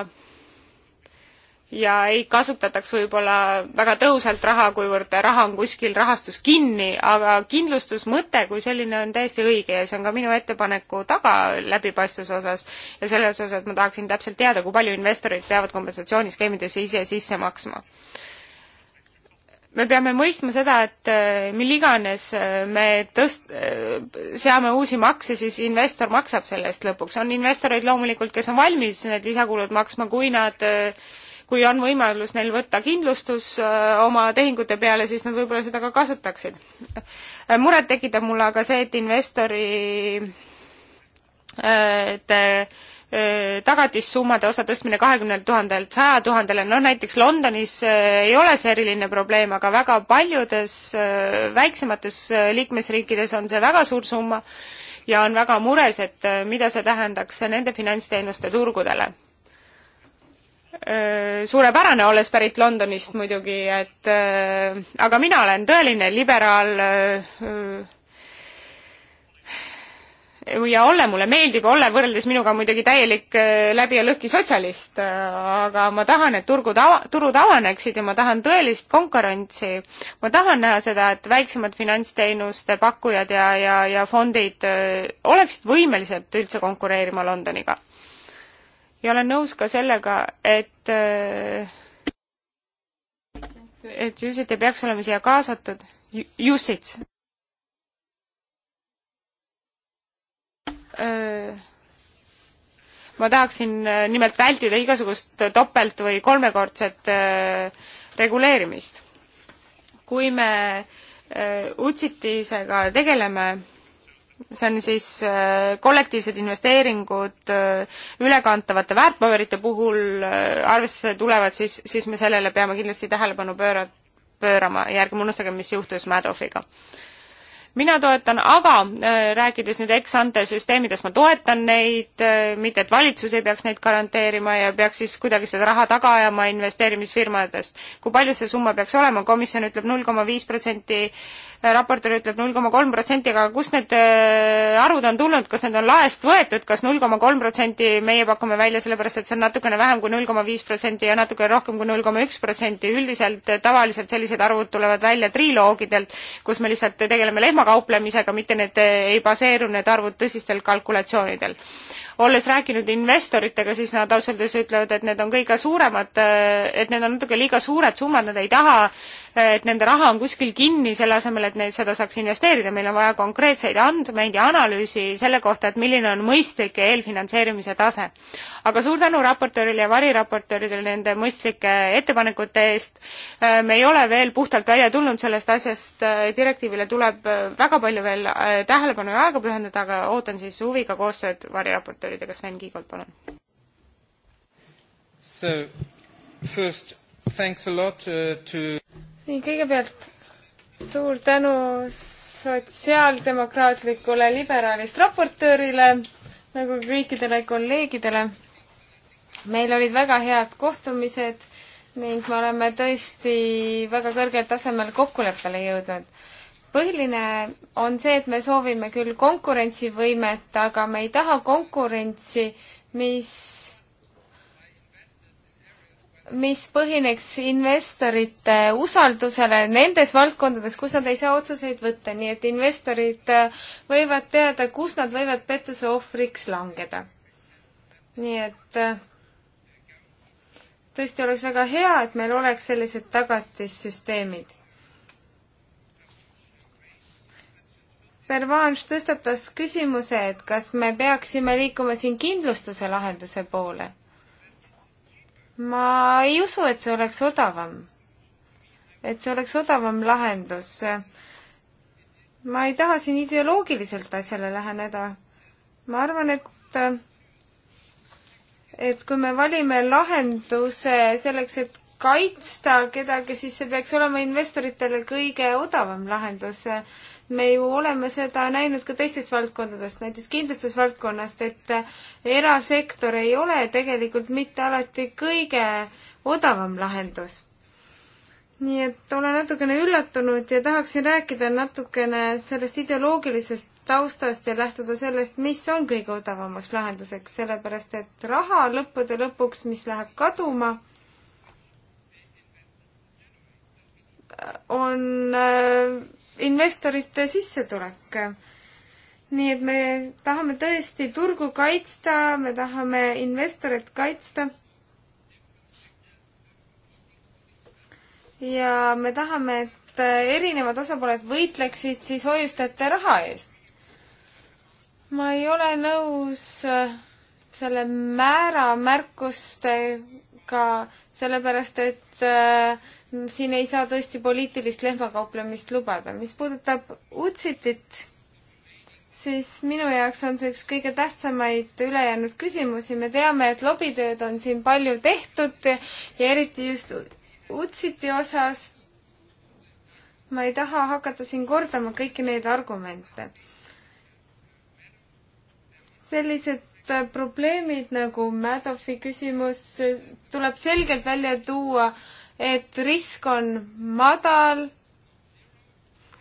ja ei kasutataks võib-olla väga tõhusalt raha, kuivõrd raha on kuskil rahastus kinni, aga kindlustusmõte kui selline on täiesti õige ja see on ka minu ettepaneku taga läbipaistvuse osas ja selles osas ma tahaksin täpselt teada, kui palju investorid peavad kompensatsiooniskeemidesse ise sisse maksma me peame mõistma seda, et eh, mil iganes eh, me tõst-, eh, seame uusi makse, siis investor maksab selle eest lõpuks. on investoreid loomulikult, kes on valmis need lisakulud maksma, kui nad, kui on võimalus neil võtta kindlustus oma tehingute peale, siis nad võib-olla seda ka kasutaksid. muret tekitab mulle aga see, et investori et Äh, tagatissummade osa tõstmine kahekümnelt tuhandelt saja tuhandele, noh näiteks Londonis äh, ei ole see eriline probleem, aga väga paljudes äh, väiksemates liikmesriikides on see väga suur summa ja on väga mures, et mida see tähendaks nende finantsteenuste turgudele. Suurepärane, olles pärit Londonist muidugi, et aga mina olen tõeline liberaal, ja Olle mulle meeldib, Olle võrreldes minuga on muidugi täielik äh, läbi ja lõhki sotsialist, äh, aga ma tahan, et turgud ava-, turud avaneksid ja ma tahan tõelist konkurentsi. ma tahan näha seda, et väiksemad finantsteenuste pakkujad ja, ja, ja fondid äh, oleksid võimelised üldse konkureerima Londoniga. ja olen nõus ka sellega, et et Jussit ei peaks olema siia kaasatud, Jussits Äh, ma tahaksin äh, nimelt vältida igasugust topelt või kolmekordset äh, reguleerimist. kui me utsitisega tegeleme, see on siis kollektiivsed investeeringud ülekantavate väärtpaberite puhul arvesse tulevad, siis, siis me sellele peame kindlasti tähelepanu pööra-, pöörama ja ärgem unustagem, mis juhtus Madoffiga mina toetan, aga äh, rääkides nüüd ex-ante süsteemidest, ma toetan neid, äh, mitte et valitsus ei peaks neid garanteerima ja peaks siis kuidagi seda raha taga ajama investeerimisfirmadest. kui palju see summa peaks olema, komisjon ütleb null koma viis protsenti raportöör ütleb null koma kolm protsenti, aga kust need äh, arvud on tulnud, kas need on laest võetud, kas null koma kolm protsenti meie pakume välja sellepärast, et see on natukene vähem kui null koma viis protsenti ja natuke rohkem kui null koma üks protsenti, üldiselt äh, tavaliselt sellised arvud tulevad välja triloogidelt, kus me lihtsalt tegeleme lehmakauplemisega, mitte need äh, ei baseeru, need arvud tõsistel kalkulatsioonidel olles rääkinud investoritega, siis nad ausalt öeldes ütlevad, et need on kõige suuremad, äh, et need on natuke liiga suured summad, nad ei taha, äh, et nende raha on kuskil kinni, selle asemel, et neid, seda saaks investeerida, meil on vaja konkreetseid andmeid ja analüüsi selle kohta, et milline on mõistlik eelfinantseerimise tase. aga suur tänu raportöörile ja variraportööridele nende mõistlike ettepanekute eest, äh, me ei ole veel puhtalt välja tulnud sellest asjast, direktiivile tuleb väga palju veel tähelepanu ja aega pühendada, aga ootan siis huviga koostööd variraportööriga raportööridega, Sven Kiigolt, palun. So first thanks a lot uh, to nii, kõigepealt suur tänu sotsiaaldemokraatlikule liberaalist raportöörile nagu kõikidele kolleegidele. meil olid väga head kohtumised ning me oleme tõesti väga kõrgel tasemel kokkuleppele jõudnud põhiline on see, et me soovime küll konkurentsivõimet, aga me ei taha konkurentsi, mis, mis põhineks investorite usaldusele nendes valdkondades, kus nad ei saa otsuseid võtta, nii et investorid võivad teada, kus nad võivad pettuse ohvriks langeda. nii et tõesti oleks väga hea, et meil oleks sellised tagatissüsteemid Pervanš tõstatas küsimuse, et kas me peaksime liikuma siin kindlustuse lahenduse poole. ma ei usu, et see oleks odavam. et see oleks odavam lahendus. ma ei taha siin ideoloogiliselt asjale läheneda. ma arvan, et et kui me valime lahenduse selleks, et kaitsta kedagi, siis see peaks olema investoritele kõige odavam lahendus me ju oleme seda näinud ka teistest valdkondadest, näiteks kindlustusvaldkonnast, et erasektor ei ole tegelikult mitte alati kõige odavam lahendus. nii et olen natukene üllatunud ja tahaksin rääkida natukene sellest ideoloogilisest taustast ja lähtuda sellest, mis on kõige odavamaks lahenduseks, sellepärast et raha lõppude lõpuks, mis läheb kaduma, on äh, investorite sissetulek. nii et me tahame tõesti turgu kaitsta, me tahame investoreid kaitsta. ja me tahame, et erinevad osapooled võitleksid siis hoiustajate raha eest. ma ei ole nõus äh, selle määra märkuste ka sellepärast, et äh, siin ei saa tõesti poliitilist lehmakauplemist lubada. mis puudutab Utsitit, siis minu jaoks on see üks kõige tähtsamaid ülejäänud küsimusi. me teame, et lobitööd on siin palju tehtud ja eriti just Utsiti osas. ma ei taha hakata siin kordama kõiki neid argumente. sellised probleemid nagu Madoffi küsimus tuleb selgelt välja tuua, et risk on madal,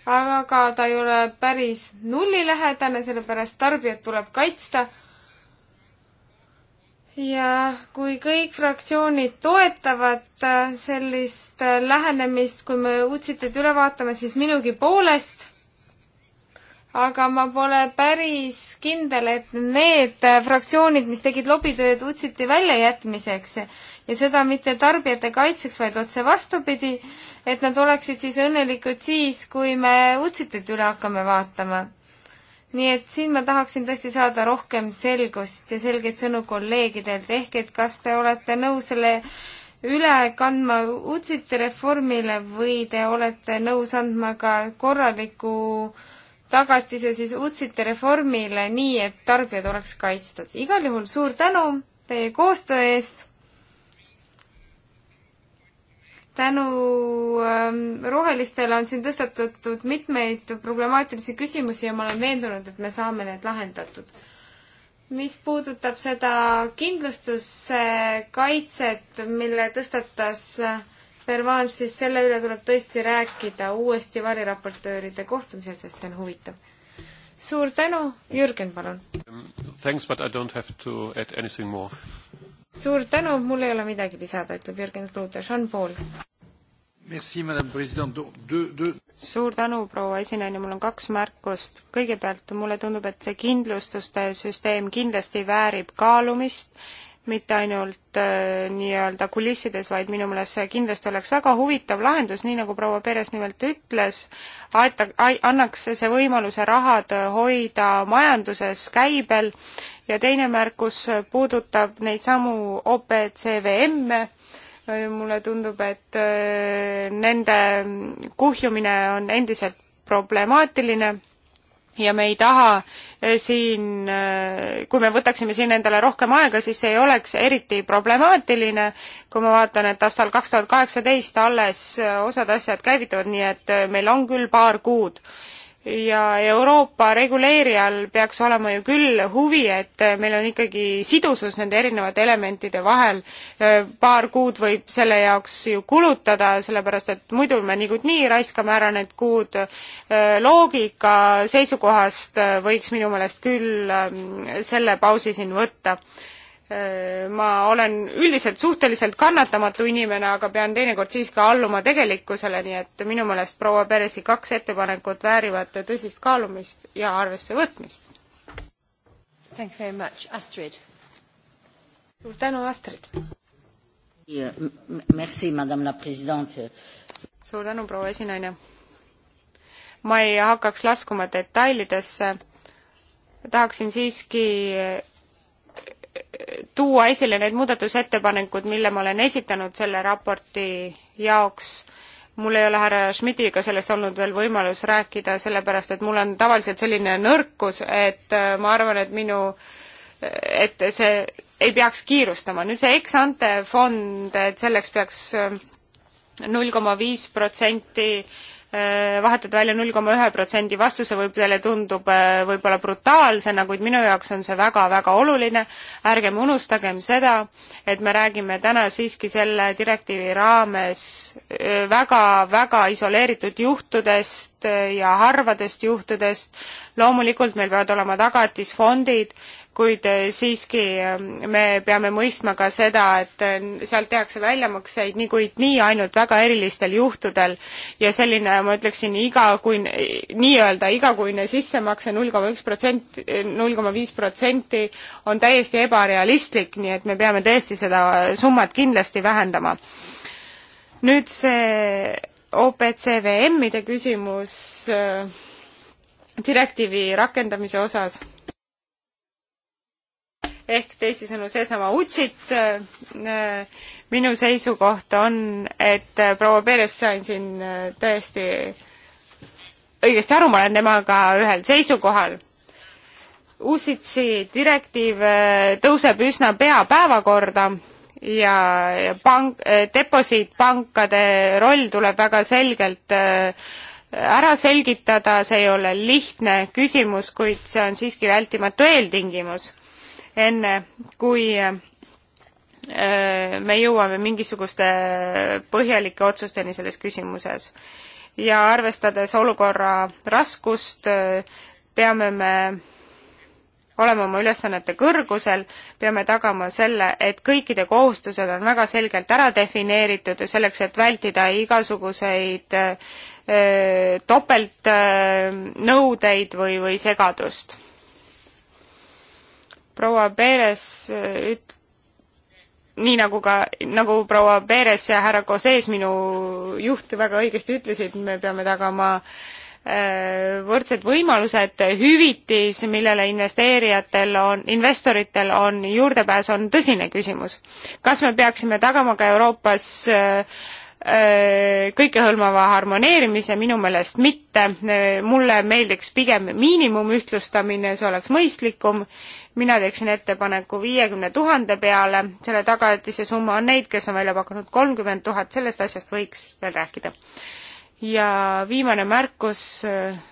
aga ta ei ole päris nullilähedane, sellepärast tarbijat tuleb kaitsta. ja kui kõik fraktsioonid toetavad äh, sellist äh, lähenemist, kui me uudsiteid üle vaatame, siis minugi poolest aga ma pole päris kindel, et need fraktsioonid, mis tegid lobitööd utsiti väljajätmiseks ja seda mitte tarbijate kaitseks, vaid otse vastupidi, et nad oleksid siis õnnelikud siis, kui me utsitit üle hakkame vaatama. nii et siin ma tahaksin tõesti saada rohkem selgust ja selgeid sõnu kolleegidelt, ehk et kas te olete nõus selle üle kandma utsiti reformile või te olete nõus andma ka korraliku äh, tagatise siis uudsite reformile nii, et tarbijad oleks kaitstud. igal juhul suur tänu teie koostöö eest. tänu ähm, rohelistele on siin tõstatatud mitmeid problemaatilisi küsimusi ja ma olen veendunud, et me saame need lahendatud. mis puudutab seda kindlustuskaitset, mille tõstatas äh, Vervanš, siis selle üle tuleb tõesti rääkida uuesti variraportööride kohtumisel, sest see on huvitav. suur tänu, Jürgen, palun! Um, thanks, but I don't have to add anything more. suur tänu, mul ei ole midagi lisada, ütleb Jürgen Kruuter, Jean-Paul. Merci, madame president, de, de suur tänu, proua esinaine, mul on kaks märkust. kõigepealt mulle tundub, et see kindlustuste süsteem kindlasti väärib kaalumist mitte ainult äh, nii-öelda kulissides, vaid minu meelest see kindlasti oleks väga huvitav lahendus, nii nagu proua Peres nimelt ütles, aeta-, annaks see võimaluse rahad hoida majanduses käibel ja teine märkus puudutab neid samu OPCVM-e, mulle tundub, et äh, nende kuhjumine on endiselt problemaatiline ja me ei taha eh, siin, eh, kui me võtaksime siin endale rohkem aega, siis ei oleks eriti problemaatiline, kui ma vaatan, et aastal kaks tuhat kaheksateist alles eh, osad asjad käivituvad, nii et meil on küll paar kuud ja Euroopa reguleerijal peaks olema ju küll huvi, et eh, meil on ikkagi sidusus nende erinevate elementide vahel. Eh, paar kuud võib selle jaoks ju kulutada, sellepärast et muidu me niikuinii raiskame ära need kuud. Eh, loogika seisukohast võiks minu meelest küll ehm, selle pausi siin võtta. Äh, ma olen üldiselt suhteliselt kannatamatu inimene, aga pean teinekord siiski alluma tegelikkusele, nii et minu meelest proua Peresi kaks ettepanekut väärivad tõsist kaalumist ja arvesse võtmist. suur tänu, Astrid! suur tänu, proua esinaine! ma ei hakkaks laskuma detailidesse, tahaksin siiski tuua esile need muudatusettepanekud, mille ma olen esitanud selle raporti jaoks. mul ei ole härra Schmidtiga sellest olnud veel võimalus rääkida, sellepärast et mul on tavaliselt selline nõrkus, et äh, ma arvan, et minu, äh, et see ei peaks kiirustama. nüüd see ex-ante fond, et selleks peaks äh, null koma viis protsenti Äh, vahetada välja null koma ühe protsendi vastuse, võib teile tundub äh, võib-olla brutaalsena, kuid minu jaoks on see väga-väga oluline. ärgem unustagem seda, et me räägime täna siiski selle direktiivi raames väga-väga äh, isoleeritud juhtudest ja harvadest juhtudest, loomulikult meil peavad olema tagatisfondid, kuid eh, siiski eh, me peame mõistma ka seda, et eh, sealt tehakse väljamakseid nii kuid nii ainult väga erilistel juhtudel ja selline, ma ütleksin, igakuine, nii-öelda igakuine sissemakse null koma üks protsent, null koma viis protsenti on täiesti ebarealistlik, nii et me peame tõesti seda summat kindlasti vähendama. nüüd see OPCVM-ide küsimus äh, direktiivi rakendamise osas. ehk teisisõnu, seesama Utsit äh, äh, minu seisukoht on, et äh, proua Peres sain siin tõesti õigesti aru, ma olen temaga ühel seisukohal. USITS-i direktiiv tõuseb üsna pea päevakorda ja pank, deposiitpankade roll tuleb väga selgelt äh, ära selgitada, see ei ole lihtne küsimus, kuid see on siiski vältimatu eeltingimus, enne kui äh, me jõuame mingisuguste põhjalike otsusteni selles küsimuses. ja arvestades olukorra raskust, äh, peame me olema oma ülesannete kõrgusel, peame tagama selle, et kõikide kohustused on väga selgelt ära defineeritud ja selleks, et vältida igasuguseid äh, topeltnõudeid äh, või, või segadust. proua Peeres äh, üt-, nii nagu ka, nagu proua Peeres ja härra Koses, minu juht, väga õigesti ütlesid, me peame tagama äh, Äh, võrdsed võimalused, hüvitis, millele investeerijatel on, investoritel on juurdepääs, on tõsine küsimus. kas me peaksime tagama ka Euroopas äh, äh, kõikehõlmava harmoneerimise, minu meelest mitte, mulle meeldiks pigem miinimumühtlustamine, see oleks mõistlikum, mina teeksin ettepaneku viiekümne tuhande peale, selle tagatise summa on neid, kes on välja pakkunud kolmkümmend tuhat, sellest asjast võiks veel rääkida ja viimane märkus,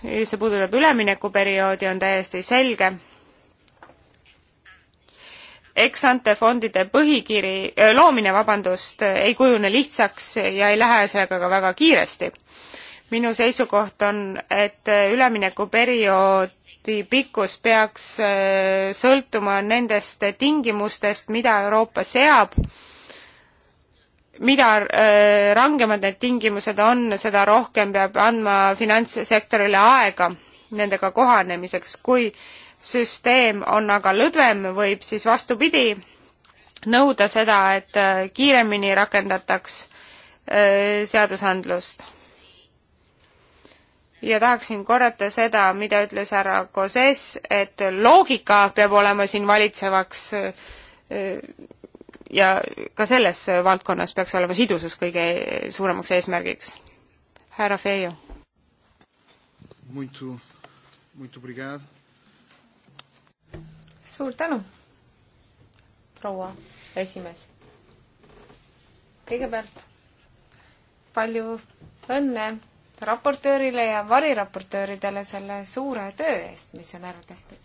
see puudutab üleminekuperioodi, on täiesti selge. Ex-ante fondide põhikiri, äh, loomine, vabandust, ei kujune lihtsaks ja ei lähe sellega ka väga kiiresti. minu seisukoht on, et üleminekuperioodi pikkus peaks äh, sõltuma nendest tingimustest, mida Euroopa seab mida äh, rangemad need tingimused on, seda rohkem peab andma finantssektorile aega nendega kohanemiseks, kui süsteem on aga lõdvem, võib siis vastupidi nõuda seda, et äh, kiiremini rakendataks äh, seadusandlust. ja tahaksin korrata seda, mida ütles härra Koses, et loogika peab olema siin valitsevaks ja ka selles valdkonnas peaks olema sidusus kõige suuremaks eesmärgiks. härra Feio. suur tänu, proua esimees. kõigepealt palju õnne raportöörile ja variraportööridele selle suure töö eest, mis on ära tehtud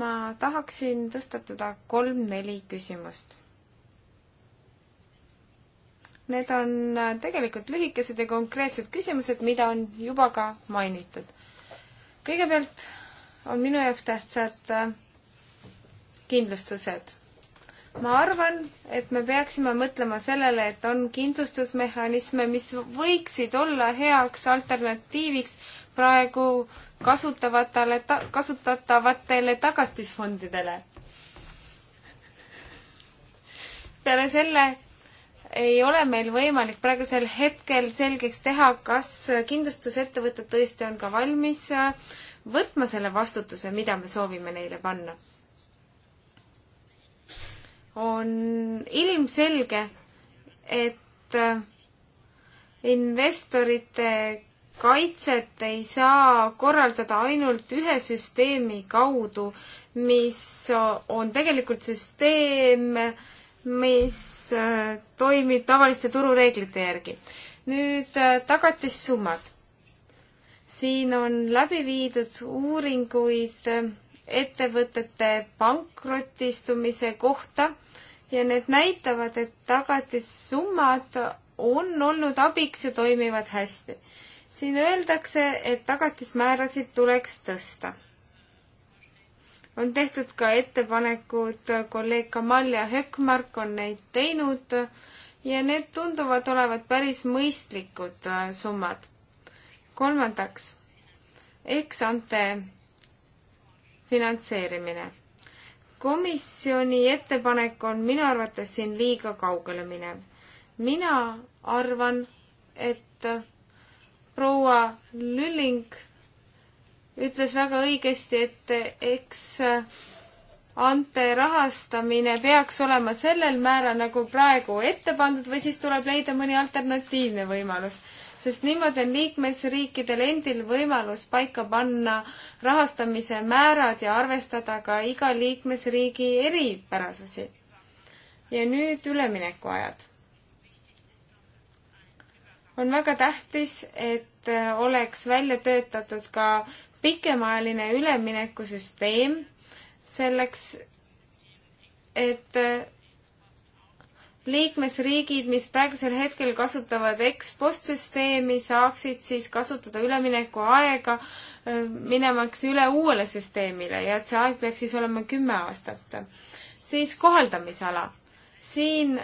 ma tahaksin tõstatada kolm-neli küsimust. Need on tegelikult lühikesed ja konkreetsed küsimused, mida on juba ka mainitud. kõigepealt on minu jaoks tähtsad äh, kindlustused. ma arvan, et me peaksime mõtlema sellele, et on kindlustusmehhanisme, mis võiksid olla heaks alternatiiviks praegu äh, kasutavatele ta,, kasutatavatele tagatisfondidele. peale selle ei ole meil võimalik praegusel hetkel selgeks teha, kas kindlustusettevõtted tõesti on ka valmis võtma selle vastutuse, mida me soovime neile panna. on ilmselge, et investorite kaitset ei saa korraldada ainult ühe süsteemi kaudu, mis on tegelikult süsteem, mis äh, toimib tavaliste turureeglite järgi. nüüd äh, tagatissummad. siin on läbi viidud uuringuid äh, ettevõtete pankrotistumise kohta ja need näitavad, et tagatissummad on olnud abiks ja toimivad hästi siin öeldakse, et tagatismäärasid tuleks tõsta. on tehtud ka ettepanekud, kolleeg Kamal ja Hökmark on neid teinud ja need tunduvad olevat päris mõistlikud äh, summad. kolmandaks, eksante finantseerimine. komisjoni ettepanek on minu arvates siin liiga kaugele minev. mina arvan, et proua Lülling ütles väga õigesti, et eks äh, ante rahastamine peaks olema sellel määral, nagu praegu ette pandud või siis tuleb leida mõni alternatiivne võimalus sest niimoodi on liikmesriikidel endil võimalus paika panna rahastamise määrad ja arvestada ka iga liikmesriigi eripärasusi. ja nüüd üleminekuajad on väga tähtis, et äh, oleks välja töötatud ka pikemaajaline üleminekusüsteem selleks, et äh, liikmesriigid, mis praegusel hetkel kasutavad ekspost süsteemi, saaksid siis kasutada üleminekuaega äh, minemaks üle uuele süsteemile ja et see aeg peaks siis olema kümme aastat. siis kohaldamisala. siin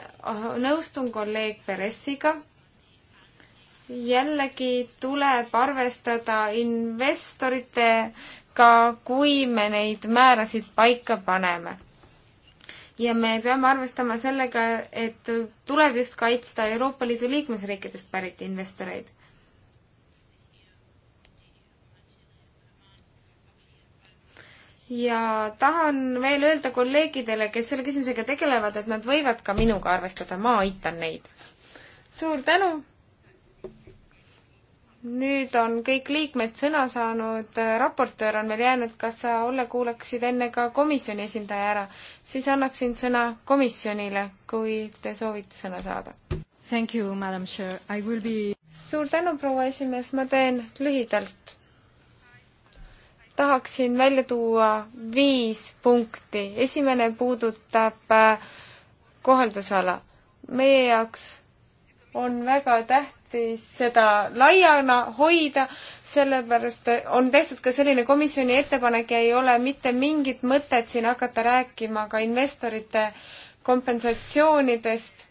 nõustun kolleeg Peressiga jällegi tuleb arvestada investoritega, kui me neid määrasid paika paneme. ja me peame arvestama sellega, et tuleb just kaitsta Euroopa Liidu liikmesriikidest pärit investoreid. ja tahan veel öelda kolleegidele, kes selle küsimusega tegelevad, et nad võivad ka minuga arvestada, ma aitan neid. suur tänu! nüüd on kõik liikmed sõna saanud, raportöör on veel jäänud, kas sa, Olle, kuulaksid enne ka komisjoni esindaja ära? siis annaksin sõna komisjonile, kui te soovite sõna saada. Thank you, madam chair, I will be suur tänu, proua esimees, ma teen lühidalt. tahaksin välja tuua viis punkti. esimene puudutab äh, kohaldusala. meie jaoks on väga tähtis, tähtis seda laiana hoida, sellepärast on tehtud ka selline komisjoni ettepanek ja ei ole mitte mingit mõtet siin hakata rääkima ka investorite kompensatsioonidest,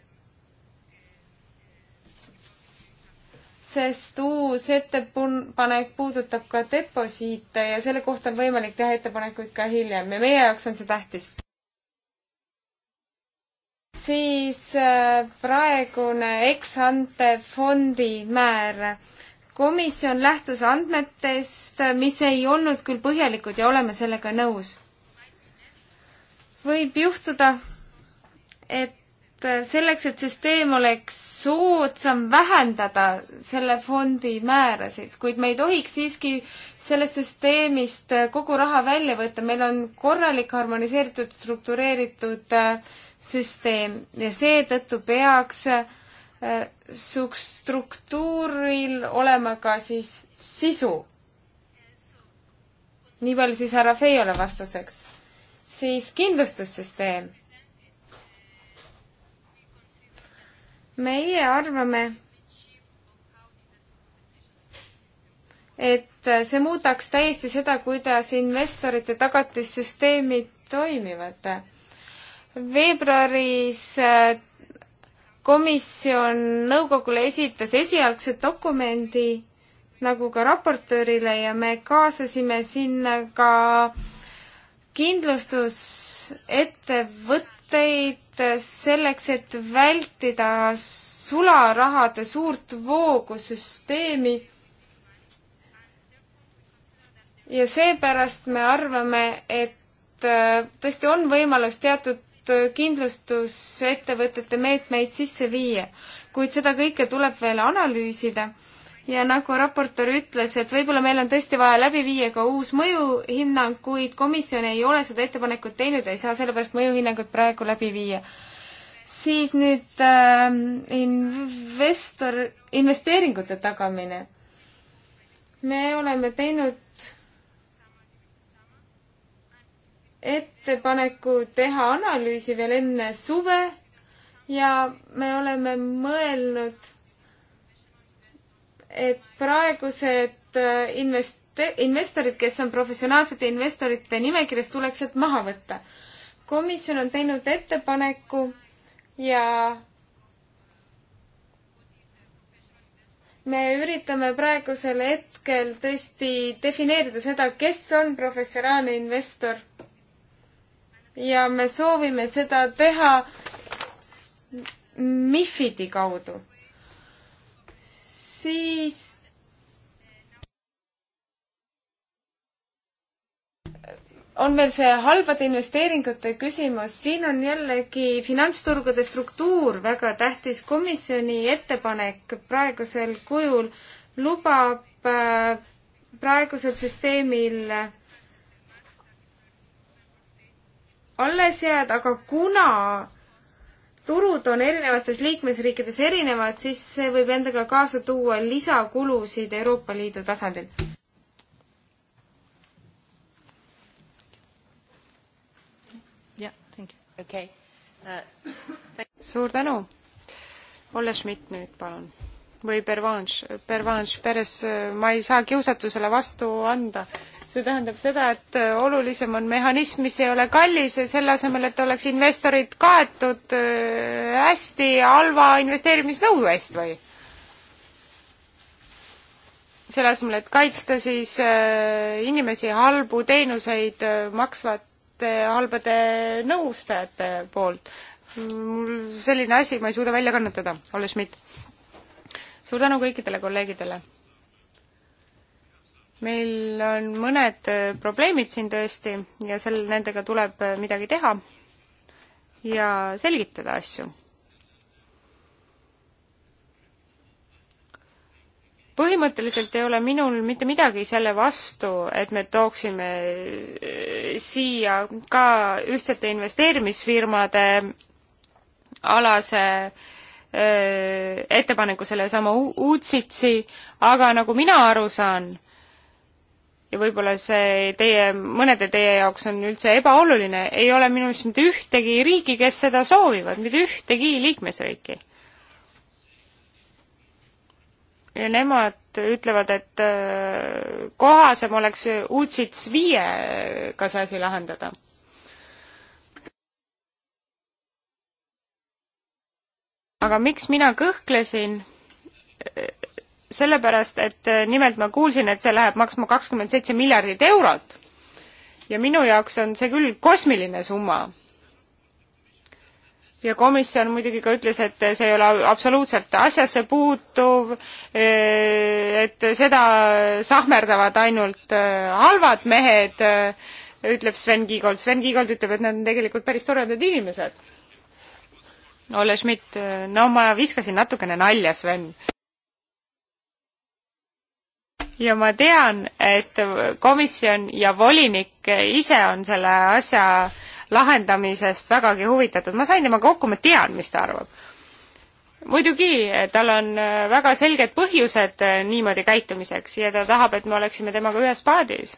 sest uus ettepanek puudutab ka deposiite ja selle kohta on võimalik teha ettepanekuid ka hiljem ja meie jaoks on see tähtis siis äh, praegune ex-ante fondi määr. komisjon lähtus andmetest, äh, mis ei olnud küll põhjalikud ja oleme sellega nõus. võib juhtuda, et äh, selleks, et süsteem oleks soodsam vähendada selle fondi määrasid, kuid me ei tohiks siiski sellest süsteemist kogu raha välja võtta, meil on korralik harmoniseeritud, struktureeritud äh, süsteem ja seetõttu peaks äh, struktuuril olema ka siis sisu. nii palju siis härra Feiole vastuseks. siis kindlustussüsteem. meie arvame, et see muudaks täiesti seda, kuidas investorite tagatissüsteemid toimivad veebruaris äh, komisjon nõukogule esitas esialgse dokumendi nagu ka raportöörile ja me kaasasime sinna ka kindlustusettevõtteid selleks, et vältida sularahade suurt voogusüsteemi. ja seepärast me arvame, et äh, tõesti on võimalus teatud kindlustusettevõtete meetmeid sisse viia, kuid seda kõike tuleb veel analüüsida ja nagu raportöör ütles, et võib-olla meil on tõesti vaja läbi viia ka uus mõjuhinnang, kuid komisjon ei ole seda ettepanekut teinud ja ei saa sellepärast mõjuhinnangut praegu läbi viia. siis nüüd äh, investor, investeeringute tagamine. me oleme teinud ettepaneku teha analüüsi veel enne suve ja me oleme mõelnud, et praegused äh, invest-, investorid, kes on professionaalsete investorite nimekirjas, tuleks sealt maha võtta. komisjon on teinud ettepaneku ja me üritame praegusel hetkel tõesti defineerida seda, kes on professionaalne investor ja me soovime seda teha MIFID-i kaudu, siis on veel see halbade investeeringute küsimus, siin on jällegi finantsturgude struktuur väga tähtis. komisjoni ettepanek praegusel kujul lubab äh, praegusel süsteemil alles jääd, aga kuna turud on erinevates liikmesriikides erinevad, siis see võib endaga kaasa tuua lisakulusid Euroopa Liidu tasandil. jah, thank you. okei okay. uh,. suur tänu. Olle Schmidt nüüd, palun. või Pervanš, Pervanš Peres, ma ei saa kiusatusele vastu anda see tähendab seda, et olulisem on mehhanism, mis ei ole kallis, selle asemel, et oleks investorid kaetud äh, hästi halva investeerimisnõu eest või? selle asemel, et kaitsta siis äh, inimesi halbu teenuseid äh, maksvate halbade nõustajate poolt. mul selline asi, ma ei suuda välja kannatada, Olle Schmidt. suur tänu kõikidele kolleegidele meil on mõned äh, probleemid siin tõesti ja sel, nendega tuleb äh, midagi teha ja selgitada asju. põhimõtteliselt ei ole minul mitte midagi selle vastu, et me tooksime äh, siia ka ühtsete investeerimisfirmade alase äh, ettepaneku sellesama UCITS-i, aga nagu mina aru saan, ja võib-olla see teie, mõnede teie jaoks on üldse ebaoluline, ei ole minu meelest mitte ühtegi riiki, kes seda soovivad, mitte ühtegi liikmesriiki. ja nemad ütlevad, et äh, kohasem oleks UCITS viiega see asi lahendada aga miks mina kõhklesin sellepärast, et äh, nimelt ma kuulsin, et see läheb maksma kakskümmend seitse miljardit eurot. ja minu jaoks on see küll kosmiline summa. ja komisjon muidugi ka ütles, et see ei ole absoluutselt asjasse puutuv, äh, et seda sahmerdavad ainult äh, halvad mehed, ütleb Sven Kiigold. Sven Kiigold ütleb, et nad on tegelikult päris toredad inimesed. Olle Schmidt, no ma viskasin natukene nalja, Sven ja ma tean, et komisjon ja volinik ise on selle asja lahendamisest vägagi huvitatud, ma sain temaga kokku, ma tean, mis ta arvab. muidugi, tal on väga selged põhjused niimoodi käitumiseks ja ta tahab, et me oleksime temaga ühes paadis.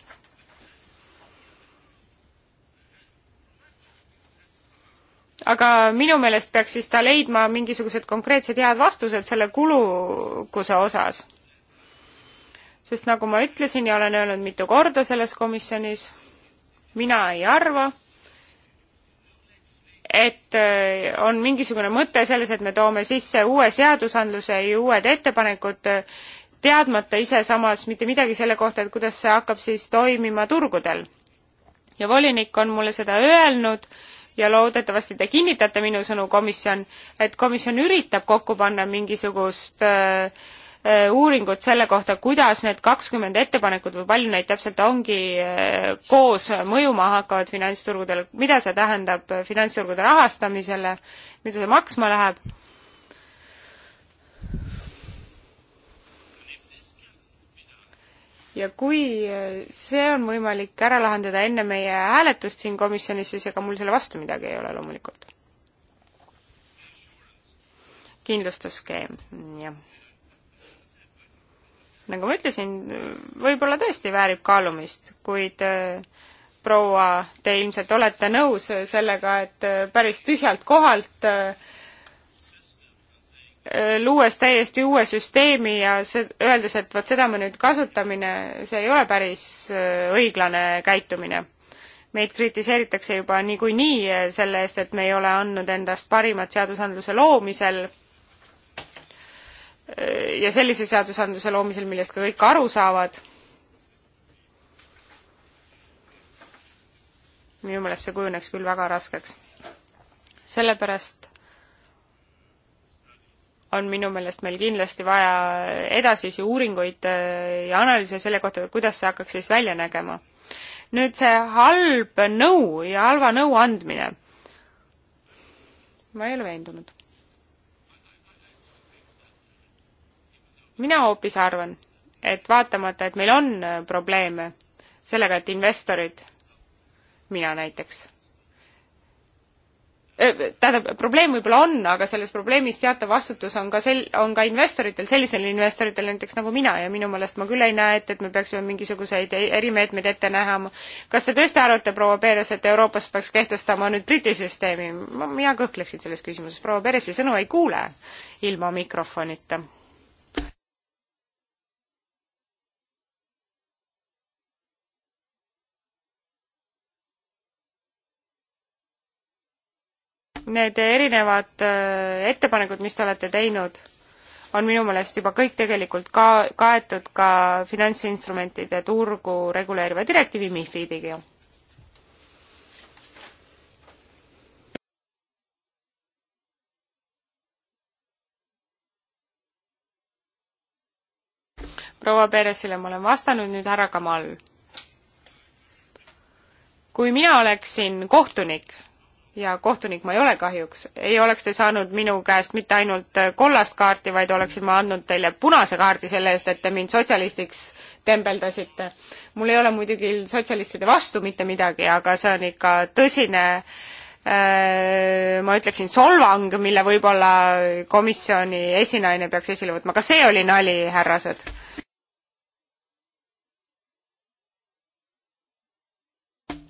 aga minu meelest peaks siis ta leidma mingisugused konkreetsed head vastused selle kulukuse osas sest nagu ma ütlesin ja olen öelnud mitu korda selles komisjonis, mina ei arva, et äh, on mingisugune mõte selles, et me toome sisse uue seadusandluse ja uued ettepanekud, äh, teadmata ise samas mitte midagi selle kohta, et kuidas see hakkab siis toimima turgudel. ja volinik on mulle seda öelnud ja loodetavasti te kinnitate minu sõnu, komisjon, et komisjon üritab kokku panna mingisugust äh, Äh, uuringut selle kohta, kuidas need kakskümmend ettepanekut või palju neid täpselt ongi äh, koos mõjuma hakkavad finantsturgudel, mida see tähendab äh, finantsturgude rahastamisele, mida see maksma läheb? ja kui see on võimalik ära lahendada enne meie hääletust siin komisjonis, siis ega mul selle vastu midagi ei ole loomulikult. kindlustusskeem, jah nagu ma ütlesin, võib-olla tõesti väärib kaalumist, kuid äh, proua, te ilmselt olete nõus sellega, et äh, päris tühjalt kohalt äh, luues täiesti uue süsteemi ja see, öeldes, et vot seda me nüüd kasutamine, see ei ole päris õiglane käitumine. meid kritiseeritakse juba niikuinii selle eest, et me ei ole andnud endast parimat seadusandluse loomisel ja sellise seadusandluse loomisel, millest ka kõik aru saavad. minu meelest see kujuneks küll väga raskeks. sellepärast on minu meelest meil kindlasti vaja edasisi uuringuid äh, ja analüüse selle kohta, kuidas see hakkaks siis välja nägema. nüüd see halb nõu ja halva nõu andmine. ma ei ole veendunud mina hoopis arvan, et vaatamata, et meil on äh, probleeme sellega, et investorid, mina näiteks, tähendab, probleem võib-olla on, aga selles probleemis teatav vastutus on ka sel-, on ka investoritel, sellisel investoritel näiteks nagu mina ja minu meelest ma küll ei näe ette, et me peaksime mingisuguseid e-, erimeetmeid ette nägema. kas te tõesti arvate, proua Peeres, et Euroopas peaks kehtestama nüüd Briti süsteemi? ma, mina kõhkleksin selles küsimuses, proua Peeresi sõnu ei kuule ilma mikrofonita need erinevad äh, ettepanekud, mis te olete teinud, on minu meelest juba kõik tegelikult ka kaetud ka finantsinstrumentide turgu reguleeriva direktiivi MIFIDiga. proua Peresile ma olen vastanud, nüüd härra Kamal. kui mina oleksin kohtunik ja kohtunik ma ei ole kahjuks, ei oleks te saanud minu käest mitte ainult äh, kollast kaarti, vaid oleksin ma andnud teile punase kaardi selle eest, et te mind sotsialistiks tembeldasite. mul ei ole muidugi sotsialistide vastu mitte midagi, aga see on ikka tõsine äh, ma ütleksin solvang, mille võib-olla komisjoni esinaine peaks esile võtma. kas see oli nali, härrased?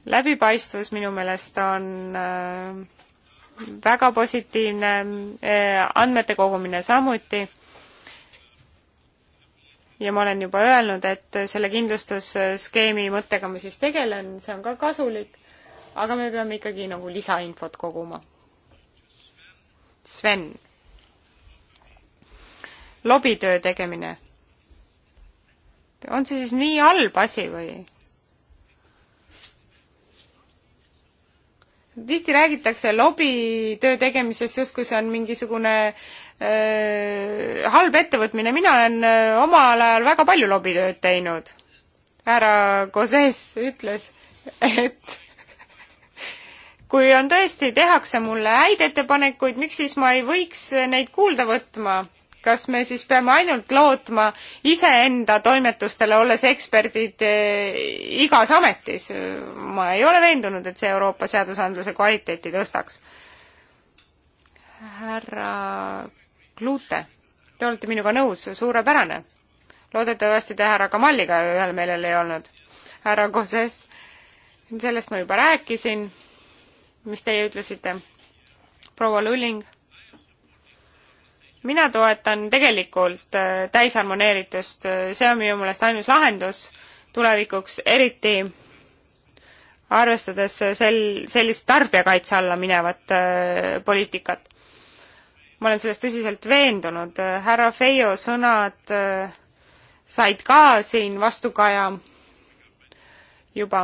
läbipaistvus minu meelest on äh, väga positiivne, äh, andmete kogumine samuti. ja ma olen juba öelnud, et selle kindlustusskeemi mõttega ma siis tegelen, see on ka kasulik, aga me peame ikkagi nagu lisainfot koguma. Sven. lobitöö tegemine. on see siis nii halb asi või? tihti räägitakse lobitöö tegemisest, justkui see on mingisugune äh, halb ettevõtmine, mina olen äh, omal ajal väga palju lobitööd teinud. härra Koses ütles, et kui on tõesti, tehakse mulle häid ettepanekuid, miks siis ma ei võiks neid kuulda võtma kas me siis peame ainult lootma iseenda toimetustele, olles eksperdid eh, igas ametis? ma ei ole veendunud, et see Euroopa seadusandluse kvaliteeti tõstaks. härra Klute, te olete minuga nõus, suurepärane. loodetavasti te härra Kamalliga ühel meelel ei olnud. härra Koses, sellest ma juba rääkisin, mis teie ütlesite. proua Lulling mina toetan tegelikult äh, täisharmoneeritust, äh, see on minu meelest ainus lahendus tulevikuks, eriti arvestades äh, sel-, sellist tarbijakaitse alla minevat poliitikat. ma olen selles tõsiselt veendunud, härra Feio sõnad said ka siin vastukaja juba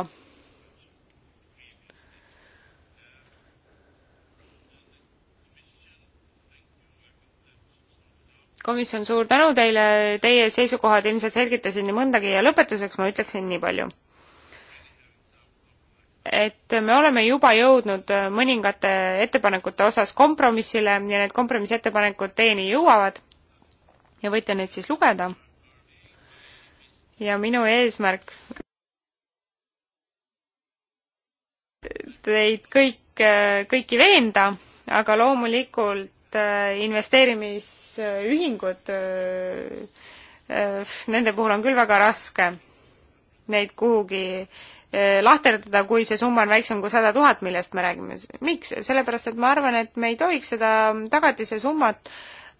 komisjon, suur tänu teile, teie seisukohad ilmselt selgitasid nii mõndagi ja lõpetuseks ma ütleksin nii palju. et me oleme juba jõudnud mõningate ettepanekute osas kompromissile ja need kompromissettepanekud teieni jõuavad ja võite neid siis lugeda. ja minu eesmärk teid kõik, kõiki veenda, aga loomulikult et äh, investeerimisühingud, äh, äh, nende puhul on küll väga raske neid kuhugi lahterdada, kui see summa on väiksem kui sada tuhat, millest me räägime. miks? sellepärast, et ma arvan, et me ei tohiks seda tagatise summat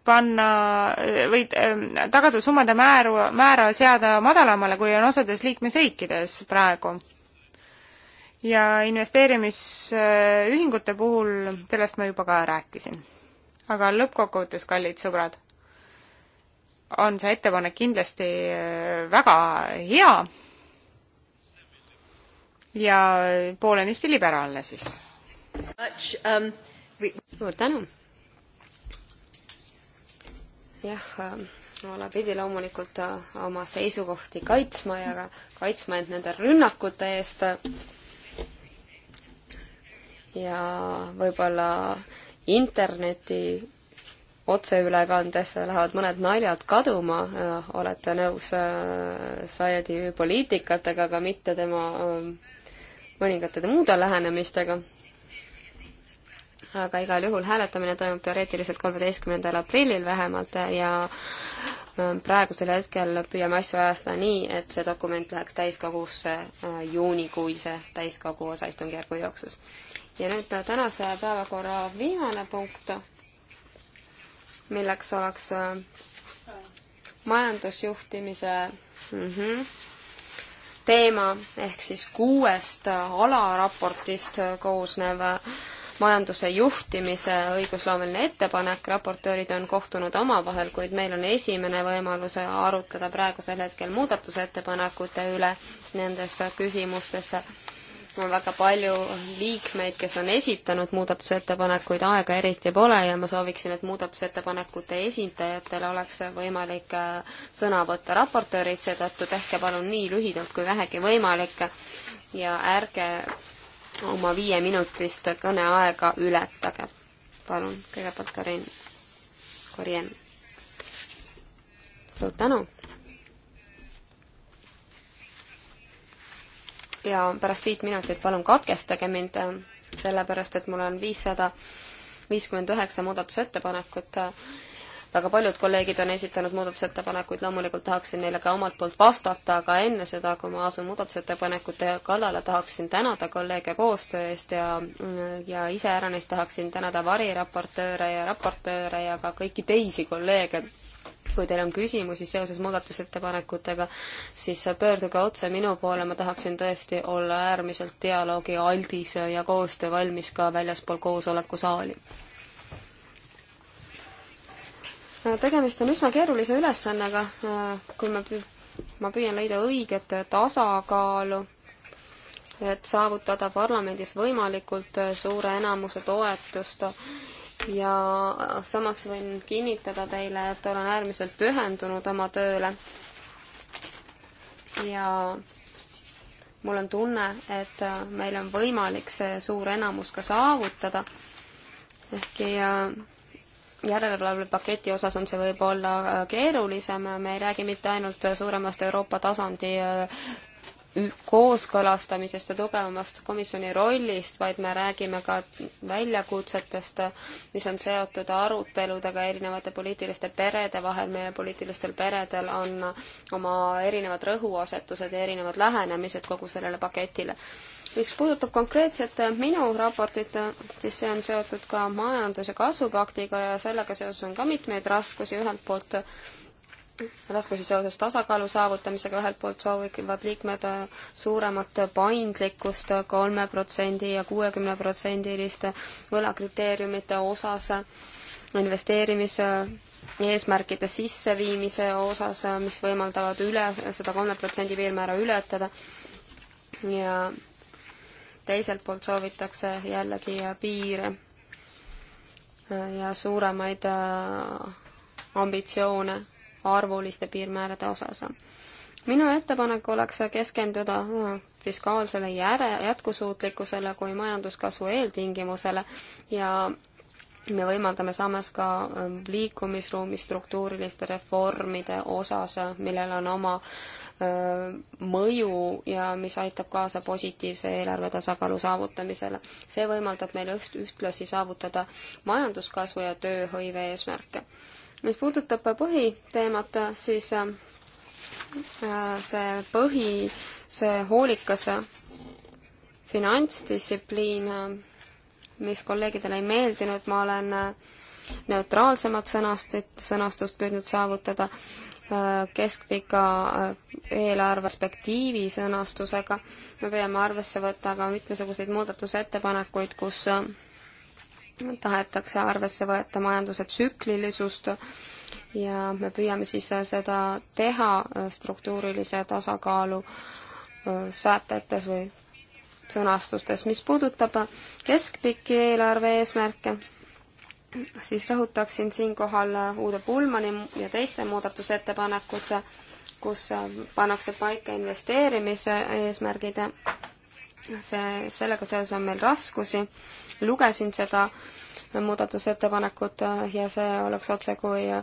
panna või tagatud summade määru, määra seada madalamale, kui on osades liikmesriikides praegu. ja investeerimisühingute puhul, sellest ma juba ka rääkisin aga lõppkokkuvõttes, kallid sõbrad, on see ettepanek kindlasti äh, väga hea ja poolenisti liberaalne siis. Um, suur tänu! jah um ähm, Ola pidi loomulikult äh, oma seisukohti kaitsma ja ka kaitsma end nende rünnakute eest. ja võib-olla interneti otseülekandes lähevad mõned naljad kaduma, äh, olete nõus äh, Saedi poliitikatega, aga mitte tema äh, mõningate muude lähenemistega. aga igal juhul hääletamine toimub teoreetiliselt kolmeteistkümnendal aprillil vähemalt ja praegusel hetkel püüame asju ajastada nii, et see dokument läheks täiskogusse juunikuise täiskogu osaistungjärgu jooksus ja nüüd tänase päevakorra viimane punkt, milleks oleks äh, majandusjuhtimise mm -hmm, teema ehk siis kuuest äh, alaraportist äh, koosnev majanduse juhtimise õigusloomeline ettepanek, raportöörid on kohtunud omavahel, kuid meil on esimene võimalus arutleda praegusel hetkel muudatusettepanekute üle nendes küsimustes on väga palju liikmeid, kes on esitanud muudatusettepanekuid, aega eriti pole ja ma sooviksin, et muudatusettepanekute esindajatel oleks võimalik äh, sõna võtta. raportöörid, seetõttu tehke palun nii lühidalt kui vähegi võimalik ja ärge oma viieminutist kõneaega ületage. palun, kõigepealt Karin, Karin. suur tänu ja pärast viit minutit palun katkestage mind, sellepärast et mul on viissada viiskümmend üheksa muudatusettepanekut. väga paljud kolleegid on esitanud muudatusettepanekuid, loomulikult tahaksin neile ka omalt poolt vastata, aga enne seda, kui ma asun muudatusettepanekute kallale, tahaksin tänada kolleege koostöö eest ja, ja iseäranis tahaksin tänada variraportööre ja raportööre ja ka kõiki teisi kolleege kui teil on küsimusi seoses muudatusettepanekutega, siis pöörduge otse minu poole, ma tahaksin tõesti olla äärmiselt dialoogialdis ja koostöövalmis ka väljaspool koosolekusaali. tegemist on üsna keerulise ülesannega, kui me, ma püüan leida õiget tasakaalu, et saavutada parlamendis võimalikult suure enamuse toetust ja äh, samas võin kinnitada teile, et olen äärmiselt pühendunud oma tööle. ja mul on tunne, et äh, meil on võimalik see suur enamus ka saavutada. ehkki äh, järelevalvepaketi osas on see võib-olla keerulisem, me ei räägi mitte ainult suuremast Euroopa tasandi kooskõlastamisest ja tugevamast komisjoni rollist, vaid me räägime ka väljakutsetest, mis on seotud aruteludega erinevate poliitiliste perede vahel. meie poliitilistel peredel on oma erinevad rõhuasetused ja erinevad lähenemised kogu sellele paketile. mis puudutab konkreetselt minu raportit, siis see on seotud ka majandus- ja kasvupaktiga ja sellega seoses on ka mitmeid raskusi, ühelt poolt raskusi seoses tasakaalu saavutamisega, ühelt poolt soovivad liikmed äh, suuremat paindlikkust kolme protsendi ja kuuekümne protsendiliste võlakriteeriumite osas, investeerimise eesmärkide sisseviimise osas, mis võimaldavad üle, seda kolme protsendi piirmäära ületada ja teiselt poolt soovitakse jällegi piire ja suuremaid äh, ambitsioone arvuliste piirmäärade osas. minu ettepanek oleks keskenduda äh, fiskaalsele järe, jätkusuutlikkusele kui majanduskasvu eeltingimusele ja me võimaldame samas ka ähm, liikumisruumi struktuuriliste reformide osas, millel on oma öö, äh, mõju ja mis aitab kaasa positiivse eelarve tasakaalu saavutamisele. see võimaldab meil üht, ühtlasi saavutada majanduskasvu ja tööhõive eesmärke mis puudutab põhiteemat, siis äh, see põhi, see hoolikas finantsdistsipliin, mis kolleegidele ei meeldinud, ma olen äh, neutraalsemat sõnastit, sõnastust püüdnud saavutada äh, keskpika eelarvespektiivi sõnastusega. me peame arvesse võtta ka mitmesuguseid muudatusettepanekuid, kus tahetakse arvesse võtta majanduse tsüklilisust ja me püüame siis seda teha struktuurilise tasakaalu sätetes või sõnastustes. mis puudutab keskpikki eelarve eesmärke, siis rõhutaksin siinkohal Uudo Pulmani ja teiste muudatusettepanekute, kus pannakse paika investeerimise eesmärgid see, sellega seoses on meil raskusi, lugesin seda muudatusettepanekut äh, ja see oleks otsekui äh,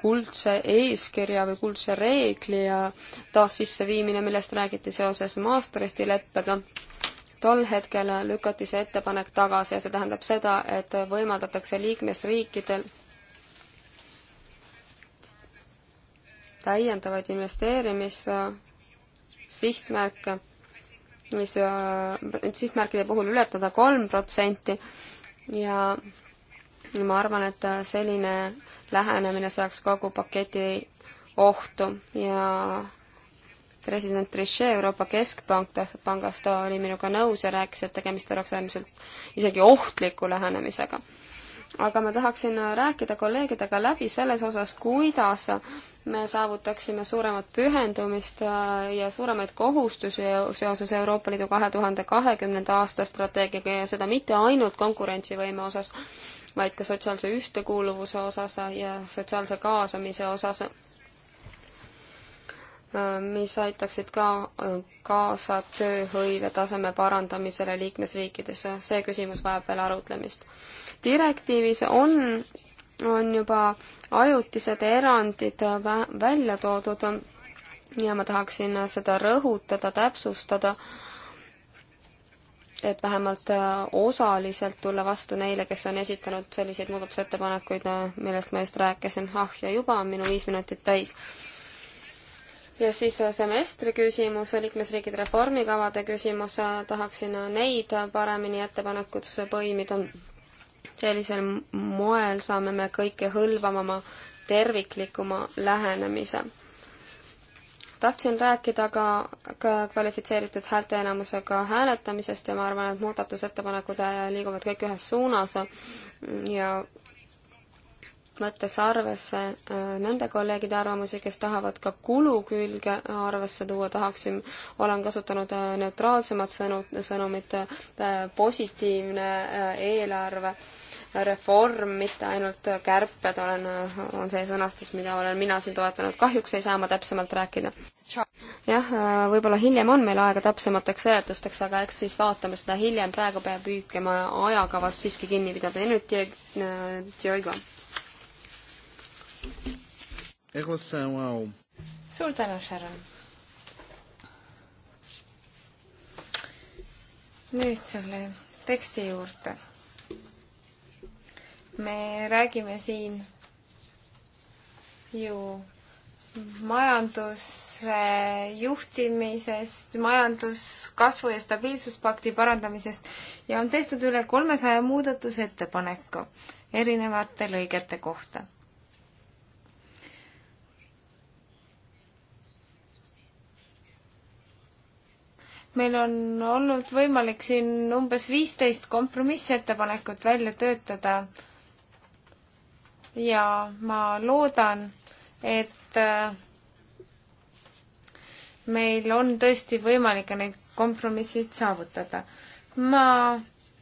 kuldse eeskirja või kuldse reegli ja äh, taassisseviimine, millest räägiti seoses Maastrichti leppega. tol hetkel lükati see ettepanek tagasi ja see tähendab seda, et võimaldatakse liikmesriikidel täiendavaid investeerimis sihtmärke mis äh, sihtmärkide puhul ületada kolm protsenti ja ma arvan, et äh, selline lähenemine seaks kogu paketi ohtu ja president Trichet Euroopa Keskpank pangast oli minuga nõus ja rääkis, et tegemist oleks äärmiselt isegi ohtliku lähenemisega. aga ma tahaksin äh, rääkida kolleegidega läbi selles osas, kuidas me saavutaksime suuremat pühendumist äh, ja suuremaid kohustusi seoses Euroopa Liidu kahe tuhande kahekümnenda aasta strateegiaga ja seda mitte ainult konkurentsivõime osas, vaid ka sotsiaalse ühtekuuluvuse osas ja sotsiaalse kaasamise osas, äh, mis aitaksid ka äh, kaasa tööhõive taseme parandamisele liikmesriikides. see küsimus vajab veel arutlemist. direktiivis on on juba ajutised erandid välja toodud ja ma tahaksin seda rõhutada, täpsustada, et vähemalt äh, osaliselt tulla vastu neile, kes on esitanud selliseid muudatusettepanekuid, äh, millest ma just rääkisin, ah ja juba on minu viis minutit täis. ja siis äh, semestri küsimus, liikmesriikide reformikavade küsimus, tahaksin neid paremini ettepanekutesse põimida sellisel moel saame me kõike hõlvamama, terviklikuma lähenemise. tahtsin rääkida ka, ka kvalifitseeritud häälteenamusega hääletamisest ja ma arvan, et muudatusettepanekud äh, liiguvad kõik ühes suunas ja võttes arvesse äh, nende kolleegide arvamusi, kes tahavad ka kulu külge arvesse tuua, tahaksin, olen kasutanud äh, neutraalsemat sõnu, sõnumit, positiivne eelarve reform, mitte ainult kärped, olen, on see sõnastus, mida olen mina siin toetanud. kahjuks ei saa ma täpsemalt rääkida. jah, võib-olla hiljem on meil aega täpsemateks seletusteks, aga eks siis vaatame seda hiljem, praegu peab püüdkema ajakavast siiski kinni pidada. ja nüüd Diego. suur tänu, Sharon. nüüd selle teksti juurde me räägime siin ju majanduse juhtimisest, majanduskasvu ja stabiilsuspakti parandamisest ja on tehtud üle kolmesaja muudatusettepaneku erinevate lõigete kohta. meil on olnud võimalik siin umbes viisteist kompromissettepanekut välja töötada ja ma loodan, et äh, meil on tõesti võimalik ka need kompromissid saavutada. ma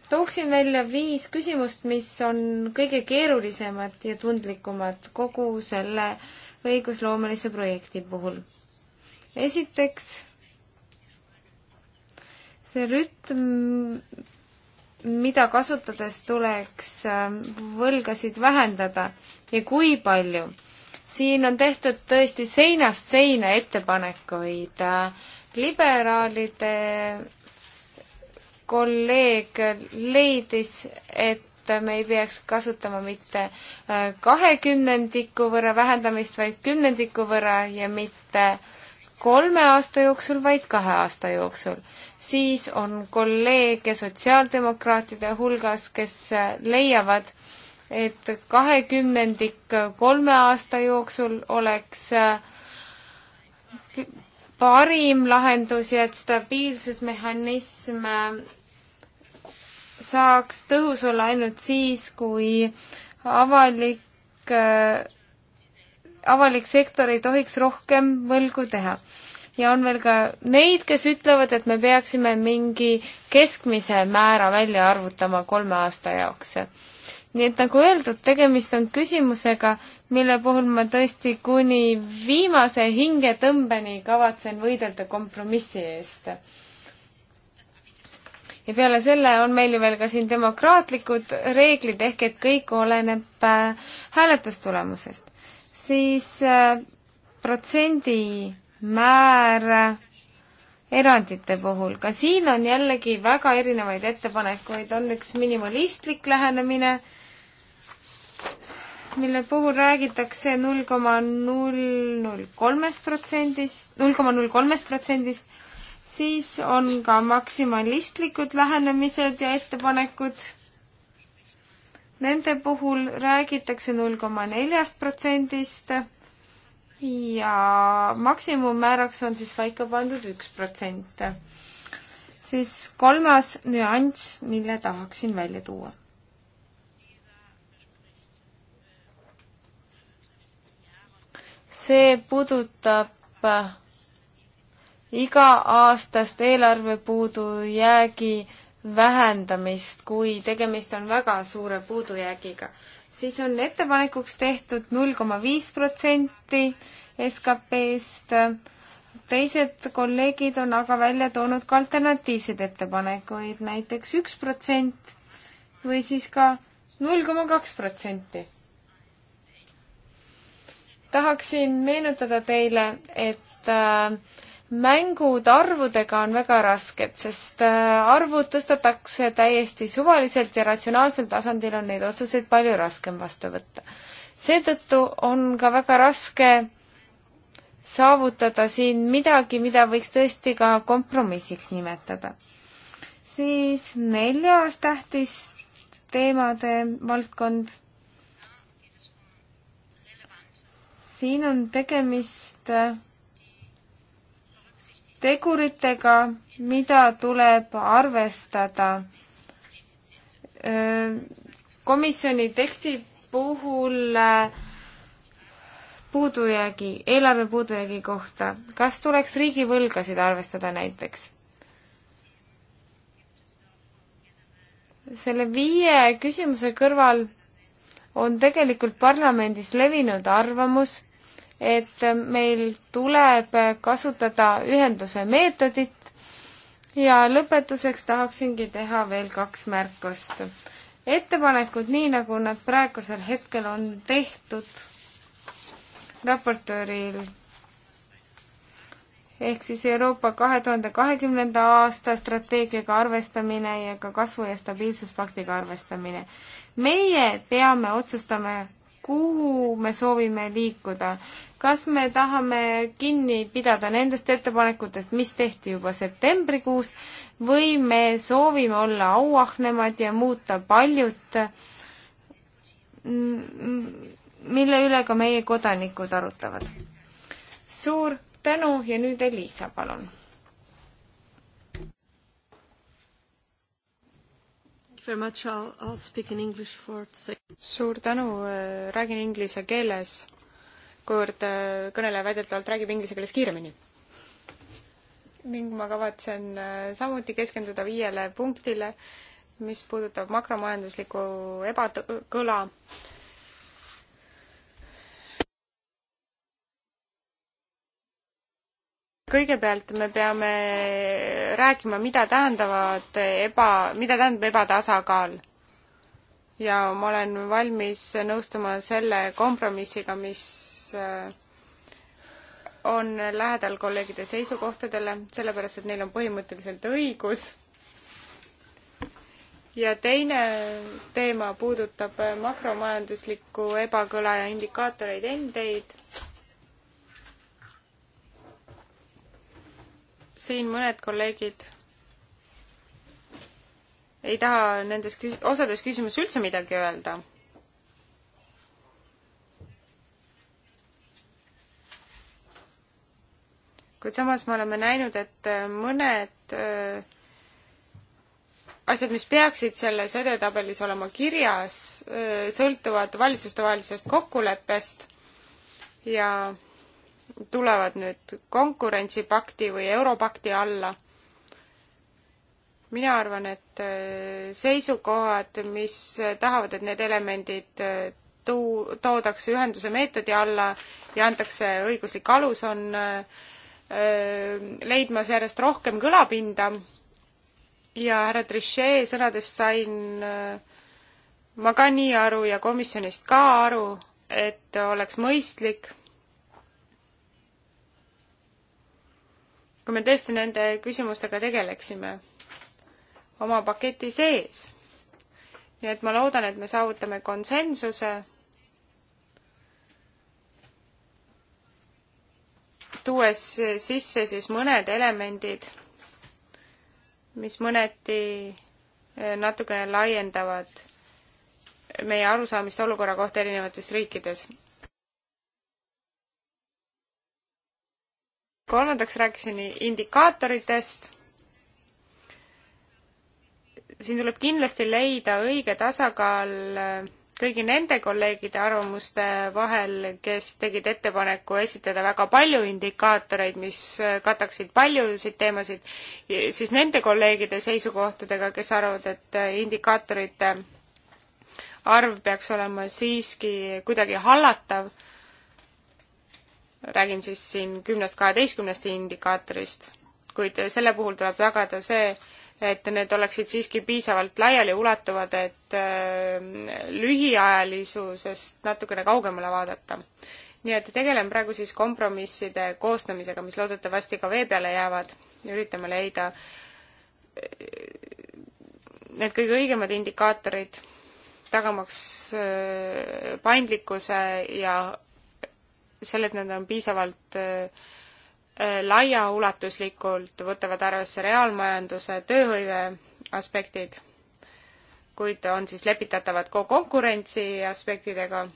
tooksin välja viis küsimust, mis on kõige keerulisemad ja tundlikumad kogu selle õigusloomelise projekti puhul. esiteks, see rütm, mida kasutades tuleks äh, võlgasid vähendada ja kui palju. siin on tehtud tõesti seinast seina ettepanekuid. liberaalide kolleeg leidis, et me ei peaks kasutama mitte äh, kahekümnendiku võrra vähendamist, vaid kümnendiku võrra ja mitte kolme aasta jooksul, vaid kahe aasta jooksul. siis on kolleege sotsiaaldemokraatide hulgas, kes leiavad, et kahekümnendik kolme aasta jooksul oleks äh, parim lahendus ja et stabiilsusmehhanism äh, saaks tõhus olla ainult siis, kui avalik äh, avalik sektor ei tohiks rohkem võlgu teha. ja on veel ka neid, kes ütlevad, et me peaksime mingi keskmise määra välja arvutama kolme aasta jaoks. nii et nagu öeldud, tegemist on küsimusega, mille puhul ma tõesti kuni viimase hingetõmbeni kavatsen võidelda kompromissi eest ja peale selle on meil ju veel ka siin demokraatlikud reeglid, ehk et kõik oleneb äh, hääletustulemusest siis äh, protsendimäär äh, erandite puhul, ka siin on jällegi väga erinevaid ettepanekuid, on üks minimalistlik lähenemine, mille puhul räägitakse null koma null null kolmest protsendist, null koma null kolmest protsendist, siis on ka maksimalistlikud lähenemised ja ettepanekud Nende puhul räägitakse null koma neljast protsendist ja maksimummääraks on siis paika pandud üks protsent. siis kolmas nüanss, mille tahaksin välja tuua. see puudutab äh, iga-aastast eelarve puudujäägi vähendamist, kui tegemist on väga suure puudujäägiga. siis on ettepanekuks tehtud null koma viis protsenti SKP-st, teised kolleegid on aga välja toonud ka alternatiivseid ettepanekuid, näiteks üks protsent või siis ka null koma kaks protsenti tahaksin meenutada teile, et äh, mängud arvudega on väga rasked, sest äh, arvud tõstetakse täiesti suvaliselt ja ratsionaalsel tasandil on neid otsuseid palju raskem vastu võtta. seetõttu on ka väga raske saavutada siin midagi, mida võiks tõesti ka kompromissiks nimetada. siis neljas tähtis teemade valdkond. siin on tegemist äh, teguritega, mida tuleb arvestada. komisjoni teksti puhul äh, puudujäägi, eelarve puudujäägi kohta, kas tuleks riigivõlgasid arvestada näiteks? selle viie küsimuse kõrval on tegelikult parlamendis levinud arvamus, et meil tuleb kasutada ühenduse meetodit ja lõpetuseks tahaksingi teha veel kaks märkust. ettepanekud, nii nagu nad praegusel hetkel on tehtud raportööril ehk siis Euroopa kahe tuhande kahekümnenda aasta strateegiaga arvestamine ja ka kasvu- ja stabiilsuspaktiga arvestamine. meie peame otsustama kuhu me soovime liikuda. kas me tahame kinni pidada nendest ettepanekutest, mis tehti juba septembrikuus või me soovime olla auahnemad ja muuta paljut, mm, mille üle ka meie kodanikud arutavad. suur tänu ja nüüd Elisa, palun very much. I'll, I'll speak in English for suur tänu, äh, räägin inglise keeles, kuivõrd äh, kõneleja väidetavalt räägib inglise keeles kiiremini. ning ma kavatsen äh, samuti keskenduda viiele punktile, mis puudutab makromajanduslikku ebakõla, kõigepealt me peame rääkima, mida tähendavad eba, mida tähendab ebatasakaal. ja ma olen valmis nõustuma selle kompromissiga, mis äh, on lähedal kolleegide seisukohtadele, sellepärast et neil on põhimõtteliselt õigus. ja teine teema puudutab makromajanduslikku ebakõla ja indikaatoreid endeid siin mõned kolleegid ei taha nendes küs-, osades küsimustes üldse midagi öelda. kuid samas me oleme näinud, et äh, mõned öö, äh, asjad, mis peaksid selles edetabelis olema kirjas, äh, sõltuvad valitsustevahelisest kokkuleppest ja tulevad nüüd konkurentsipakti või Europakti alla. mina arvan, et äh, seisukohad, mis tahavad, et need elemendid äh, tuu-, toodakse ühenduse meetodi alla ja antakse õiguslik alus, on äh, leidmas järjest rohkem kõlapinda ja härra Trichet sõnadest sain ma ka nii aru ja komisjonist ka aru, et oleks mõistlik kui me tõesti nende küsimustega tegeleksime oma paketi sees. nii et ma loodan, et me saavutame konsensuse, tuues sisse siis mõned elemendid, mis mõneti natukene laiendavad meie arusaamist olukorra kohta erinevates riikides. kolmandaks rääkisin indikaatoritest. siin tuleb kindlasti leida õige tasakaal kõigi nende kolleegide arvamuste vahel, kes tegid ettepaneku esitada väga palju indikaatoreid, mis kataksid paljusid teemasid, siis nende kolleegide seisukohtadega, kes arvavad, et indikaatorite arv peaks olema siiski kuidagi hallatav räägin siis siin kümnest, kaheteistkümnest indikaatorist, kuid selle puhul tuleb tagada see, et need oleksid siiski piisavalt laialiulatuvad, et äh, lühiajalisusest natukene kaugemale vaadata. nii et tegelen praegu siis kompromisside koostamisega, mis loodetavasti ka vee peale jäävad, üritame leida äh, need kõige õigemad indikaatorid, tagamaks äh, paindlikkuse ja selle, et nad on piisavalt äh, äh, laiaulatuslikult, võtavad arvesse reaalmajanduse, tööhõive aspektid, kuid on siis lepitatavad ka konkurentsi aspektidega.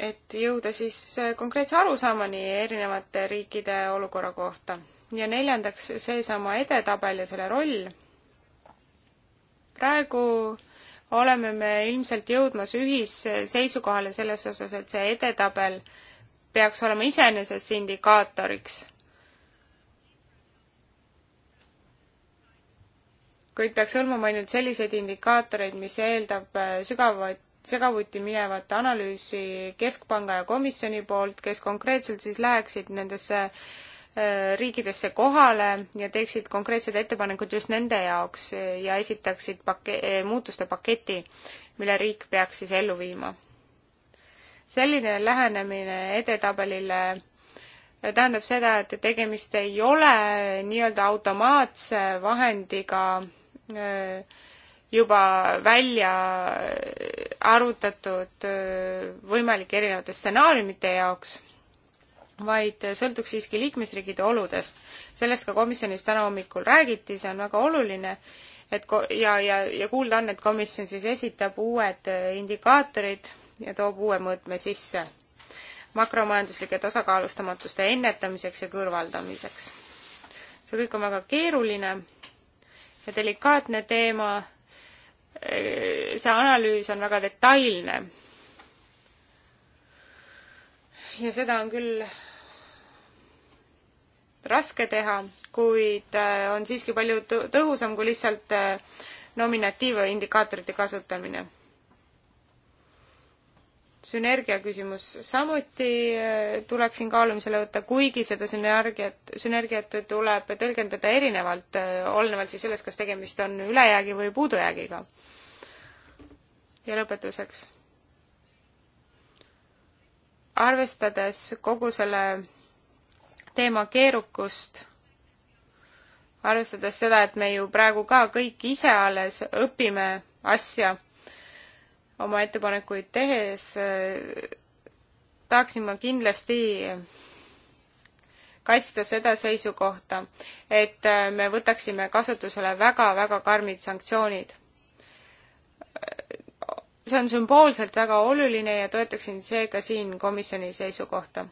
et jõuda siis äh, konkreetse arusaamani erinevate riikide olukorra kohta. ja neljandaks seesama edetabel ja selle roll. praegu oleme me ilmselt jõudmas ühisseisukohale selles osas, et see edetabel peaks olema iseenesest indikaatoriks. kuid peaks hõlmama ainult selliseid indikaatoreid, mis eeldab äh, sügavat, segavuti minevat analüüsi Keskpanga ja komisjoni poolt, kes konkreetselt siis läheksid nendesse äh, riikidesse kohale ja teeksid konkreetsed ettepanekud just nende jaoks ja esitaksid pake-, muutuste paketi, mille riik peaks siis ellu viima. selline lähenemine edetabelile tähendab seda, et tegemist ei ole nii-öelda automaatse vahendiga äh, juba välja arvutatud äh, võimalike erinevate stsenaariumite jaoks vaid sõltuks siiski liikmesriigide oludest. sellest ka komisjonis täna hommikul räägiti, see on väga oluline, et ko-, ja, ja, ja kuulda on, et komisjon siis esitab uued indikaatorid ja toob uue mõõtme sisse makromajanduslike tasakaalustamatuste ennetamiseks ja kõrvaldamiseks. see kõik on väga keeruline ja delikaatne teema, see analüüs on väga detailne ja seda on küll raske teha, kuid äh, on siiski palju tõhusam kui lihtsalt äh, nominatiiv- või indikaatorite kasutamine. sünergia küsimus samuti äh, tuleks siin kaalumisele võtta, kuigi seda sünergiat, sünergiat tuleb tõlgendada erinevalt, olenevalt siis sellest, kas tegemist on ülejäägi või puudujäägiga. ja lõpetuseks. arvestades kogu selle teema keerukust, arvestades seda, et me ju praegu ka kõik ise alles õpime asja oma ettepanekuid tehes, tahaksin ma kindlasti kaitsta seda seisukohta, et me võtaksime kasutusele väga-väga karmid sanktsioonid. see on sümboolselt väga oluline ja toetaksin seega siin komisjoni seisukohta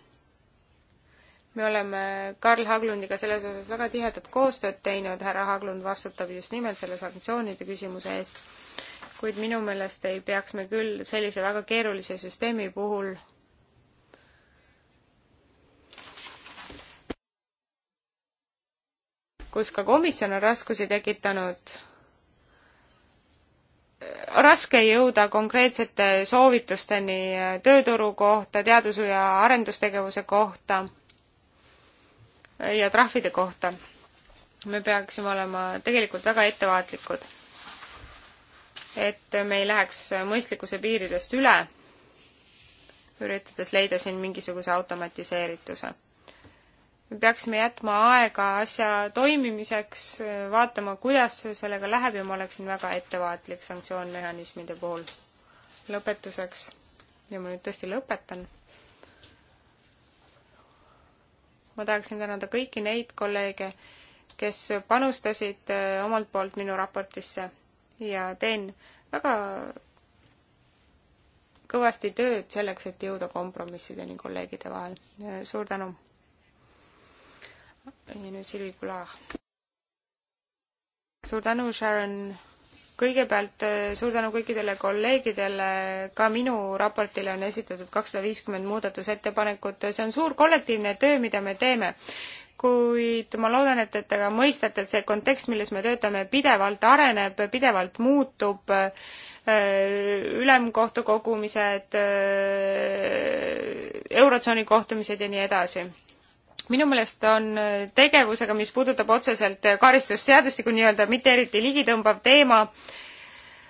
me oleme Karl Haglundiga selles osas väga tihedat koostööd teinud, härra Haglund vastutab just nimelt selle sanktsioonide küsimuse eest, kuid minu meelest ei peaks me küll sellise väga keerulise süsteemi puhul kus ka komisjon on raskusi tekitanud, raske jõuda konkreetsete soovitusteni tööturu kohta, teadus- ja arendustegevuse kohta ja trahvide kohta. me peaksime olema tegelikult väga ettevaatlikud, et me ei läheks mõistlikkuse piiridest üle, üritades leida siin mingisuguse automatiseerituse. me peaksime jätma aega asja toimimiseks, vaatama, kuidas sellega läheb ja ma oleksin väga ettevaatlik sanktsioonmehhanismide puhul. lõpetuseks ja ma nüüd tõesti lõpetan ma tahaksin tänada kõiki neid kolleege, kes panustasid äh, omalt poolt minu raportisse ja teen väga kõvasti tööd selleks, et jõuda kompromissideni kolleegide vahel. Äh, suur tänu! ja nüüd Silvi Kulah. suur tänu, Sharon! kõigepealt äh, suur tänu kõikidele kolleegidele, ka minu raportile on esitatud kakssada viiskümmend muudatusettepanekut, see on suur kollektiivne töö, mida me teeme. kuid ma loodan, et, et te ka mõistate, et see kontekst, milles me töötame, pidevalt areneb, pidevalt muutub, äh, ülemkohtu kogumised, äh, Eurotsooni kohtumised ja nii edasi minu meelest on äh, tegevusega, mis puudutab otseselt äh, karistusseadustiku nii-öelda mitte eriti ligitõmbav teema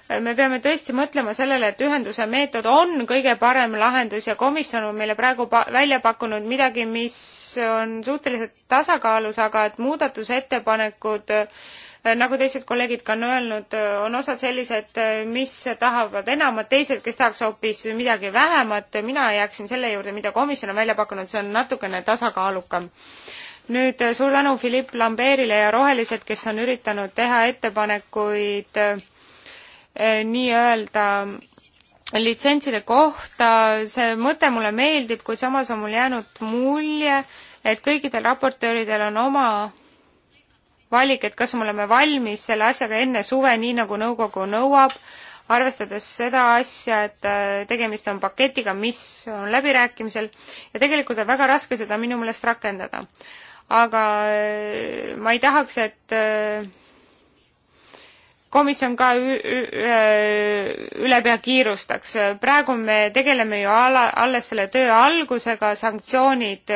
me peame tõesti mõtlema sellele, et ühenduse meetod on kõige parem lahendus ja komisjon on meile praegu pa välja pakkunud midagi, mis on suhteliselt tasakaalus, aga et muudatusettepanekud äh, nagu teised kolleegid ka on öelnud, äh, on osad sellised, äh, mis tahavad enamat, teised, kes tahaks hoopis midagi vähemat, mina jääksin selle juurde, mida komisjon on välja pakkunud, see on natukene tasakaalukam nüüd suur tänu Philippe Lambertile ja Rohelised, kes on üritanud teha ettepanekuid äh, Äh, nii-öelda litsentside kohta, see mõte mulle meeldib, kuid samas on mul jäänud mulje, et kõikidel raportööridel on oma valik, et kas me oleme valmis selle asjaga enne suve, nii nagu nõukogu nõuab, arvestades seda asja, et äh, tegemist on paketiga, mis on läbirääkimisel ja tegelikult on väga raske seda minu meelest rakendada. aga äh, ma ei tahaks, et komisjon ka ülepea kiirustaks. praegu me tegeleme ju ala, alles selle töö algusega, sanktsioonid,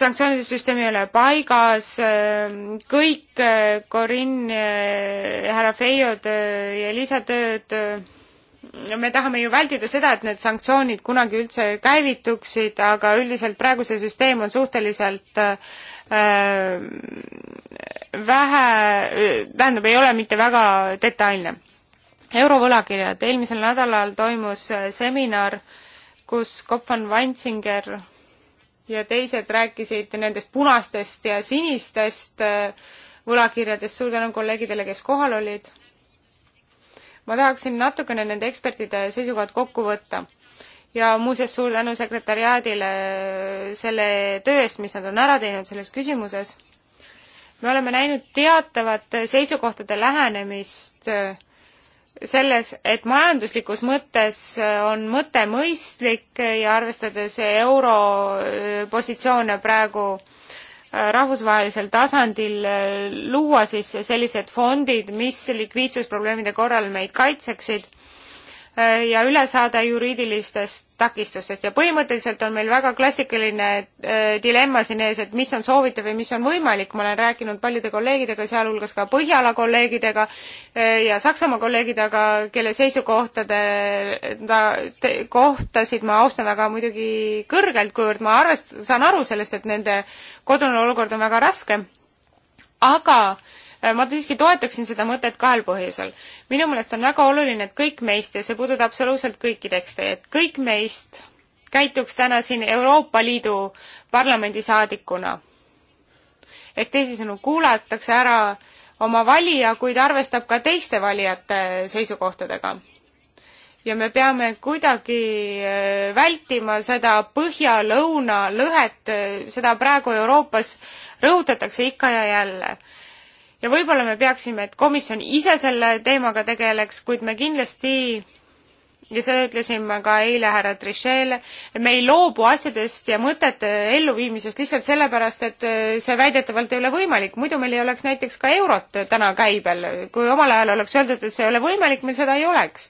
sanktsioonide süsteem ei ole paigas, kõik Corinne, härra Feiod ja lisatööd me tahame ju vältida seda, et need sanktsioonid kunagi üldse käivituksid, aga üldiselt praegu see süsteem on suhteliselt äh, äh vähe, tähendab, ei ole mitte väga detailne. eurovõlakirjad, eelmisel nädalal toimus äh, seminar, kus Kopp van Weinzinger ja teised rääkisid nendest punastest ja sinistest äh, võlakirjadest, suur tänu kolleegidele, kes kohal olid ma tahaksin natukene nende ekspertide seisukohad kokku võtta. ja muuseas, suur tänu sekretäriaadile selle töö eest, mis nad on ära teinud selles küsimuses. me oleme näinud teatavat seisukohtade lähenemist selles, et majanduslikus mõttes on mõte mõistlik ja arvestades euro positsioone praegu äh, rahvusvahelisel tasandil äh, luua siis sellised fondid, mis likviidsusprobleemide korral meid kaitseksid Äh, ja üle saada juriidilistest takistustest ja põhimõtteliselt on meil väga klassikaline äh, dilemma siin ees, et mis on soovitav ja mis on võimalik, ma olen rääkinud paljude kolleegidega, sealhulgas ka Põhjala kolleegidega äh, ja Saksamaa kolleegidega, kelle seisukohtade ta, te, kohtasid ma austan väga muidugi kõrgelt, kuivõrd ma arvest-, saan aru sellest, et nende kodune olukord on väga raske, aga äh, Äh, ma siiski toetaksin seda mõtet kahel põhjusel. minu meelest on väga oluline, et kõik meist ja see puudutab absoluutselt kõiki tekste, et kõik meist käituks täna siin Euroopa Liidu parlamendi saadikuna. ehk teisisõnu, kuulatakse ära oma valija, kuid arvestab ka teiste valijate seisukohtadega. ja me peame kuidagi äh, vältima seda põhja-lõuna lõhet, äh, seda praegu Euroopas rõhutatakse ikka ja jälle ja võib-olla me peaksime, et komisjon ise selle teemaga tegeleks, kuid me kindlasti ja seda ütlesin ma ka eile härra Trichelle, me ei loobu asjadest ja mõtete elluviimisest lihtsalt sellepärast, et äh, see väidetavalt ei ole võimalik, muidu meil ei oleks näiteks ka eurot täna käibel, kui omal ajal oleks öeldud, et see ei ole võimalik, meil seda ei oleks.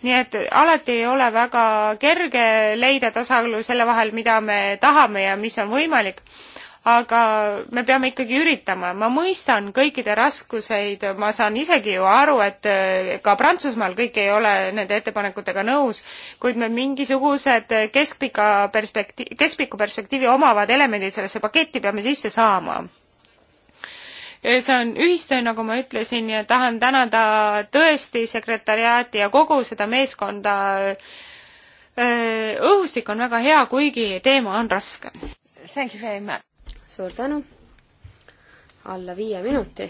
nii et alati ei ole väga kerge leida tasakaalu selle vahel, mida me tahame ja mis on võimalik aga me peame ikkagi üritama, ma mõistan kõikide raskuseid, ma saan isegi ju aru, et eh, ka Prantsusmaal kõik ei ole nende ettepanekutega nõus, kuid me mingisugused keskpika perspektiivi, keskpiku perspektiivi omavad elemendid sellesse paketti peame sisse saama see on ühistöö, nagu ma ütlesin ja tahan tänada tõesti sekretäriaati ja kogu seda meeskonda. Eh, õhustik on väga hea, kuigi teema on raske suur tänu. alla viie minuti.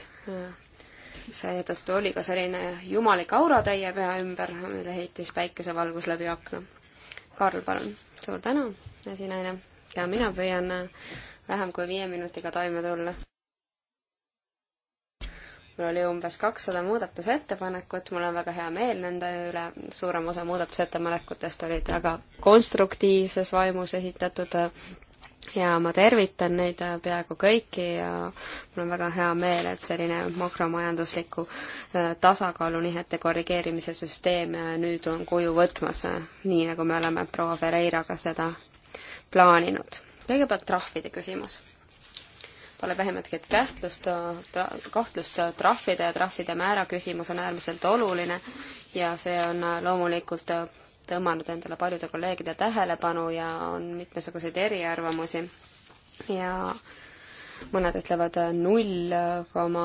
seetõttu oli ka selline jumalik aura teie pea ümber, mille heitis päikesevalgus läbi akna. Karl, palun. suur tänu, esinaine. ja mina püüan äh, vähem kui viie minutiga toime tulla. mul oli umbes kakssada muudatusettepanekut, mul on väga hea meel nende üle, suurem osa muudatusettepanekutest olid väga konstruktiivses vaimus esitatud ja ma tervitan neid äh, peaaegu kõiki ja mul on väga hea meel, et selline makromajandusliku äh, tasakaalu nihete korrigeerimise süsteem äh, nüüd on kuju võtmas, nii nagu me oleme proua Pereiraga seda plaaninud. kõigepealt trahvide küsimus. Pole vähimatki kähtlust, kahtlust, trahvide ja trahvide määra küsimus on äärmiselt oluline ja see on loomulikult tõmmanud endale paljude kolleegide tähelepanu ja on mitmesuguseid eriarvamusi ja mõned ütlevad null koma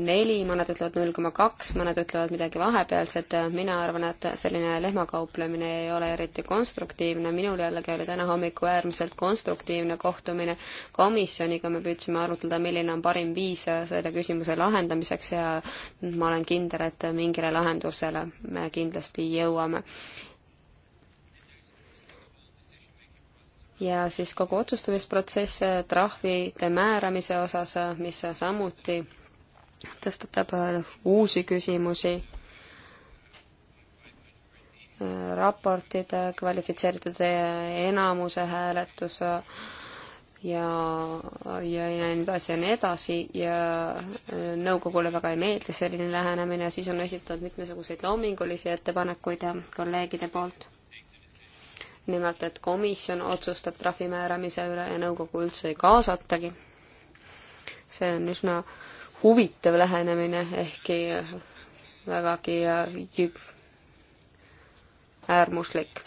neli, mõned ütlevad null koma kaks, mõned ütlevad midagi vahepealset, mina arvan, et selline lehmakauplemine ei ole eriti konstruktiivne, minul jällegi oli täna hommikul äärmiselt konstruktiivne kohtumine komisjoniga, me püüdsime arutleda, milline on parim viis selle küsimuse lahendamiseks ja ma olen kindel, et mingile lahendusele me kindlasti jõuame. ja siis kogu otsustamisprotsess äh, trahvide määramise osas, äh, mis äh, samuti tõstatab uusi küsimusi, raportid, kvalifitseeritud enamuse hääletus ja, ja, ja nii edasi ja nii edasi ja nõukogule väga ei meeldi selline lähenemine, siis on esitatud mitmesuguseid loomingulisi ettepanekuid kolleegide poolt nimelt, et komisjon otsustab trahvi määramise üle ja nõukogu üldse ei kaasatagi. see on üsna huvitav lähenemine, ehkki vägagi äh, äärmuslik.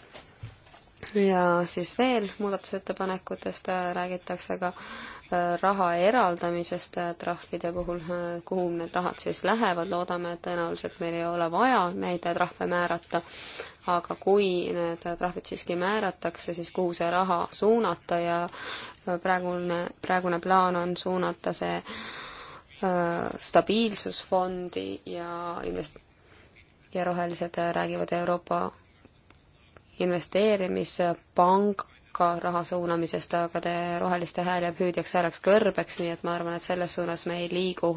ja siis veel muudatusettepanekutest äh, räägitakse ka äh, raha eraldamisest trahvide puhul, kuhu need rahad siis lähevad, loodame, et tõenäoliselt meil ei ole vaja neid trahve määrata, aga kui need trahvid siiski määratakse, siis kuhu see raha suunata ja äh, praegune, praegune plaan on suunata see äh, stabiilsusfondi ja invest-, ja rohelised äh, räägivad Euroopa investeerimispanga raha suunamisest, aga te roheliste hääl jääb hüüdjaks hääleks kõrbeks, nii et ma arvan, et selles suunas me ei liigu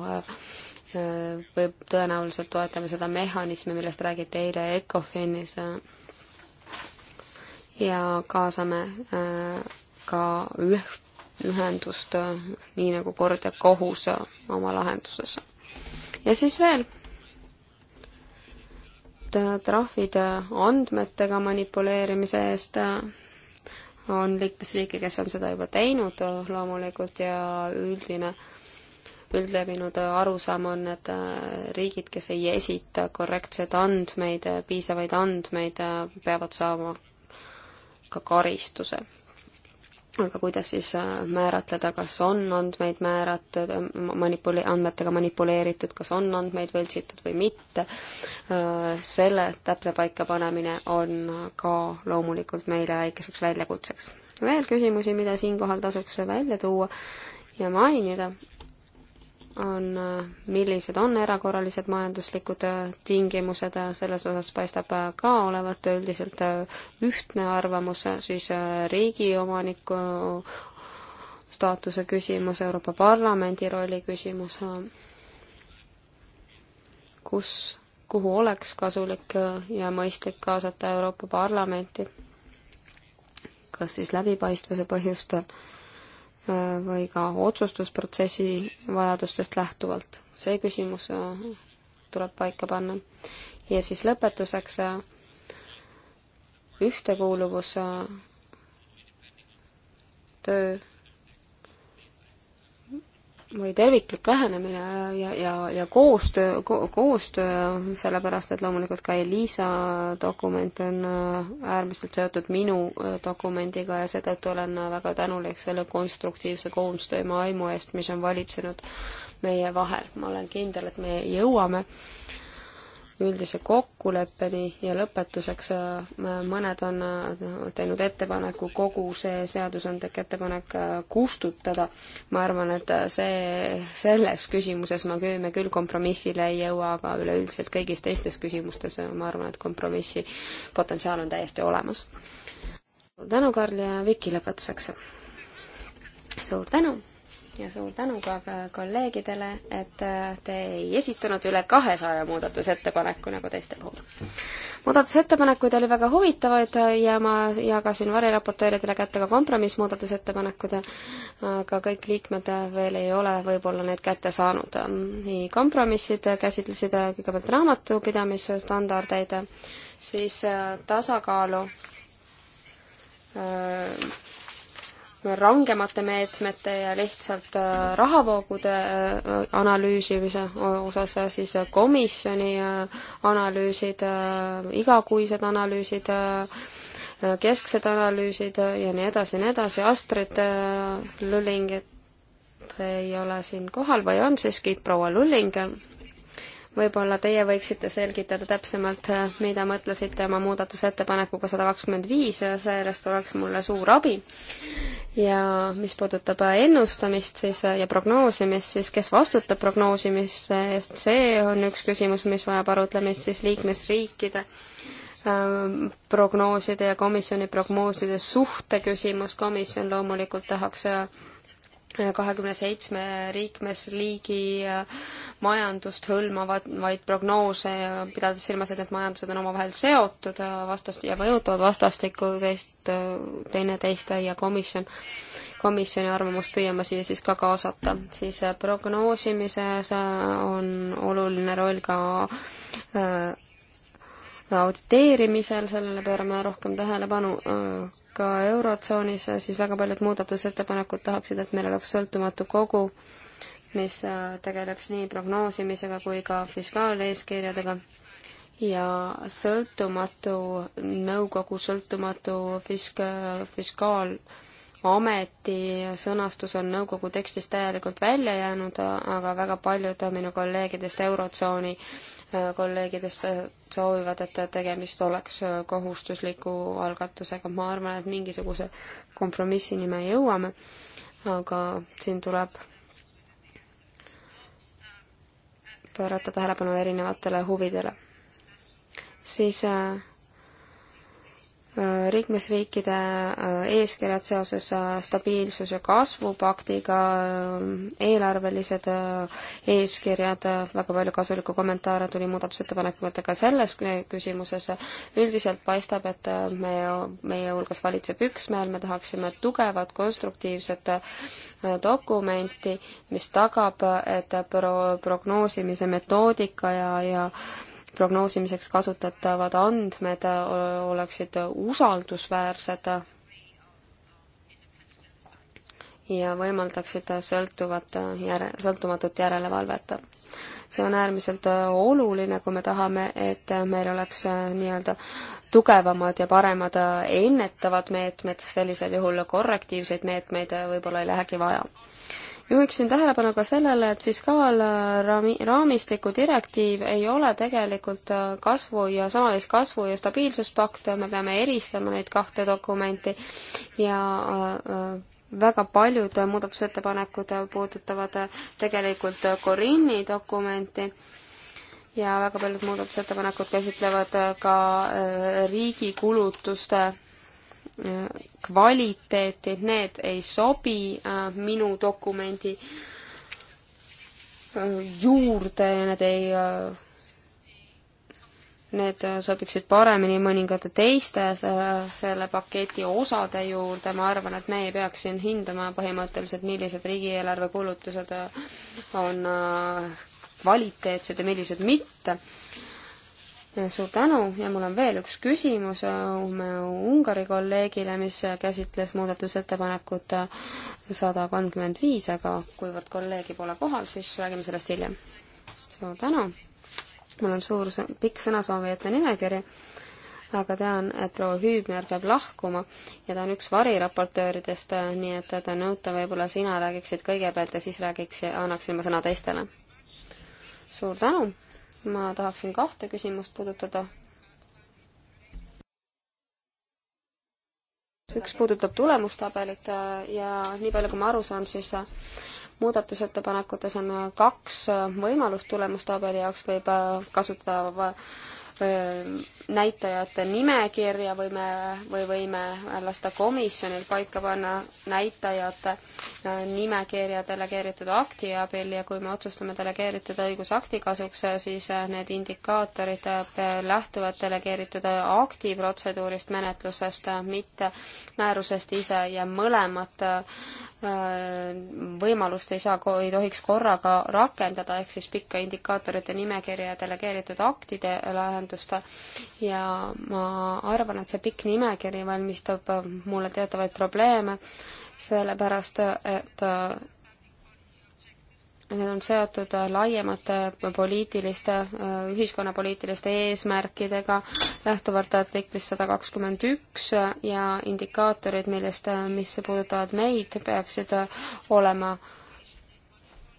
võib, tõenäoliselt toetame seda mehhanismi, millest räägiti eile ECOFINis äh, ja kaasame äh, ka üht, ühendust, äh, nii nagu kord ja kohus oma lahenduses. ja siis veel, trahvid andmetega manipuleerimise eest on liikmesriike, kes on seda juba teinud loomulikult ja üldine äh, üldlevinud arusaam on, et äh, riigid, kes ei esita korrektseid andmeid, äh, piisavaid andmeid, äh, peavad saama ka karistuse. aga kuidas siis määratleda, kas on andmeid määratud, manipule-, andmetega manipuleeritud, kas on andmeid võltsitud või mitte, selle täpne paikapanemine on ka loomulikult meile väikeseks väljakutseks. veel küsimusi, mida siinkohal tasuks välja tuua ja mainida, on, millised on erakorralised majanduslikud äh, tingimused, äh, selles osas paistab äh, ka olevat üldiselt ühtne arvamus, siis riigi omaniku staatuse küsimus, Euroopa Parlamendi rolli küsimus, kus, kuhu oleks kasulik ja mõistlik kaasata Euroopa Parlamenti, kas siis läbipaistvuse põhjustel või ka otsustusprotsessi vajadustest lähtuvalt. see küsimus äh, tuleb paika panna. ja siis lõpetuseks äh, ühtekuuluvus äh, töö või terviklik lähenemine ja, ja, ja koostöö ko,, koostöö, sellepärast et loomulikult ka Elisa dokument on äh, äärmiselt seotud minu äh, dokumendiga ja seetõttu olen äh, väga tänulik selle konstruktiivse koostöö ja aimu eest, mis on valitsenud meie vahel. ma olen kindel, et me jõuame äh, üldise kokkuleppeni ja lõpetuseks äh, mõned on äh, teinud ettepaneku kogu see seadusandlik ettepanek äh, kustutada. ma arvan, et see, selles küsimuses ma küll, me küll kompromissile ei jõua, aga üleüldiselt kõigis teistes küsimustes ma arvan, et kompromissi potentsiaal on täiesti olemas. suur tänu, Karl ja Viki lõpetuseks. suur tänu! ja suur tänu ka kolleegidele, et äh, te ei esitanud üle kahesaja muudatusettepaneku nagu teiste puhul. muudatusettepanekuid oli väga huvitavaid ja ma jagasin variraportööridele kätte ka kompromissmuudatusettepanekud, aga kõik liikmed veel ei ole võib-olla neid kätte saanud. nii, kompromissid käsitlesid kõigepealt raamatupidamisstandardeid, siis äh, tasakaalu äh, rangemate meetmete ja lihtsalt äh, rahavoogude äh, analüüsimise osas, äh, siis komisjoni analüüsid, igakuised analüüsid, kesksed analüüsid ja nii edasi ja nii edasi, Astrid Lulling, et ei ole siin kohal või on siiski proua Lulling, võib-olla teie võiksite selgitada täpsemalt, äh, mida mõtlesite oma muudatusettepanekuga sada kakskümmend viis, sellest oleks mulle suur abi. ja mis puudutab ennustamist siis äh, ja prognoosimist, siis kes vastutab prognoosimise eest, see on üks küsimus, mis vajab arutlemist siis liikmesriikide ähm, prognooside ja komisjoni prognooside suhte küsimus, komisjon loomulikult tahaks äh, kahekümne seitsme liikmesriigi äh, majandust hõlmavad vaid prognoose, pidades silmas, et need majandused on omavahel seotud äh, vastast- ja mõjutavad vastastikku teist, äh, teineteist ja komisjon, komisjoni arvamust püüame siia siis ka kaasata. siis prognoosimises on oluline roll ka auditeerimisel, sellele pöörame rohkem tähelepanu ka Eurotsoonis, siis väga paljud muudatusettepanekud tahaksid, et meil oleks sõltumatu kogu, mis äh, tegeleb nii prognoosimisega kui ka fiskaaleeskirjadega ja sõltumatu nõukogu, sõltumatu fisk-, fiskaalameti äh, sõnastus on nõukogu tekstist täielikult välja jäänud, äh, aga väga paljud minu kolleegidest Eurotsooni kolleegidest äh, soovivad, et tegemist oleks äh, kohustusliku algatusega. ma arvan, et mingisuguse kompromissini me jõuame, aga siin tuleb pöörata tähelepanu erinevatele huvidele. siis äh, liikmesriikide äh, eeskirjad seoses äh, stabiilsus- ja kasvupaktiga, äh, eelarvelised eeskirjad, väga palju kasulikku kommentaare tuli muudatusettepanekutega ka selles küsimuses. üldiselt paistab, et me, meie hulgas valitseb üksmeel, me tahaksime tugevat, konstruktiivset dokumenti, mis tagab, et pro-, prognoosimise metoodika ja, ja prognoosimiseks kasutatavad andmed oleksid usaldusväärsed ja võimaldaksid sõltuvat järe, sõltumatut järelevalvet. see on äärmiselt oluline, kui me tahame, et meil oleks nii-öelda tugevamad ja paremad ennetavad meetmed, sellisel juhul korrektiivseid meetmeid võib-olla ei lähegi vaja juhiksin tähelepanu ka sellele, et fiskaalraamistiku direktiiv ei ole tegelikult äh, kasvu ja samas kasvu ja stabiilsuspakt, me peame eristama neid kahte dokumenti ja äh, äh, väga paljud muudatusettepanekud puudutavad tegelikult Corinni dokumenti ja väga paljud muudatusettepanekud käsitlevad ka riigi kulutuste kvaliteeti, need ei sobi äh, minu dokumendi äh, juurde ja need ei, äh, need sobiksid paremini mõningate teiste selle paketi osade juurde, ma arvan, et me ei peaks siin hindama põhimõtteliselt, millised riigieelarve kulutused on kvaliteetsed ja millised mitte suur tänu ja mul on veel üks küsimus äh, Ungari kolleegile, mis käsitles muudatusettepanekut äh, sada kolmkümmend viis, aga kuivõrd kolleegi pole kohal, siis räägime sellest hiljem. suur tänu. mul on suur, pikk sõnasoovijate nimekiri aga tean, et proua Hüübner peab lahkuma ja ta on üks variraportööridest, äh, nii et ta nõuta, võib-olla sina räägiksid kõigepealt ja siis räägiks, annaksin ma sõna teistele. suur tänu, ma tahaksin kahte küsimust puudutada. üks puudutab tulemustabelit ja nii palju, kui ma aru saan, siis äh, muudatusettepanekutes on äh, kaks äh, võimalust tulemustabeli jaoks, võib kasutada näitajate nimekirja võime või võime lasta komisjonil paika panna näitajate nimekirja delegeeritud akti abil ja kui me otsustame delegeeritud õigusakti kasuks, siis need indikaatorid lähtuvad delegeeritud akti protseduurist menetlusest, mitte määrusest ise ja mõlemat Äh, võimalust ei saa, ei tohiks korraga rakendada, ehk siis pikka indikaatorite nimekirja ja delegeeritud aktide lahenduste ja ma arvan, et see pikk nimekiri valmistab äh, mulle teatavaid probleeme, sellepärast et äh, need on seotud äh, laiemate poliitiliste, äh, ühiskonnapoliitiliste eesmärkidega lähtuvalt artiklist sada kakskümmend üks äh, ja indikaatorid, millest, mis puudutavad meid, peaksid olema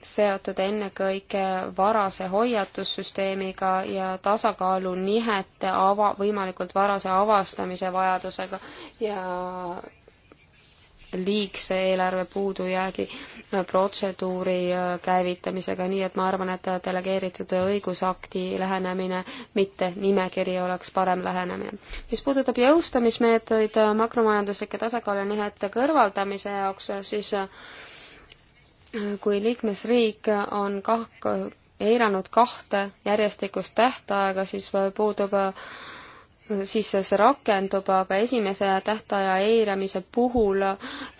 seotud ennekõike varase hoiatussüsteemiga ja tasakaalu nihete ava, võimalikult varase avastamise vajadusega ja liigse eelarve puudujäägi protseduuri äh, käivitamisega, nii et ma arvan, et delegeeritud õigusakti lähenemine, mitte nimekiri, oleks parem lähenemine. mis puudutab jõustamismeetodeid äh, makromajanduslike tasakaalunihete kõrvaldamise jaoks, äh, siis kui liikmesriik on kah-, eiranud kahte järjestikust tähtaega, siis puudub siis see rakendub, aga esimese tähtaja eiramise puhul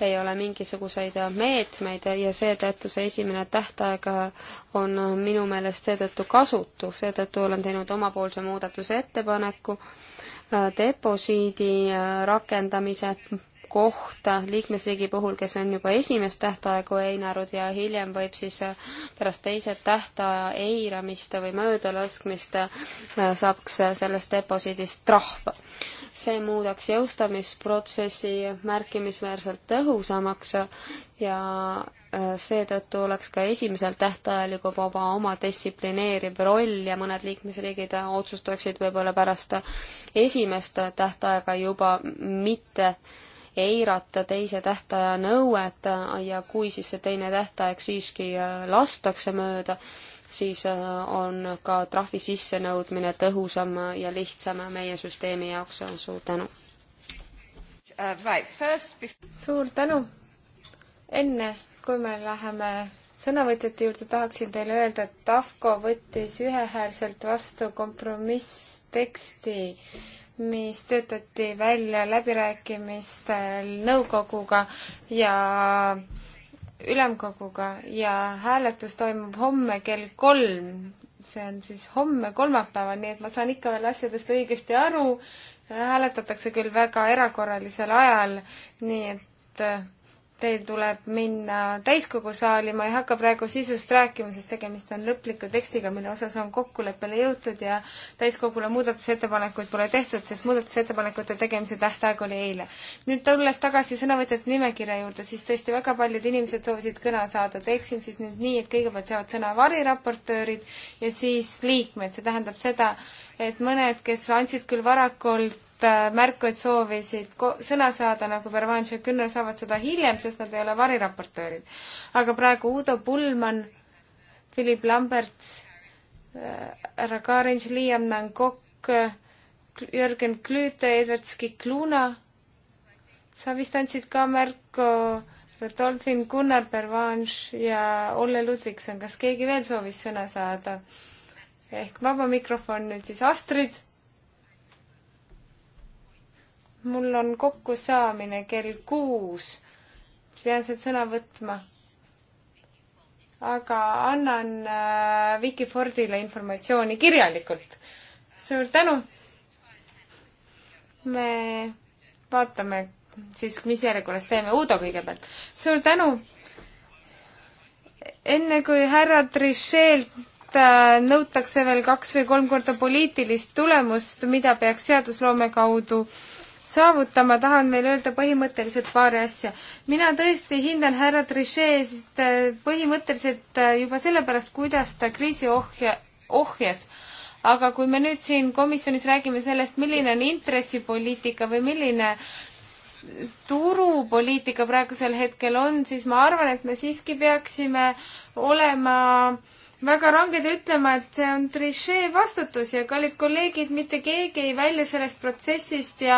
ei ole mingisuguseid meetmeid ja seetõttu see esimene tähtaeg on minu meelest seetõttu kasutu, seetõttu olen teinud omapoolse muudatusettepaneku äh, deposiidi äh, rakendamise kohta liikmesriigi puhul, kes on juba esimest tähtaegu einanud ja hiljem võib siis äh, pärast teise tähtaja eiramist või möödalaskmist äh, saaks äh, sellest deposiidist trahv. see muudaks jõustamisprotsessi märkimisväärselt tõhusamaks ja seetõttu oleks ka esimesel tähtajal juba oma, oma distsiplineeriv roll ja mõned liikmesriigid otsustaksid võib-olla pärast esimest tähtaega juba mitte äh, eirata teise tähtaja nõuet äh, ja kui siis see teine tähtaeg siiski äh, lastakse mööda, siis äh, on ka trahvi sissenõudmine tõhusam ja lihtsam meie süsteemi jaoks. suur tänu! Uh, suur tänu! enne, kui me läheme sõnavõtjate juurde tahaksin teile öelda, et Tafko võttis ühehäälselt vastu kompromissteksti mis töötati välja läbirääkimistel nõukoguga ja ülemkoguga ja hääletus toimub homme kell kolm. see on siis homme kolmapäeval, nii et ma saan ikka veel asjadest õigesti aru. hääletatakse küll väga erakorralisel ajal, nii et äh, teil tuleb minna täiskogu saali, ma ei hakka praegu sisust rääkima, sest tegemist on lõpliku tekstiga, mille osas on kokkuleppele jõutud ja täiskogule muudatusettepanekuid pole tehtud, sest muudatusettepanekute tegemise tähtaeg oli eile. nüüd tulles tagasi sõnavõtjate nimekirja juurde, siis tõesti väga paljud inimesed soovisid kõne saada, teeksin siis nüüd nii, et kõigepealt saavad sõna variraportöörid ja siis liikmed, see tähendab seda, et mõned, kes andsid küll varakult Äh, märkuid soovisid sõna saada, nagu Vervanš ja Künnar saavad seda hiljem, sest nad ei ole variraportöörid. aga praegu Udo Pullmann, Philip Lamberts, äh, härra Karinš, Liam Nangok, äh, Jürgen Klüüte, Edward Skikluna, sa vist andsid ka märku, Rodolfin Gunnar Bervanš ja Olle Ludvigson, kas keegi veel soovis sõna saada? ehk vaba mikrofon nüüd siis Astrid mul on kokkusaamine kell kuus, pean sealt sõna võtma. aga annan äh, Vicky Fordile informatsiooni kirjalikult. suur tänu! me vaatame siis, mis järjekorras teeme. Uudo kõigepealt. suur tänu! enne kui härra Trichet äh, nõutakse veel kaks või kolm korda poliitilist tulemust, mida peaks seadusloome kaudu äh, saavutama, tahan veel öelda põhimõtteliselt paari asja. mina tõesti hindan härra Trichet'st äh, põhimõtteliselt äh, juba sellepärast, kuidas ta kriisi ohja, ohjas. aga kui me nüüd siin komisjonis räägime sellest, milline on intressipoliitika või milline turupoliitika praegusel hetkel on, siis ma arvan, et me siiski peaksime olema äh, väga ranged ütlema, et see on Trichet vastutus ja kallid kolleegid, mitte keegi ei välju sellest protsessist ja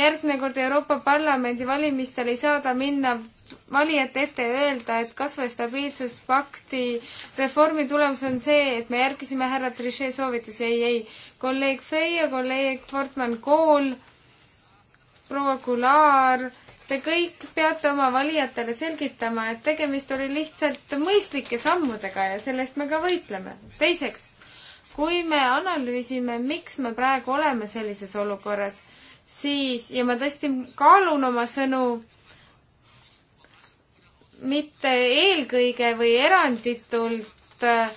järgmine kord Euroopa Parlamendi valimistel ei saada minna valijate ette ja öelda, et kas või stabiilsuspakti reformi tulemus on see, et me järgisime härra Trichet soovitusi. ei, ei, kolleeg Feio, kolleeg Fortman Kool, proua Goulart Te kõik peate oma valijatele selgitama, et tegemist oli lihtsalt mõistlike sammudega ja selle eest me ka võitleme. teiseks, kui me analüüsime, miks me praegu oleme sellises olukorras, siis, ja ma tõesti kaalun oma sõnu, mitte eelkõige või eranditult äh,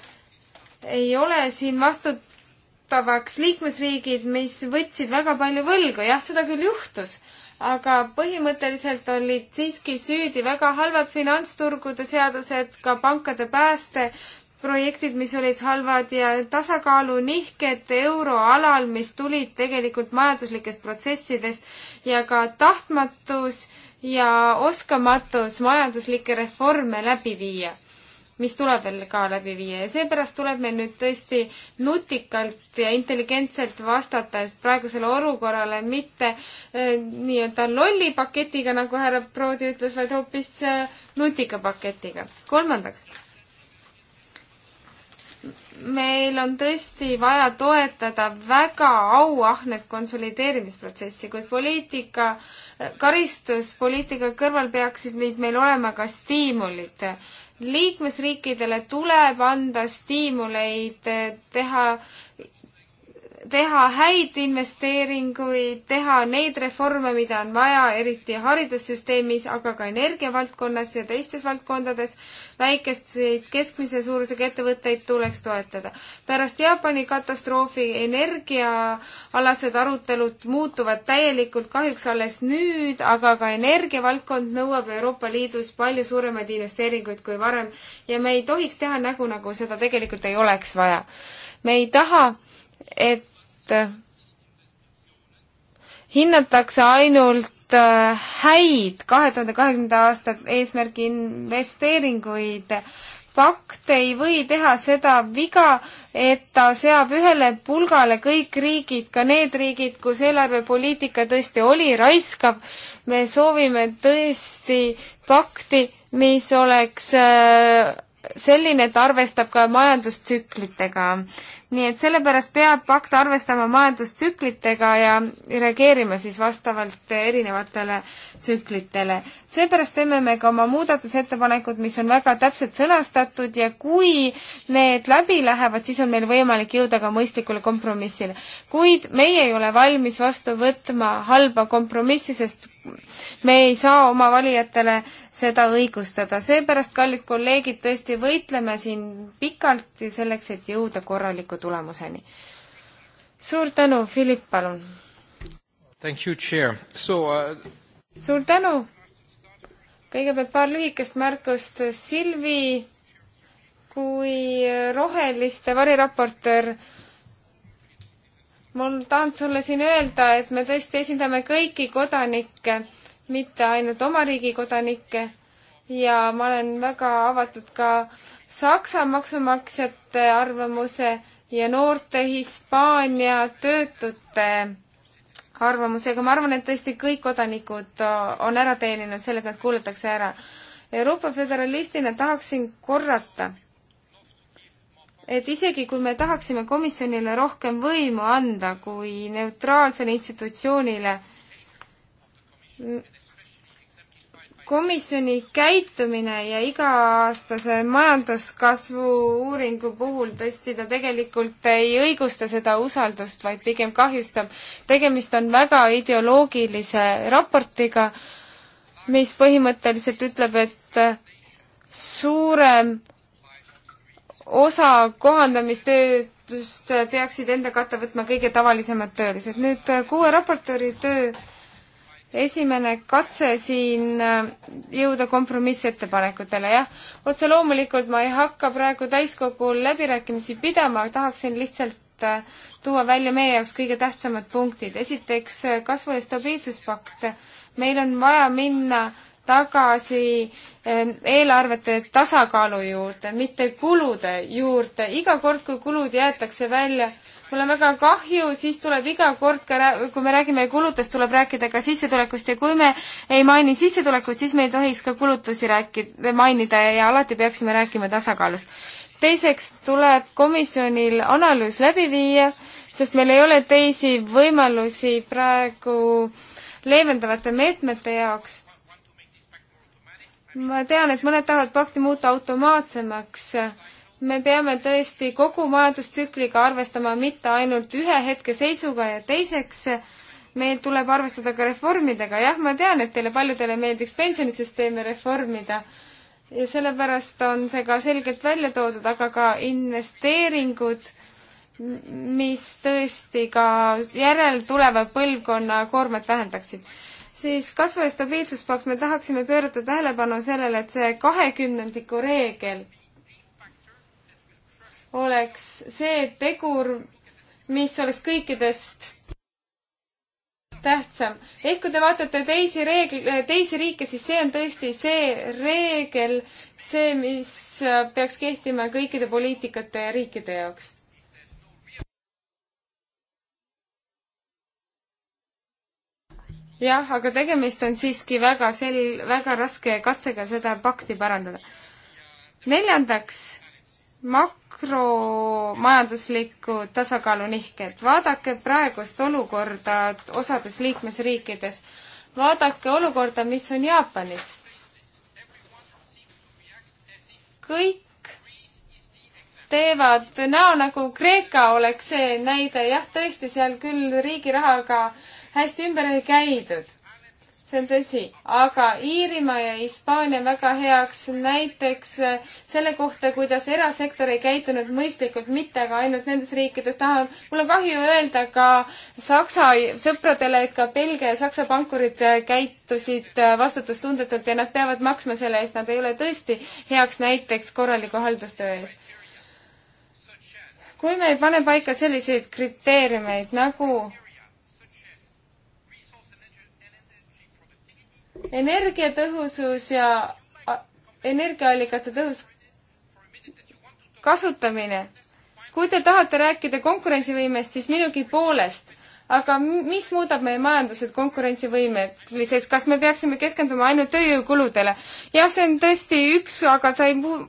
ei ole siin vastutavaks liikmesriigid, mis võtsid väga palju võlgu, jah, seda küll juhtus, aga põhimõtteliselt olid siiski süüdi väga halvad finantsturgude seadused, ka pankade päästeprojektid, mis olid halvad ja tasakaalu nihked euroalal, mis tulid tegelikult majanduslikest protsessidest ja ka tahtmatus ja oskamatus majanduslikke reforme läbi viia mis tuleb veel ka läbi viia ja seepärast tuleb meil nüüd tõesti nutikalt ja intelligentselt vastata praegusele olukorrale, mitte äh, nii-öelda lolli paketiga, nagu härra Proodi ütles, vaid hoopis äh, nutika paketiga. kolmandaks, meil on tõesti vaja toetada väga auahnet konsolideerimisprotsessi, kuid poliitika, äh, karistuspoliitika kõrval peaksid meid meil olema ka stiimulid liikmesriikidele tuleb anda stiimuleid eh, teha teha häid investeeringuid, teha neid reforme, mida on vaja, eriti haridussüsteemis, aga ka energiavaldkonnas ja teistes valdkondades. väikeseid keskmise suurusega ettevõtteid tuleks toetada. pärast Jaapani katastroofi energiaalased arutelud muutuvad täielikult kahjuks alles nüüd, aga ka energiavaldkond nõuab Euroopa Liidus palju suuremaid investeeringuid kui varem ja me ei tohiks teha nägu, nagu seda tegelikult ei oleks vaja. me ei taha et hinnatakse ainult äh, häid kahe tuhande kahekümnenda aasta eesmärgi investeeringuid. pakt ei või teha seda viga, et ta seab ühele pulgale kõik riigid, ka need riigid, kus eelarvepoliitika tõesti oli raiskav. me soovime tõesti pakti, mis oleks äh, selline, et arvestab ka majandustsüklitega nii et sellepärast peab pakt arvestama majandustsüklitega ja reageerima siis vastavalt erinevatele tsüklitele. seepärast teeme me ka oma muudatusettepanekud, mis on väga täpselt sõnastatud ja kui need läbi lähevad, siis on meil võimalik jõuda ka mõistlikule kompromissile. kuid meie ei ole valmis vastu võtma halba kompromissi, sest me ei saa oma valijatele seda õigustada. seepärast, kallid kolleegid, tõesti võitleme siin pikalt selleks, et jõuda korraliku tulemuseni. suur tänu, Philipp, palun! Thank you, Chair. So uh, suur tänu! kõigepealt paar lühikest märkust. Silvi kui roheliste variraportöör mul tahan sulle siin öelda, et me tõesti esindame kõiki kodanikke, mitte ainult oma riigi kodanikke. ja ma olen väga avatud ka Saksa maksumaksjate arvamuse ja noorte Hispaania töötute arvamusega, ma arvan, et tõesti kõik kodanikud äh, on ära teeninud selle, et nad kuulatakse ära. Euroopa föderalistina tahaksin korrata, et isegi kui me tahaksime komisjonile rohkem võimu anda kui neutraalsele institutsioonile, komisjoni käitumine ja iga-aastase majanduskasvu uuringu puhul tõesti ta tegelikult ei õigusta seda usaldust, vaid pigem kahjustab. tegemist on väga ideoloogilise raportiga, mis põhimõtteliselt ütleb, et suurem osa kohandamistööst peaksid enda katta võtma kõige tavalisemad töölised. nüüd kuue raportööri töö esimene katse siin äh, jõuda kompromissettepanekutele, jah. otse loomulikult ma ei hakka praegu täiskogul läbirääkimisi pidama, tahaksin lihtsalt äh, tuua välja meie jaoks kõige tähtsamad punktid. esiteks äh, kasvu- ja stabiilsuspakt. meil on vaja minna tagasi eelarvete tasakaalu juurde, mitte kulude juurde. iga kord, kui kulud jäetakse välja, mul on väga kahju, siis tuleb iga kord ka, kui me räägime kulutust, tuleb rääkida ka sissetulekust ja kui me ei maini sissetulekut, siis me ei tohiks ka kulutusi rääkida, mainida ja alati peaksime rääkima tasakaalust. teiseks tuleb komisjonil analüüs läbi viia, sest meil ei ole teisi võimalusi praegu leevendavate meetmete jaoks. ma tean, et mõned tahavad pakti muuta automaatsemaks me peame tõesti kogu majandustsükliga arvestama, mitte ainult ühe hetke seisuga ja teiseks meil tuleb arvestada ka reformidega. jah, ma tean, et teile paljudele meeldiks pensionisüsteemi reformida ja sellepärast on see ka selgelt välja toodud, aga ka investeeringud, mis tõesti ka järeltuleva põlvkonna koormat vähendaksid siis kasvaja stabiilsuspakt, me tahaksime pöörata tähelepanu sellele, et see kahekümnendiku reegel oleks see tegur, mis oleks kõikidest tähtsam. ehk kui te vaatate teisi reegl-, teisi riike, siis see on tõesti see reegel, see, mis peaks kehtima kõikide poliitikate ja riikide jaoks. jah, aga tegemist on siiski väga sel-, väga raske katsega seda pakti parandada. neljandaks makromajandusliku tasakaalu nihked. vaadake praegust olukorda osades liikmesriikides. vaadake olukorda, mis on Jaapanis. kõik teevad näo, nagu Kreeka oleks see näide. jah, tõesti, seal küll riigi rahaga hästi ümber ei käidud see on tõsi, aga Iirimaa ja Hispaania on väga heaks näiteks äh, selle kohta, kuidas erasektor ei käitunud mõistlikult, mitte aga ainult nendes riikides. tahan, mul on kahju öelda ka Saksa sõpradele, et ka Belgia ja Saksa pankurid äh, käitusid äh, vastutustundetult ja nad peavad maksma selle eest, nad ei ole tõesti heaks näiteks korraliku haldustöö eest. kui me ei pane paika selliseid kriteeriumeid nagu energiatõhusus ja energiaallikate tõhus kasutamine. kui te tahate rääkida konkurentsivõimest, siis minugi poolest, aga mis muudab meie majandused konkurentsivõimeliseks, kas me peaksime keskenduma ainult tööjõukuludele? jah, see on tõesti üks, aga sa ei muu-,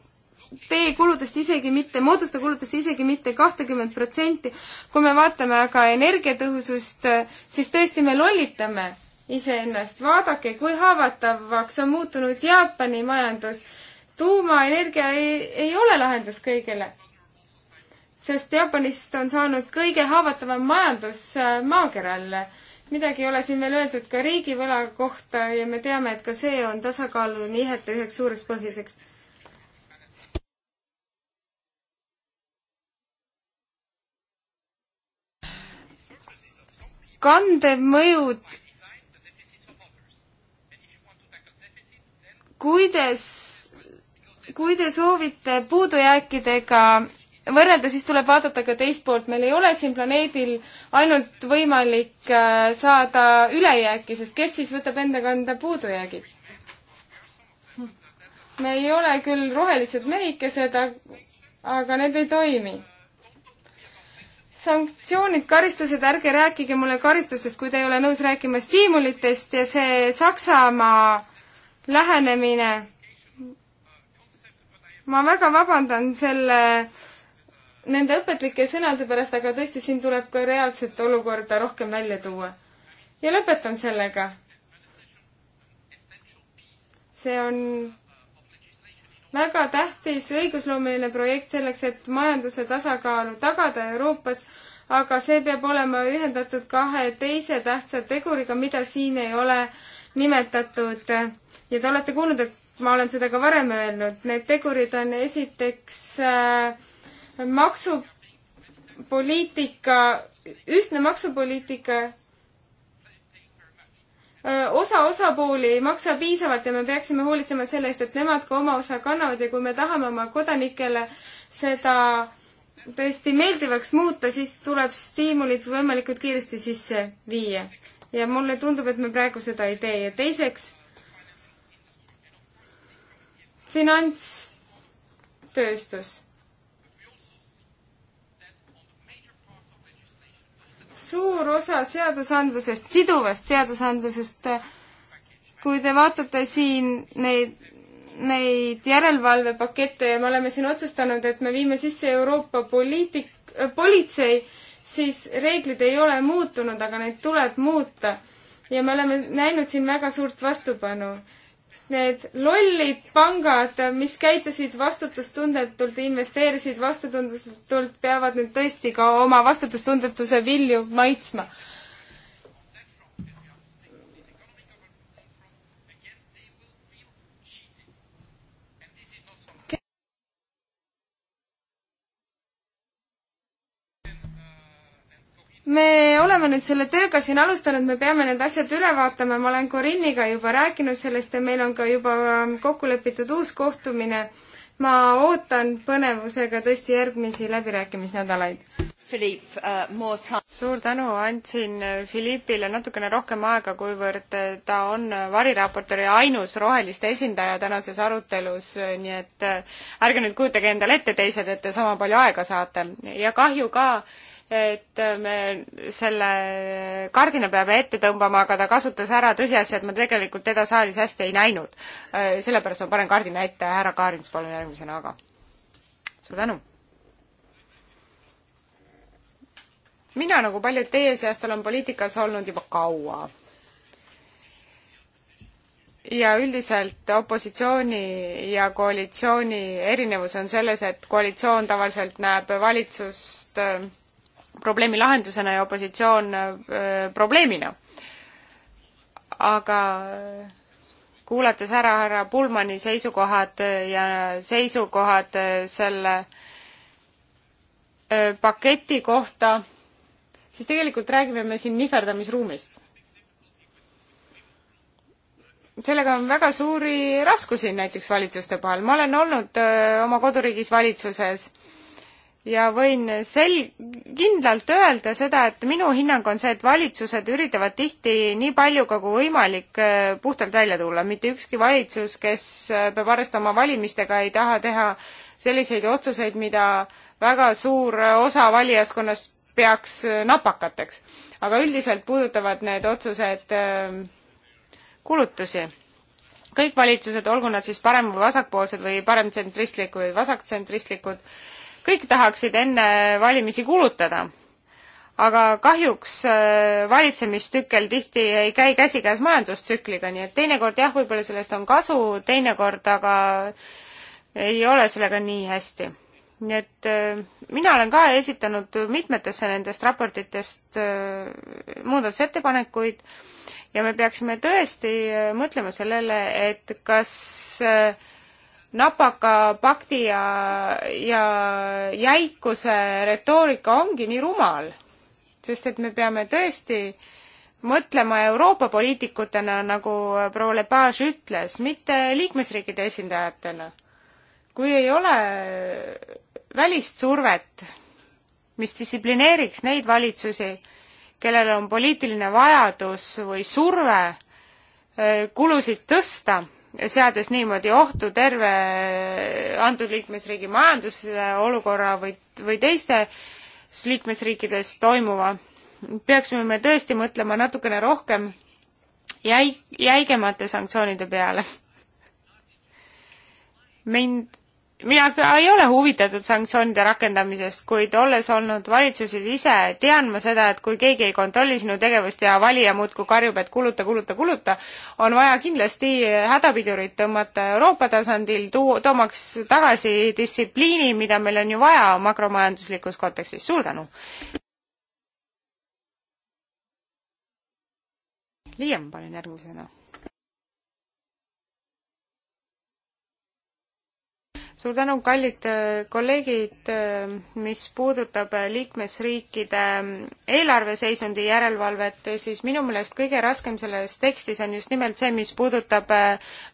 tee kuludest isegi mitte, moodusta kuludest isegi mitte kahtekümmet protsenti. kui me vaatame aga energiatõhusust, siis tõesti me lollitame iseennast. vaadake, kui haavatavaks on muutunud Jaapani majandus. tuumaenergia ei, ei ole lahendus kõigele. sest Jaapanist on saanud kõige haavatavam majandus äh, maakeral. midagi ei ole siin veel öeldud ka riigivõla kohta ja me teame, et ka see on tasakaalu nihete üheks suureks põhjuseks kandev mõjud kuidas, kui te soovite puudujääkidega võrrelda, siis tuleb vaadata ka teist poolt, meil ei ole siin planeedil ainult võimalik äh, saada ülejääki, sest kes siis võtab enda kanda puudujäägid? me ei ole küll rohelised mehikesed, aga need ei toimi. sanktsioonid, karistused, ärge rääkige mulle karistustest, kui te ei ole nõus rääkima stiimulitest ja see Saksamaa lähenemine. ma väga vabandan selle, nende õpetlike sõnade pärast, aga tõesti, siin tuleb ka reaalset olukorda rohkem välja tuua. ja lõpetan sellega. see on väga tähtis õigusloomeline projekt selleks, et majanduse tasakaalu tagada Euroopas, aga see peab olema ühendatud kahe teise tähtsa teguriga, mida siin ei ole äh, nimetatud ja te olete kuulnud, et ma olen seda ka varem öelnud, need tegurid on esiteks äh, maksupoliitika, ühtne maksupoliitika äh, osa osapooli ei maksa piisavalt ja me peaksime hoolitsema selle eest, et nemad ka oma osa kannavad ja kui me tahame oma kodanikele seda tõesti meeldivaks muuta, siis tuleb stiimulid võimalikult kiiresti sisse viia ja mulle tundub, et me praegu seda ei tee ja teiseks finantstööstus. suur osa seadusandlusest, siduvast seadusandlusest, kui te vaatate siin neid, neid järelevalvepakette ja me oleme siin otsustanud, et me viime sisse Euroopa poliitik-, politsei, siis reeglid ei ole muutunud, aga neid tuleb muuta. ja me oleme näinud siin väga suurt vastupanu. Need lollid pangad, mis käitusid vastutustundetult, investeerisid vastutustundetult, peavad nüüd tõesti ka oma vastutustundetuse vilju maitsma me oleme nüüd selle tööga siin alustanud, me peame need asjad üle vaatama, ma olen Corinniga juba rääkinud sellest ja meil on ka juba ähm, kokku lepitud uus kohtumine. ma ootan põnevusega tõesti järgmisi läbirääkimisnädalaid. Philipp uh,, äh, more time. suur tänu, andsin äh, Philippile natukene rohkem aega, kuivõrd äh, ta on variraportööri ainus roheliste esindaja tänases arutelus, nii et ärge nüüd kujutage endale ette, teised, et te sama palju aega saate ja kahju ka, et me selle kardina peame ette tõmbama, aga ta kasutas ära tõsiasja, et ma tegelikult teda saalis hästi ei näinud. Äh, sellepärast ma panen kardina ette, härra Kaarins, palun järgmisena, aga suur tänu. mina, nagu paljud teie seast, olen poliitikas olnud juba kaua ja üldiselt opositsiooni ja koalitsiooni erinevus on selles, et koalitsioon tavaliselt näeb valitsust äh, probleemi lahendusena ja opositsioon äh, probleemina. aga äh, kuulates ära härra Pulmani seisukohad äh, ja seisukohad selle paketi kohta, siis tegelikult räägime me siin nihverdamisruumist. sellega on väga suuri raskusi näiteks valitsuste vahel. ma olen olnud öö, oma koduriigis valitsuses ja võin sel-, kindlalt öelda seda, et minu hinnang on see, et valitsused üritavad tihti nii palju kui võimalik äh, puhtalt välja tulla, mitte ükski valitsus, kes äh, peab arvestama valimistega, ei taha teha selliseid otsuseid, mida väga suur osa valijaskonnast peaks äh, napakateks. aga üldiselt puudutavad need otsused kulutusi kõik valitsused, olgu nad siis parem- või vasakpoolsed või paremtsentristlikud või vasaktsentristlikud, kõik tahaksid enne valimisi kuulutada, aga kahjuks äh, valitsemistükkel tihti ei käi käsikäes majandustsükliga, nii et teinekord jah, võib-olla sellest on kasu, teinekord aga ei ole sellega nii hästi. nii et äh, mina olen ka esitanud mitmetesse nendest raportitest äh, muudatusettepanekuid ja me peaksime tõesti mõtlema sellele, et kas äh, napaka pakti ja, ja jäikuse retoorika ongi nii rumal, sest et me peame tõesti mõtlema Euroopa poliitikutena, nagu proua Lepage ütles, mitte liikmesriikide esindajatena. kui ei ole välist survet, mis distsiplineeriks neid valitsusi, kellel on poliitiline vajadus või surve eh, kulusid tõsta seades niimoodi ohtu terve antud liikmesriigi majanduse olukorra või, või teistes liikmesriikides toimuva, peaksime me tõesti mõtlema natukene rohkem jäi-, jäigemate sanktsioonide peale. mind mina ka ei ole huvitatud sanktsioonide rakendamisest, kuid olles olnud valitsuses ise, tean ma seda, et kui keegi ei kontrolli sinu tegevust ja valija muudkui karjub, et kuluta, kuluta, kuluta, on vaja kindlasti hädapidurit tõmmata Euroopa tasandil, tuu-, toomaks tagasi distsipliini, mida meil on ju vaja makromajanduslikus kontekstis. suur tänu! Liam, palun järgmisena suur tänu, kallid äh, kolleegid, äh, mis puudutab äh, liikmesriikide mm, eelarveseisundi järelevalvet, siis minu meelest kõige raskem selles tekstis on just nimelt see, mis puudutab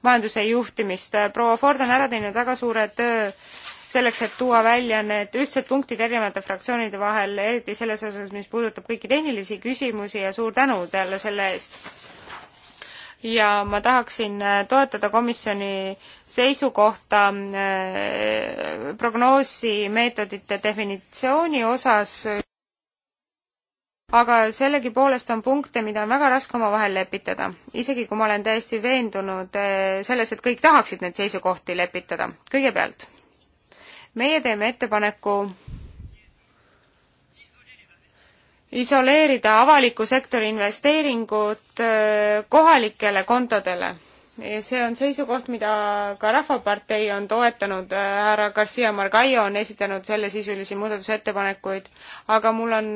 majanduse juhtimist. proua Ford on ära teinud väga suure töö selleks, et tuua välja need ühtsed punktid erinevate fraktsioonide vahel, eriti selles osas, mis puudutab kõiki tehnilisi küsimusi ja suur tänu talle selle eest ja ma tahaksin äh, toetada komisjoni seisukohta äh, prognoosimeetodite definitsiooni osas, aga sellegipoolest on punkte, mida on väga raske omavahel lepitada. isegi kui ma olen täiesti veendunud äh, selles, et kõik tahaksid neid seisukohti lepitada. kõigepealt, meie teeme ettepaneku isoleerida avaliku sektori investeeringud äh, kohalikele kontodele. ja see on seisukoht, mida ka Rahvapartei on toetanud, äh, härra Garcia Margallo on esitanud sellesisulisi muudatusettepanekuid, aga mul on,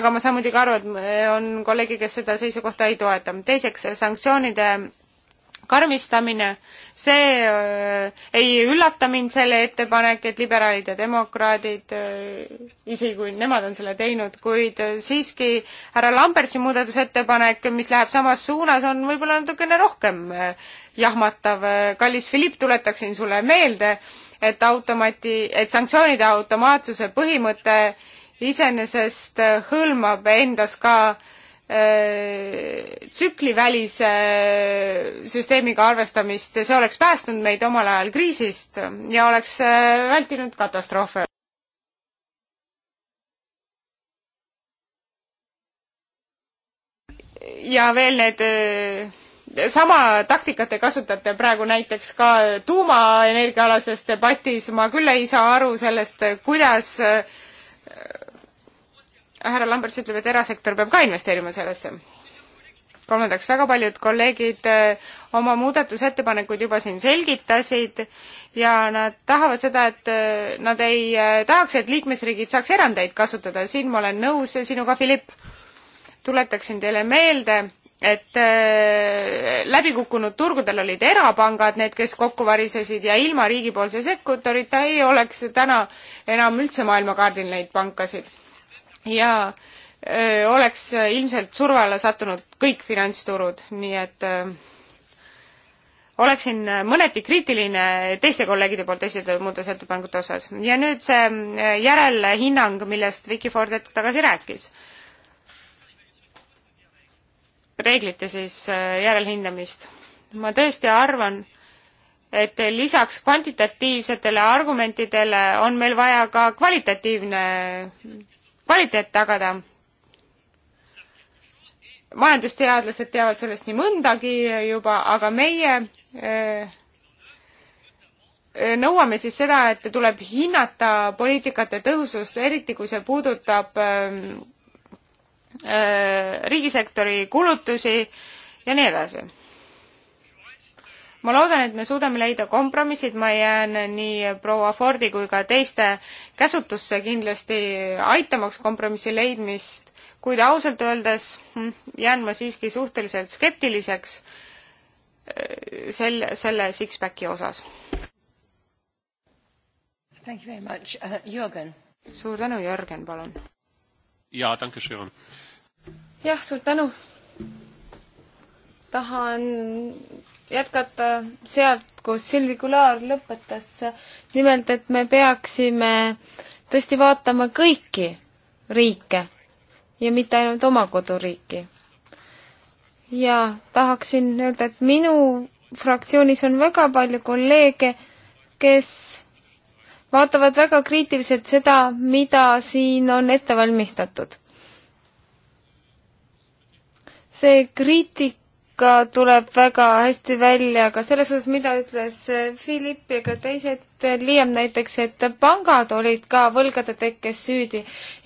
aga ma saan muidugi aru, et on kolleege, kes seda seisukohta ei toeta. teiseks, sanktsioonide karmistamine, see äh, ei üllata mind, selle ettepanek, et liberaalid ja demokraadid äh,, isegi kui nemad on selle teinud, kuid äh, siiski härra Lambertsi muudatusettepanek, mis läheb samas suunas, on võib-olla natukene rohkem äh, jahmatav äh,. kallis Philipp, tuletaksin sulle meelde, et automati, et sanktsioonide automaatsuse põhimõte iseenesest äh, hõlmab endas ka äh, Äh, tsüklivälise äh, süsteemiga arvestamist, see oleks päästnud meid omal ajal kriisist ja oleks äh, vältinud katastroofe. ja veel need, sama taktikat te kasutate praegu näiteks ka tuumaenergiaalases debatis, ma küll ei saa aru sellest, kuidas härra Lamberts ütleb, et erasektor peab ka investeerima sellesse. kolmandaks, väga paljud kolleegid eh, oma muudatusettepanekuid juba siin selgitasid ja nad tahavad seda, et eh, nad ei eh, tahaks, et liikmesriigid saaks erandeid kasutada, siin ma olen nõus sinuga, Philipp. tuletaksin teile meelde, et äh, läbikukkunud turgudel olid erapangad, need, kes kokku varisesid ja ilma riigipoolse sekkutorita ei oleks täna enam üldse maailmakaardil neid pankasid ja öö, oleks ilmselt surve alla sattunud kõik finantsturud, nii et öö, oleksin mõneti kriitiline teiste kolleegide poolt esitatud muudatusettepanekute osas. ja nüüd see järelhinnang, millest Vicky Ford hetk tagasi rääkis. reeglite siis järelhindamist. ma tõesti arvan, et lisaks kvantitatiivsetele argumentidele on meil vaja ka kvalitatiivne kvaliteet tagada. majandusteadlased teavad sellest nii mõndagi juba, aga meie eh, nõuame siis seda, et tuleb hinnata poliitikate tõhusust, eriti kui see puudutab eh, eh, riigisektori kulutusi ja nii edasi ma loodan, et me suudame leida kompromissid, ma jään nii proua Fordi kui ka teiste käsutusse kindlasti aitamaks kompromissi leidmist, kuid ausalt öeldes hm, jään ma siiski suhteliselt skeptiliseks äh, sel, selle six-packi osas. Thank you very much uh,, Jürgen. suur tänu, Jürgen, palun. jaa, tänke, Jürgen. jah, suur tänu tahan jätkata sealt, kus Silvi Kulaar lõpetas. nimelt, et me peaksime tõesti vaatama kõiki riike ja mitte ainult oma koduriiki. ja tahaksin öelda, et minu fraktsioonis on väga palju kolleege, kes vaatavad väga kriitiliselt seda, mida siin on ette valmistatud. see kriitik ka tuleb väga hästi välja ka selles osas, mida ütles Philipp ja ka teised, Liam näiteks, et pangad olid ka võlgade tekkes süüdi.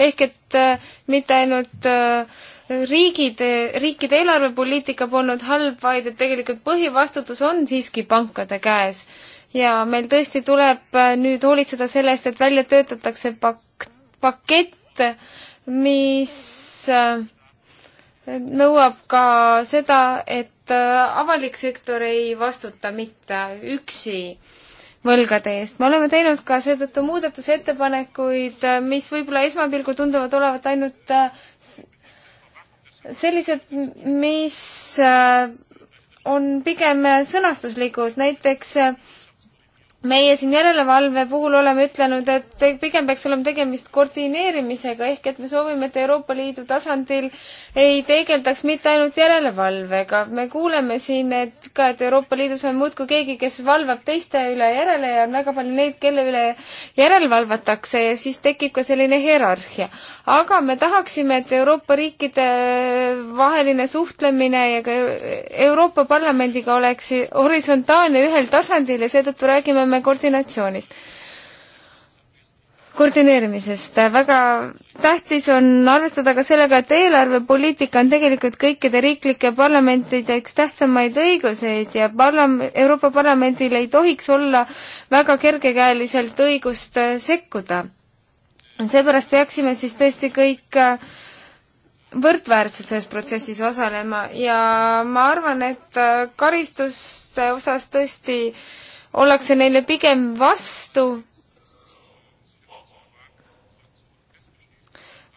ehk et äh, mitte ainult äh, riigid, riikide eelarvepoliitika polnud halb, vaid et tegelikult põhivastutus on siiski pankade käes. ja meil tõesti tuleb äh, nüüd hoolitseda selle eest, et välja töötatakse pak-, pakett, mis äh, nõuab ka seda, et äh, avalik sektor ei vastuta mitte üksi võlgade eest. me oleme teinud ka seetõttu muudatusettepanekuid, äh, mis võib-olla esmapilgul tunduvad olevat ainult äh, sellised, mis on pigem sõnastuslikud, näiteks meie siin järelevalve puhul oleme ütelnud, et pigem peaks olema tegemist koordineerimisega, ehk et me soovime, et Euroopa Liidu tasandil ei tegeldaks mitte ainult järelevalvega. me kuuleme siin, et ka, et Euroopa Liidus on muudkui keegi, kes valvab teiste üle järele ja on väga palju neid, kelle üle järelevalvatakse ja siis tekib ka selline hierarhia. aga me tahaksime, et Euroopa riikide vaheline suhtlemine ja ka Euroopa Parlamendiga oleks horisontaalne ühel tasandil ja seetõttu räägime räägime koordinatsioonist koordineerimisest. väga tähtis on arvestada ka sellega, et eelarvepoliitika on tegelikult kõikide riiklike parlamentide üks tähtsamaid õiguseid ja parlam-, Euroopa Parlamendil ei tohiks olla väga kergekäeliselt õigust äh, sekkuda. seepärast peaksime siis tõesti kõik äh, võrdväärselt selles protsessis osalema ja ma arvan, et äh, karistuste osas tõesti äh, ollakse neile pigem vastu.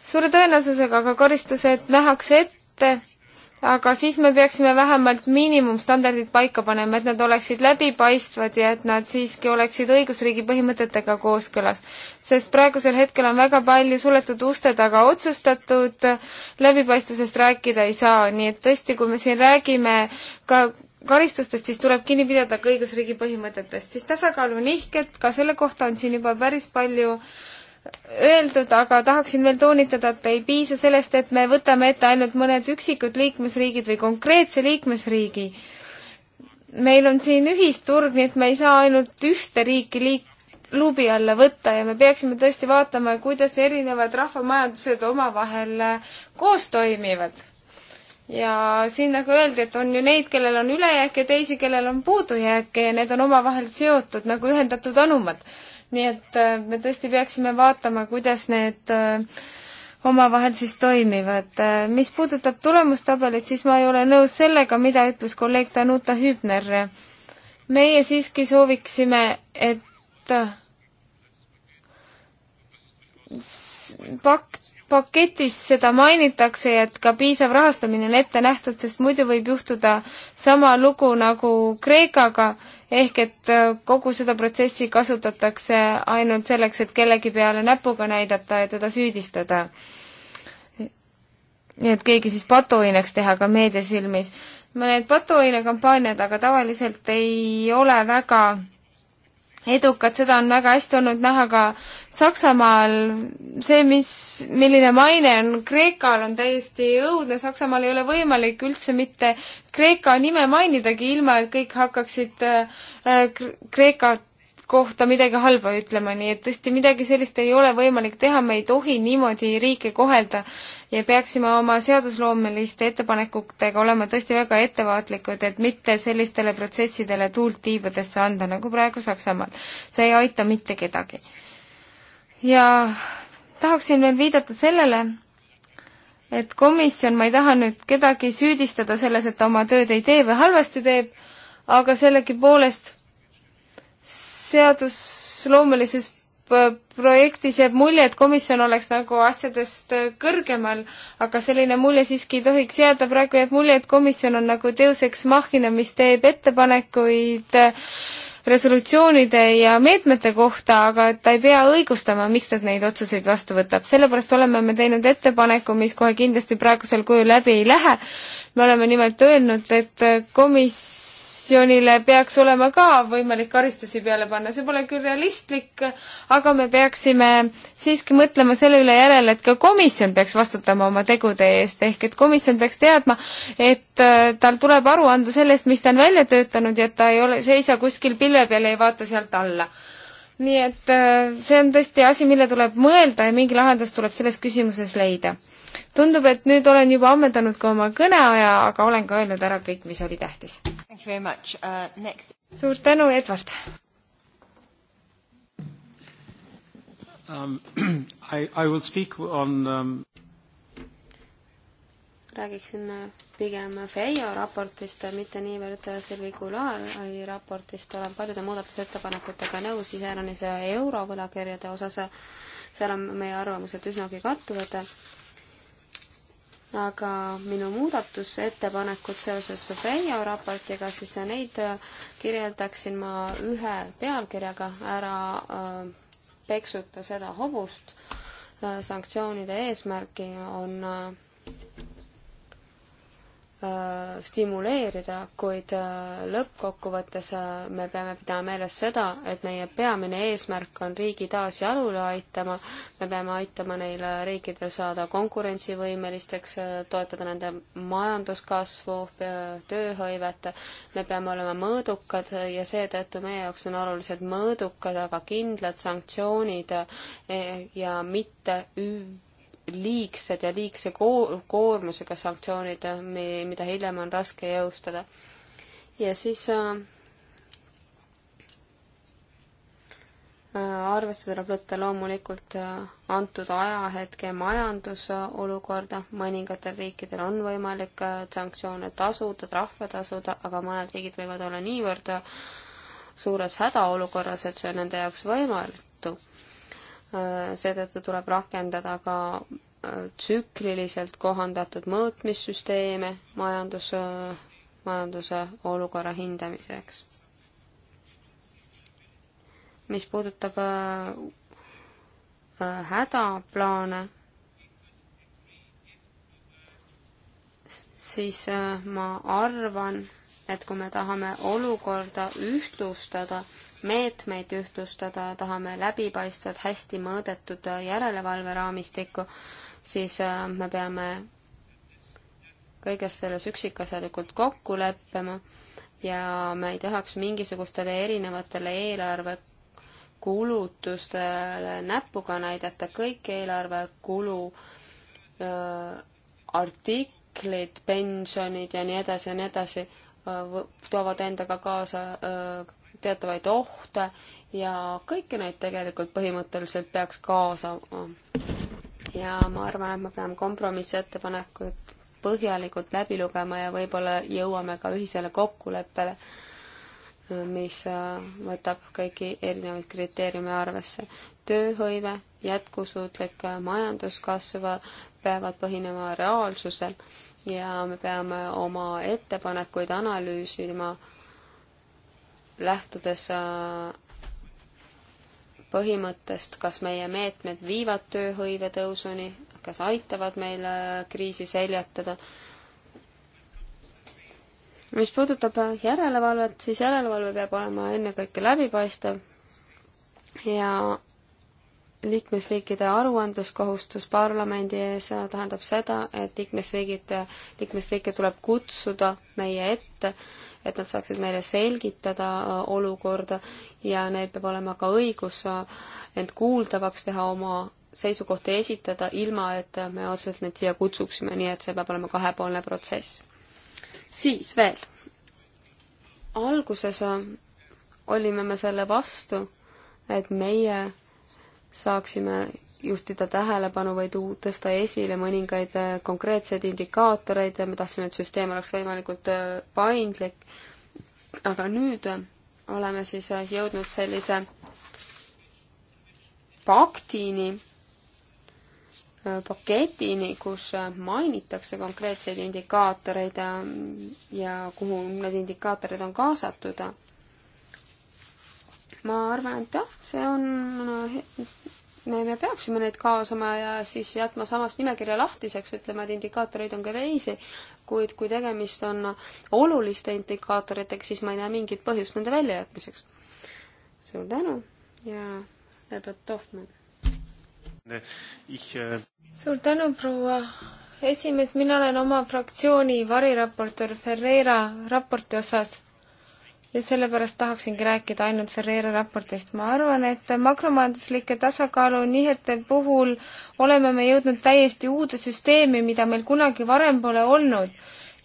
suure tõenäosusega ka karistused nähakse ette, aga siis me peaksime vähemalt miinimumstandardid paika panema, et nad oleksid läbipaistvad ja et nad siiski oleksid õigusriigi põhimõtetega kooskõlas. sest praegusel hetkel on väga palju suletud uste taga otsustatud, läbipaistvusest rääkida ei saa, nii et tõesti, kui me siin räägime ka karistustest, siis tuleb kinni pidada ka õigusriigi põhimõtetest, siis tasakaalu nihked, ka selle kohta on siin juba päris palju öeldud, aga tahaksin veel toonitada, et ei piisa sellest, et me võtame ette ainult mõned üksikud liikmesriigid või konkreetse liikmesriigi. meil on siin ühisturg, nii et me ei saa ainult ühte riiki liik-, luubi alla võtta ja me peaksime tõesti vaatama, kuidas erinevad rahvamajandused omavahel koos toimivad ja siin nagu öeldi, et on ju neid, kellel on ülejääk ja teisi, kellel on puudujääke ja need on omavahel seotud nagu ühendatud anumad. nii et äh, me tõesti peaksime vaatama, kuidas need äh, omavahel siis toimivad. Äh, mis puudutab tulemustabelit, siis ma ei ole nõus sellega, mida ütles kolleeg Danuta Hübner. meie siiski sooviksime, et pakt paketis seda mainitakse ja et ka piisav rahastamine on ette nähtud, sest muidu võib juhtuda sama lugu nagu Kreekaga, ehk et äh, kogu seda protsessi kasutatakse ainult selleks, et kellegi peale näpuga näidata ja teda süüdistada. nii et keegi siis patuoinaks teha ka meedia silmis. Need patuoinakampaaniad aga tavaliselt ei ole väga edukad, seda on väga hästi olnud näha ka Saksamaal. see, mis, milline maine on Kreekal, on täiesti õudne, Saksamaal ei ole võimalik üldse mitte Kreeka nime mainidagi, ilma et kõik hakkaksid äh, äh, Kreekat kohta midagi halba ütlema, nii et tõesti midagi sellist ei ole võimalik teha, me ei tohi niimoodi riike kohelda ja peaksime oma seadusloomeliste ettepanekutega olema tõesti väga ettevaatlikud, et mitte sellistele protsessidele tuult tiibadesse anda, nagu praegu Saksamaal. see ei aita mitte kedagi. ja tahaksin veel viidata sellele, et komisjon, ma ei taha nüüd kedagi süüdistada selles, et ta oma tööd ei tee või halvasti teeb, aga sellegipoolest seadusloomelises projektis jääb mulje, et komisjon oleks nagu asjadest kõrgemal, aga selline mulje siiski ei tohiks jääda, praegu jääb mulje, et komisjon on nagu teoseks mahhina, mis teeb ettepanekuid resolutsioonide ja meetmete kohta, aga ta ei pea õigustama, miks ta neid otsuseid vastu võtab. sellepärast oleme me teinud ettepaneku, mis kohe kindlasti praegusel kujul läbi ei lähe. me oleme nimelt öelnud, et komis-, komisjonile peaks olema ka võimalik karistusi peale panna, see pole küll realistlik, aga me peaksime siiski mõtlema selle üle järele, et ka komisjon peaks vastutama oma tegude eest, ehk et komisjon peaks teadma, et äh, tal tuleb aru anda sellest, mis ta on välja töötanud ja et ta ei ole, seisa kuskil pilve peal, ei vaata sealt alla nii et äh, see on tõesti asi, mille tuleb mõelda ja mingi lahendus tuleb selles küsimuses leida tundub, et nüüd olen juba ammendanud ka oma kõneaja, aga olen ka öelnud ära kõik, mis oli tähtis. Uh, suur tänu, Edward um,! [CLEARS THROAT] I, I will speak on um... räägiksime äh, pigem FEIO raportist, äh, mitte niivõrd äh, Silvi Kulaari raportist, olen paljude muudatusettepanekutega nõus, iseäranis eurovõlakirjade osas, seal on meie arvamused üsnagi kattuvad aga minu muudatusettepanekud seoses Veio raportiga, siis neid äh, kirjeldaksin ma ühe pealkirjaga ära äh, peksuta seda hobust. Äh, sanktsioonide eesmärki on Äh, stimuleerida, kuid äh, lõppkokkuvõttes äh, me peame pidama meeles seda, et meie peamine eesmärk on riigi taas jalule aitama, me peame aitama neil riikidel saada konkurentsivõimelisteks, toetada nende majanduskasvu, tööhõivet, me peame olema mõõdukad ja seetõttu meie jaoks on olulised mõõdukad, aga kindlad sanktsioonid ja mitte üh liigsed ja liigse koor-, koormusega sanktsioonid, mida hiljem on raske jõustada. ja siis äh, äh, arvesse tuleb võtta loomulikult äh, antud ajahetke majandusolukorda, mõningatel riikidel on võimalik äh, sanktsioone tasuda, trahve tasuda, aga mõned riigid võivad olla niivõrd äh, suures hädaolukorras, et see on nende jaoks võimatu Äh, seetõttu tuleb rakendada ka äh, tsükliliselt kohandatud mõõtmissüsteeme majandus, majanduse olukorra hindamiseks. mis puudutab äh, hädaplaane, siis ma arvan, et kui me tahame olukorda ühtlustada, meetmeid ühtlustada, tahame läbipaistvat, hästi mõõdetud järelevalveraamistikku, siis äh, me peame kõiges selles üksikasjalikult kokku leppima ja me ei tahaks mingisugustele erinevatele eelarve kulutustele näpuga näidata, kõik eelarve kulu äh, artiklid, pensionid ja nii edasi ja nii edasi äh, toovad endaga kaasa äh, teatavaid ohte ja kõiki neid tegelikult põhimõtteliselt peaks kaasama. ja ma arvan, et me peame kompromissettepanekuid põhjalikult läbi lugema ja võib-olla jõuame ka ühisele kokkuleppele, mis äh, võtab kõiki erinevaid kriteeriume arvesse. tööhõive, jätkusuutlik äh, majanduskasv peavad põhinema reaalsusel ja me peame oma ettepanekuid analüüsima lähtudes äh, põhimõttest, kas meie meetmed viivad tööhõive tõusuni, kas aitavad meil äh, kriisi seljatada. mis puudutab äh, järelevalvet, siis järelevalve peab olema ennekõike läbipaistev ja liikmesriikide aruandluskohustus parlamendi ees tähendab seda, et liikmesriigid, liikmesriike tuleb kutsuda meie ette, et nad saaksid meile selgitada äh, olukorda ja neil peab olema ka õigus äh, end kuuldavaks teha, oma seisukohti esitada, ilma et me otseselt neid siia kutsuksime, nii et see peab olema kahepoolne protsess. siis veel. alguses äh, olime me selle vastu, et meie saaksime juhtida tähelepanu või tuu-, tõsta esile mõningaid äh, konkreetseid indikaatoreid ja me tahtsime, et süsteem oleks võimalikult äh, paindlik. aga nüüd äh, oleme siis jõudnud sellise paktini, paketini, kus mainitakse konkreetseid indikaatoreid ja, ja kuhu need indikaatorid on kaasatud ma arvan, et jah, see on, me, me peaksime neid kaasama ja siis jätma samas nimekirja lahtiseks, ütleme, et indikaatoreid on ka teisi, kuid kui tegemist on oluliste indikaatoritega, siis ma ei näe mingit põhjust nende väljajätmiseks. suur tänu ja Herbert Tohmann. Äh, suur tänu, proua esimees, mina olen oma fraktsiooni variraportöör Ferreira raporti osas ja sellepärast tahaksingi rääkida ainult Ferreira raportist. ma arvan, et makromajanduslike tasakaalu nihete puhul oleme me jõudnud täiesti uude süsteemi, mida meil kunagi varem pole olnud.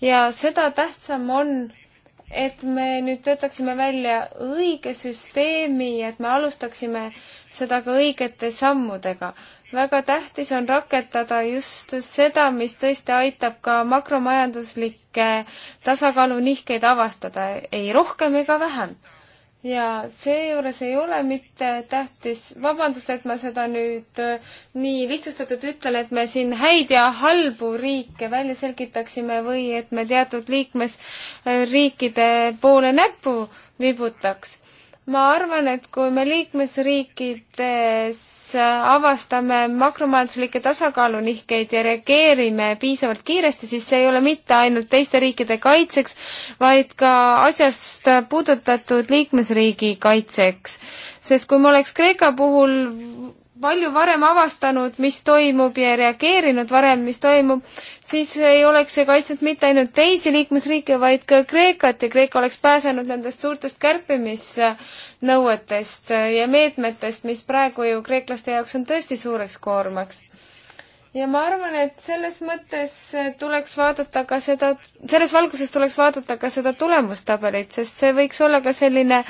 ja seda tähtsam on, et me nüüd töötaksime välja õige süsteemi, et me alustaksime seda ka õigete sammudega väga tähtis on rakendada just seda, mis tõesti aitab ka makromajanduslikke tasakaalunihkeid avastada, ei rohkem ega vähem. ja seejuures ei ole mitte tähtis, vabandust, et ma seda nüüd äh, nii lihtsustatult ütlen, et me siin häid ja halbu riike välja selgitaksime või et me teatud liikmesriikide äh, poole näppu vibutaks ma arvan, et kui me liikmesriikides avastame makromajanduslikke tasakaalunihkeid ja reageerime piisavalt kiiresti, siis see ei ole mitte ainult teiste riikide kaitseks, vaid ka asjast puudutatud liikmesriigi kaitseks. sest kui ma oleks Kreeka puhul palju varem avastanud, mis toimub ja reageerinud varem, mis toimub, siis ei oleks see kaitsnud mitte ainult teisi liikmesriike, vaid ka Kreekat ja Kreeka oleks pääsenud nendest suurtest kärpimisnõuetest ja meetmetest, mis praegu ju kreeklaste jaoks on tõesti suureks koormaks. ja ma arvan, et selles mõttes tuleks vaadata ka seda, selles valguses tuleks vaadata ka seda tulemustabelit, sest see võiks olla ka selline äh,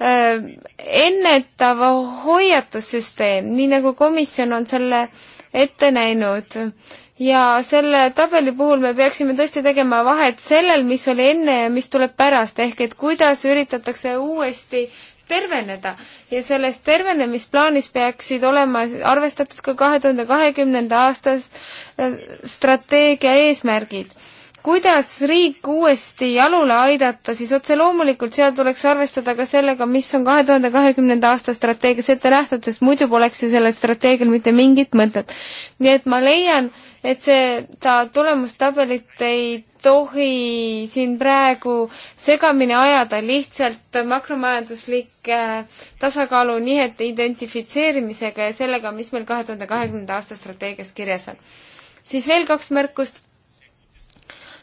Äh, ennetav hoiatussüsteem, nii nagu komisjon on selle ette näinud. ja selle tabeli puhul me peaksime tõesti tegema vahet sellel, mis oli enne ja mis tuleb pärast, ehk et kuidas üritatakse uuesti terveneda ja selles tervenemisplaanis peaksid olema arvestatud ka kahe tuhande kahekümnenda aasta äh, strateegia eesmärgid kuidas riik uuesti jalule aidata, siis otse loomulikult seal tuleks arvestada ka sellega, mis on kahe tuhande kahekümnenda aasta strateegias ette nähtud, sest muidu poleks ju sellel strateegial mitte mingit mõtet. nii et ma leian, et seda tulemustabelit ei tohi siin praegu segamini ajada lihtsalt makromajanduslike tasakaalu nihete identifitseerimisega ja sellega, mis meil kahe tuhande kahekümnenda aasta strateegias kirjas on. siis veel kaks märkust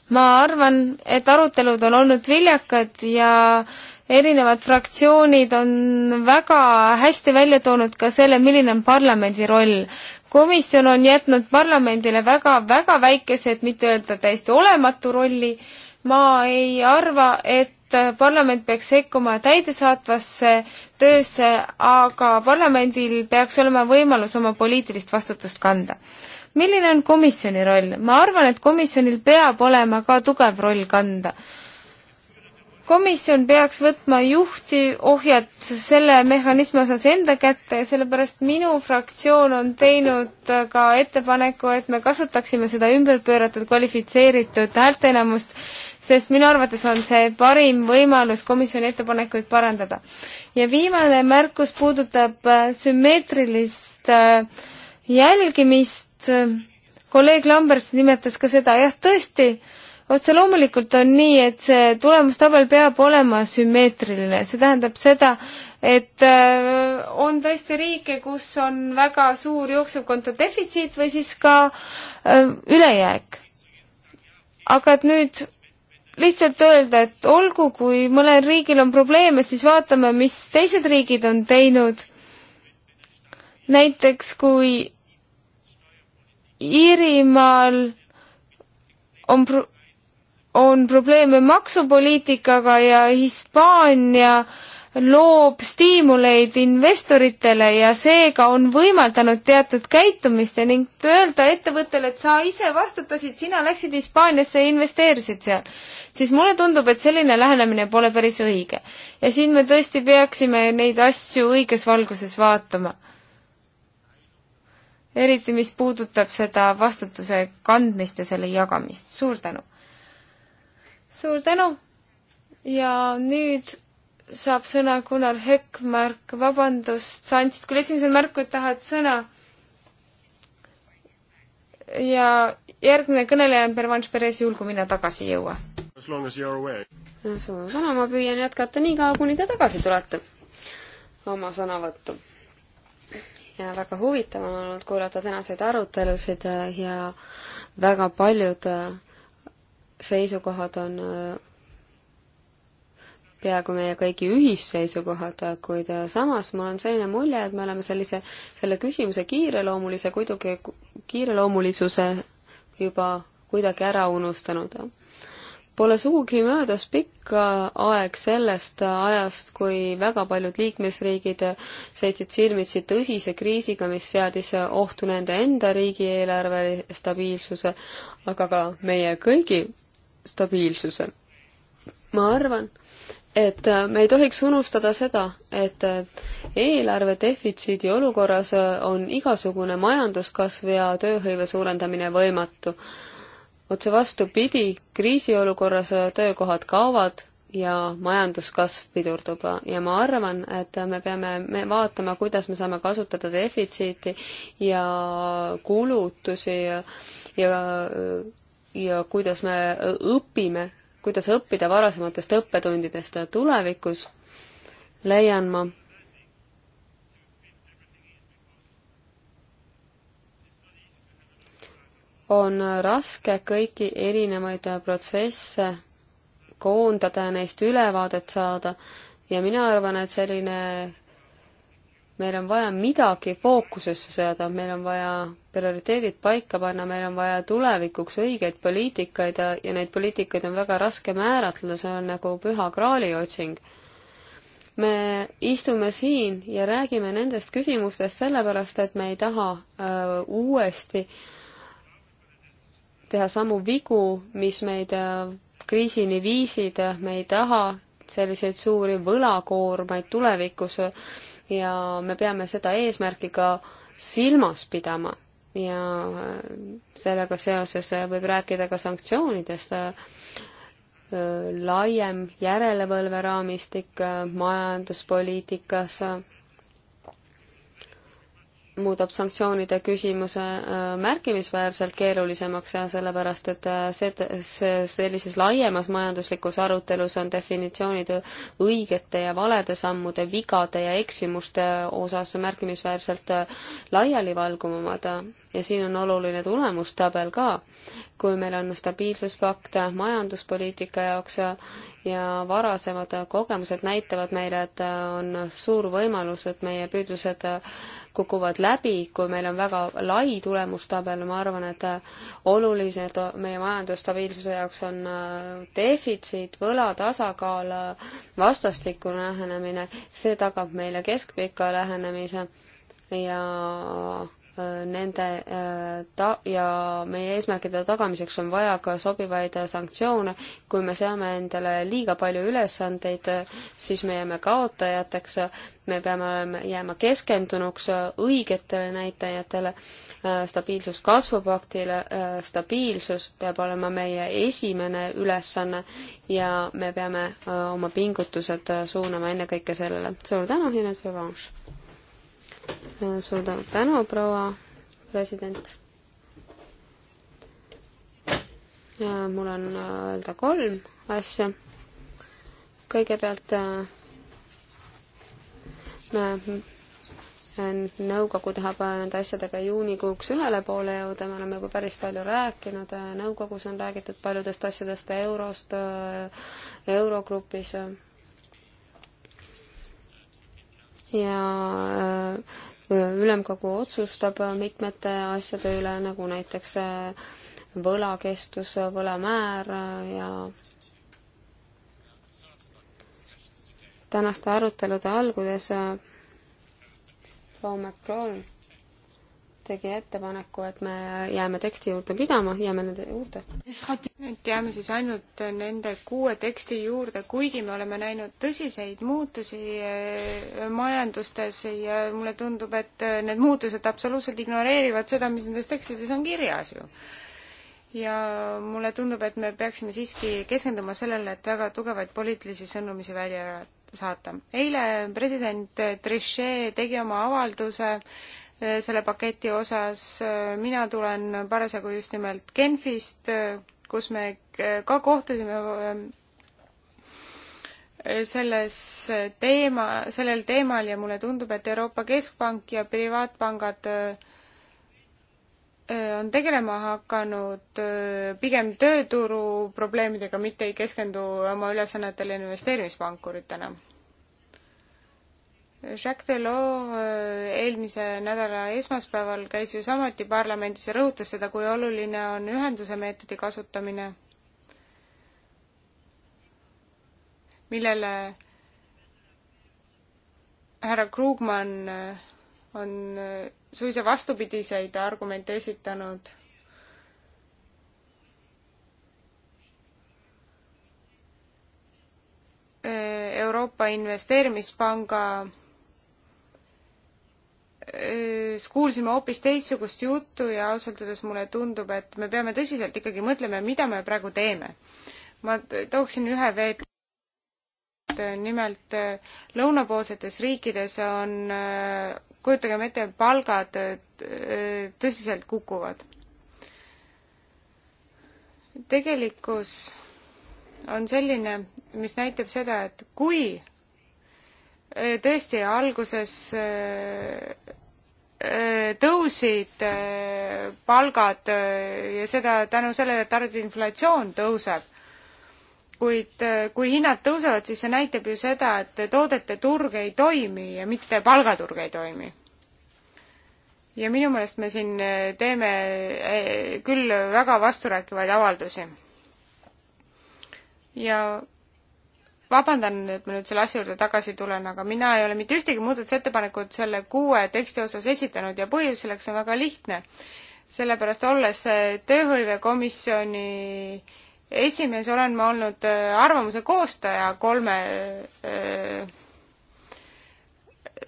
ma arvan, et arutelud on olnud viljakad ja erinevad fraktsioonid on väga hästi välja toonud ka selle, milline on parlamendi roll. komisjon on jätnud parlamendile väga, väga väikese, et mitte öelda täiesti olematu rolli. ma ei arva, et parlament peaks sekkuma täidesaatvasse töösse, aga parlamendil peaks olema võimalus oma poliitilist vastutust kanda milline on komisjoni roll? ma arvan, et komisjonil peab olema ka tugev roll kanda. komisjon peaks võtma juhti, ohjad selle mehhanismi osas enda kätte ja sellepärast minu fraktsioon on teinud ka ettepaneku, et me kasutaksime seda ümberpööratud kvalifitseeritud häälteenamust, sest minu arvates on see parim võimalus komisjoni ettepanekuid parandada. ja viimane märkus puudutab sümmeetrilist äh, jälgimist, just äh, kolleeg Lamberts nimetas ka seda, jah, tõesti, otse loomulikult on nii, et see tulemustabel peab olema sümmeetriline, see tähendab seda, et äh, on tõesti riike, kus on väga suur jooksevkonto defitsiit või siis ka äh, ülejääk. aga et nüüd lihtsalt öelda, et olgu, kui mõnel riigil on probleeme, siis vaatame, mis teised riigid on teinud. näiteks kui Iirimaal on pro-, on probleeme maksupoliitikaga ja Hispaania loob stiimuleid investoritele ja seega on võimaldanud teatud käitumist ja ning öelda ettevõttele, et sa ise vastutasid, sina läksid Hispaaniasse ja investeerisid seal, siis mulle tundub, et selline lähenemine pole päris õige. ja siin me tõesti peaksime neid asju õiges valguses vaatama eriti mis puudutab seda vastutuse kandmist ja selle jagamist. suur tänu! suur tänu! ja nüüd saab sõna Gunnar Hökkmark, vabandust, sa andsid küll esimesel märku, et tahad sõna. ja järgmine kõneleja on Pervanš Perez, juhul kui mina tagasi ei jõua. no suur tänu, ma püüan jätkata nii kaua, kuni te tagasi tulete oma sõnavõttu ja väga huvitav on olnud kuulata tänaseid arutelusid äh, ja väga paljud äh, seisukohad on äh, peaaegu meie kõigi ühisseisukohad, kuid samas mul on selline mulje, et me oleme sellise, selle küsimuse kiireloomulise, kuidagi kiireloomulisuse juba kuidagi ära unustanud. Pole sugugi möödas pikk äh, aeg sellest äh, ajast, kui väga paljud liikmesriigid äh, seisid silmitsi tõsise kriisiga, mis seadis ohtu nende enda riigieelarve stabiilsuse, aga ka meie kõigi stabiilsuse. ma arvan, et me ei tohiks unustada seda, et eelarve defitsiidi olukorras on igasugune majanduskasv ja tööhõive suurendamine võimatu otse vastupidi, kriisiolukorras töökohad kaovad ja majanduskasv pidurdub ja ma arvan, et me peame me vaatama, kuidas me saame kasutada defitsiiti ja kulutusi ja, ja, ja kuidas me õpime, kuidas õppida varasematest õppetundidest tulevikus, leian ma on raske kõiki erinevaid protsesse koondada ja neist ülevaadet saada ja mina arvan, et selline meil on vaja midagi fookusesse seada, meil on vaja prioriteedid paika panna, meil on vaja tulevikuks õigeid poliitikaid ja, ja neid poliitikaid on väga raske määratleda, see on nagu püha graali otsing. me istume siin ja räägime nendest küsimustest sellepärast, et me ei taha öö, äh, uuesti öö, teha samu vigu, mis meid äh, kriisini viisid, me ei taha selliseid suuri võlakoormaid tulevikus ja me peame seda eesmärki ka silmas pidama. ja äh, sellega seoses äh, võib rääkida ka sanktsioonidest, laiem järelevalveraamistik majanduspoliitikas muudab sanktsioonide küsimuse äh, märkimisväärselt keerulisemaks ja sellepärast, et äh, see, see sellises laiemas majanduslikus arutelus on definitsioonid õigete ja valede sammude, vigade ja eksimuste osas märkimisväärselt äh, laialivalguvamad ja siin on oluline tulemustabel ka. kui meil on stabiilsuspakt majanduspoliitika jaoks ja varasemad kogemused näitavad meile, et on suur võimalus, et meie püüdlused kukuvad läbi, kui meil on väga lai tulemustabel, ma arvan, et olulised meie majandusstabiilsuse jaoks on defitsiit, võla tasakaal, vastastikune lähenemine, see tagab meile keskpika lähenemise ja Äh, nende äh, ta- ja meie eesmärkide tagamiseks on vaja ka sobivaid äh, sanktsioone. kui me seame endale liiga palju ülesandeid, siis me jääme kaotajateks, me peame jääma keskendunuks õigetele näitajatele, stabiilsus kasvupaktile, stabiilsus peab olema meie esimene ülesanne ja me peame oma pingutused suunama ennekõike sellele. suur tänu, Hiinet Revanche! suur tänu, proua president. mul on äh, öelda kolm asja. kõigepealt äh, äh, nõukogu tahab nende asjadega juunikuuks ühele poole jõuda, me oleme juba päris palju rääkinud, nõukogus on räägitud paljudest asjadest, eurost, eurogrupis ja äh, ülemkogu otsustab mitmete asjade üle, nagu näiteks äh, võla kestus, võlamäär äh, ja tänaste arutelude algudes Paul Macron tegi ettepaneku, et me jääme teksti juurde pidama, jääme nende juurde. nüüd jääme siis ainult nende kuue teksti juurde, kuigi me oleme näinud tõsiseid muutusi eh, majandustes ja mulle tundub, et eh, need muutused absoluutselt ignoreerivad seda, mis nendes tekstides on kirjas ju ja mulle tundub, et me peaksime siiski keskenduma sellele, et väga tugevaid poliitilisi sõnumisi välja saata. eile president Trichet tegi oma avalduse äh, Äh, selle paketi osas. Äh, mina tulen parasjagu just nimelt Genfist, äh, kus me ka kohtusime selles teema, sellel teemal ja mulle tundub, et Euroopa Keskpank ja privaatpangad on tegelema hakanud pigem tööturu probleemidega, mitte ei keskendu oma ülesannetele investeerimispankuritena Jacques Delors äh, eelmise nädala esmaspäeval käis ju samuti parlamendis ja rõhutas seda, kui oluline on ühenduse meetodi kasutamine, millele härra Krugman äh, on äh, suisa vastupidiseid argumente esitanud Euroopa Investeerimispanga kuulsime hoopis teistsugust juttu ja ausalt öeldes mulle tundub, et me peame tõsiselt ikkagi mõtlema, mida me praegu teeme. ma tooksin ühe veel. nimelt äh, lõunapoolsetes riikides on, äh, kujutagem ette, palgad äh, tõsiselt kukuvad. tegelikkus on selline, mis näitab seda, et kui Äh, tõesti alguses äh, äh, tõusid palgad ja seda tänu sellele, et tarbiinflatsioon tõuseb. kuid kui hinnad tõusevad, siis see näitab ju seda, et toodete turg ei toimi ja mitte palgaturg ei toimi. ja minu meelest me siin teeme küll väga vasturääkivaid avaldusi. ja vabandan, et ma nüüd selle asja juurde tagasi tulen, aga mina ei ole mitte ühtegi muudatusettepanekut selle kuue teksti osas esitanud ja põhjus selleks on väga lihtne. sellepärast, olles tööhõivekomisjoni esimees, olen ma olnud äh, arvamuse koostaja kolme äh,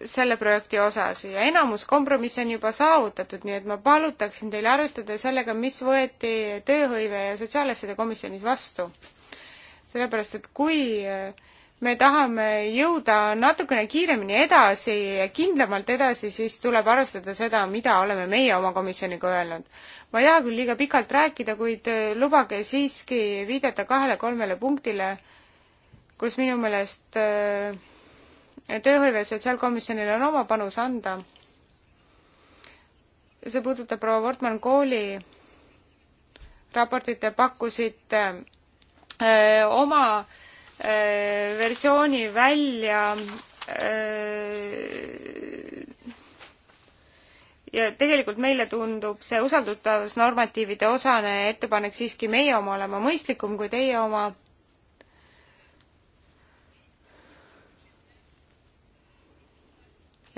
selle projekti osas ja enamus kompromisse on juba saavutatud, nii et ma palutaksin teil arvestada sellega, mis võeti tööhõive ja sotsiaalasjade komisjonis vastu sellepärast et kui äh, me tahame jõuda natukene kiiremini edasi ja kindlamalt edasi, siis tuleb arvestada seda, mida oleme meie oma komisjoniga öelnud. ma ei taha küll liiga pikalt rääkida, kuid äh, lubage siiski viidata kahele-kolmele punktile, kus minu meelest äh, tööhõive sotsiaalkomisjonil on oma panus anda. see puudutab proua Wortmann kooli raportit, te pakkusite oma versiooni välja ja tegelikult meile tundub see usaldatavusnormatiivide osane ettepanek siiski meie oma olema mõistlikum kui teie oma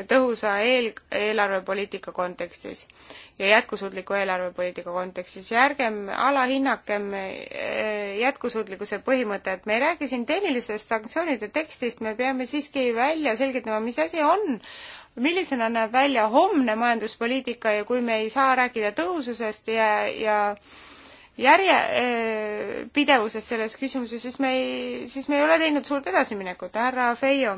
tõhusa eel, eelarvepoliitika kontekstis ja jätkusuutliku eelarvepoliitika kontekstis ja ärgem alahinnakem eh, jätkusuutlikkuse põhimõtet. me ei räägi siin tehnilistest sanktsioonide tekstist, me peame siiski välja selgitama, mis asi on millisena näeb välja homne majanduspoliitika ja kui me ei saa rääkida tõhususest ja, ja järjepidevusest eh, selles küsimuses, siis me ei, siis me ei ole teinud suurt edasiminekut, härra Feijo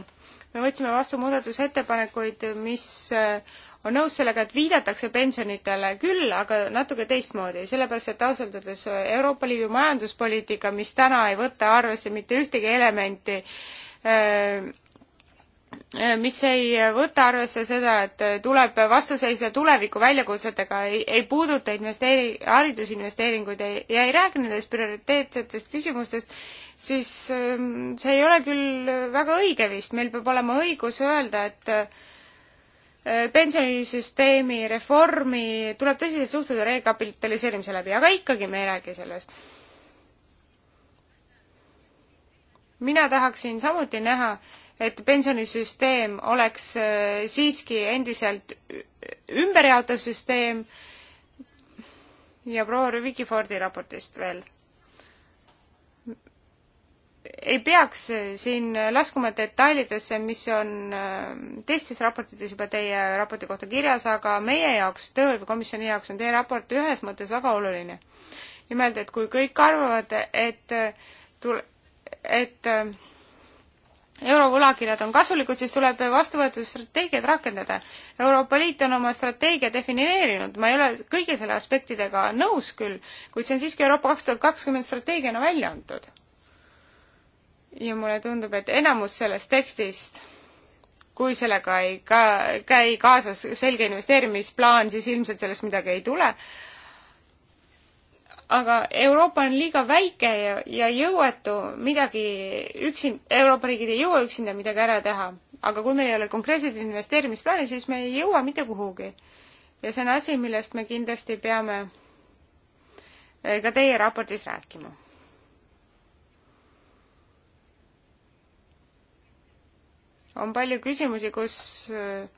me võtsime vastu muudatusettepanekuid, mis äh, on nõus sellega, et viidatakse pensionitele küll, aga natuke teistmoodi, sellepärast et ausalt öeldes Euroopa Liidu majanduspoliitika, mis täna ei võta arvesse mitte ühtegi elementi äh, Äh, mis ei võta arvesse seda, et äh, tuleb vastu seisda tuleviku väljakutsetega, ei, ei puuduta investeeri-, haridusinvesteeringuid ei, ja ei räägi nendest prioriteetsetest küsimustest, siis ähm, see ei ole küll väga õige vist, meil peab olema õigus öelda, et äh, pensionisüsteemi reformi tuleb tõsiselt suhtuda rekapitaliseerimise läbi, aga ikkagi me ei räägi sellest. mina tahaksin samuti näha, et pensionisüsteem oleks äh, siiski endiselt ümberjaotav süsteem ja proua Vikifordi raportist veel. ei peaks äh, siin laskuma detailidesse, mis on äh, teistes raportites juba teie raporti kohta kirjas, aga meie jaoks, tööhõivekomisjoni jaoks on teie raport ühes mõttes väga oluline. nimelt, et kui kõik arvavad, et tule-, et, et eurovõlakirjad on kasulikud, siis tuleb vastu võetud strateegiad rakendada. Euroopa Liit on oma strateegia defineerinud, ma ei ole kõigi selle aspektidega nõus küll, kuid see on siiski Euroopa kaks tuhat kakskümmend strateegiana välja antud. ja mulle tundub, et enamus sellest tekstist, kui sellega ei ka-, käi kaasas selge investeerimisplaan, siis ilmselt sellest midagi ei tule aga Euroopa on liiga väike ja, ja jõuetu midagi üksi, Euroopa riigid ei jõua üksinda midagi ära teha. aga kui meil ei ole konkreetset investeerimisplaani, siis me ei jõua mitte kuhugi. ja see on asi, millest me kindlasti peame eh, ka teie raportis rääkima. on palju küsimusi, kus äh,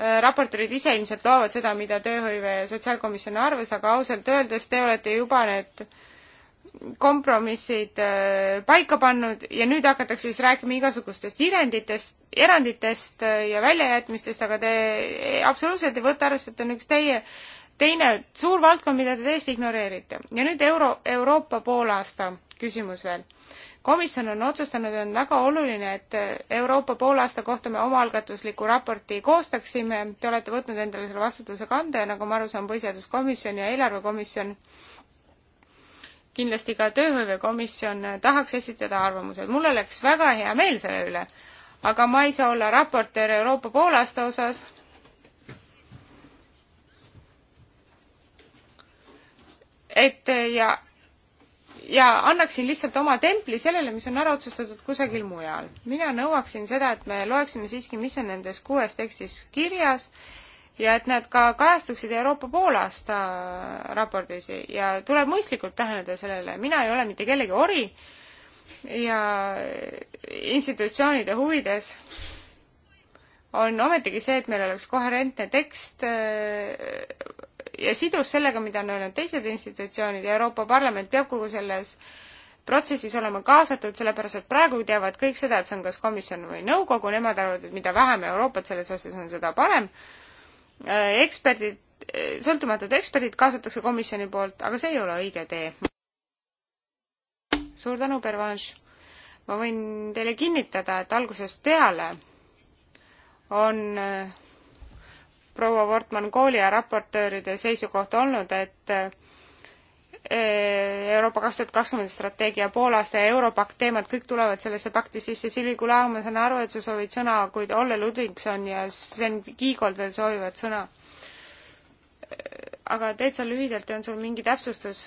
Äh, raportöörid ise ilmselt loevad seda, mida tööhõive ja sotsiaalkomisjon arvas, aga ausalt öeldes te olete juba need kompromissid äh, paika pannud ja nüüd hakatakse siis rääkima igasugustest irenditest, eranditest äh, ja väljajätmistest, aga te absoluutselt ei võta arvesse, et on üks teie teine suur valdkond, mida te täiesti ignoreerite. ja nüüd euro, Euroopa poolaasta küsimus veel komisjon on otsustanud, et on väga oluline, et Euroopa poolaasta kohta me omaalgatusliku raporti koostaksime, te olete võtnud endale selle vastutuse kanda ja nagu ma aru saan, Põhiseaduskomisjon ja eelarvekomisjon kindlasti ka tööhõivekomisjon tahaks esitada arvamused. mul oleks väga hea meel selle üle, aga ma ei saa olla raportöör Euroopa poolaasta osas. et ja ja annaksin lihtsalt oma templi sellele, mis on ära otsustatud kusagil mujal. mina nõuaksin seda, et me loeksime siiski, mis on nendes kuues tekstis kirjas ja et need ka kajastuksid Euroopa poolaasta raportis ja tuleb mõistlikult läheneda sellele, mina ei ole mitte kellegi ori ja institutsioonide huvides on ometigi see, et meil oleks koherentne tekst ja sidus sellega, mida on öelnud teised institutsioonid ja Euroopa Parlament peab kogu selles protsessis olema kaasatud, sellepärast et praegu teavad kõik seda, et see on kas komisjon või nõukogu, nemad arvavad, et mida vähem Euroopat selles asjas on, seda parem. Äh, eksperdid, äh, sõltumatud eksperdid kaasatakse komisjoni poolt, aga see ei ole õige tee. suur tänu, Pervanš. ma võin teile kinnitada, et algusest peale on äh, proua Wortmann-Kooli ja raportööride seisukoht olnud, et eh, Euroopa kaks tuhat kakskümmend strateegia poolaasta ja Europakt teemad, kõik tulevad sellesse pakti sisse. Silvi Kula, ma saan aru, et sa soovid sõna, kuid Olle Ludvigson ja Sven Kiigold veel soovivad sõna. aga täitsa lühidalt, on sul mingi täpsustus?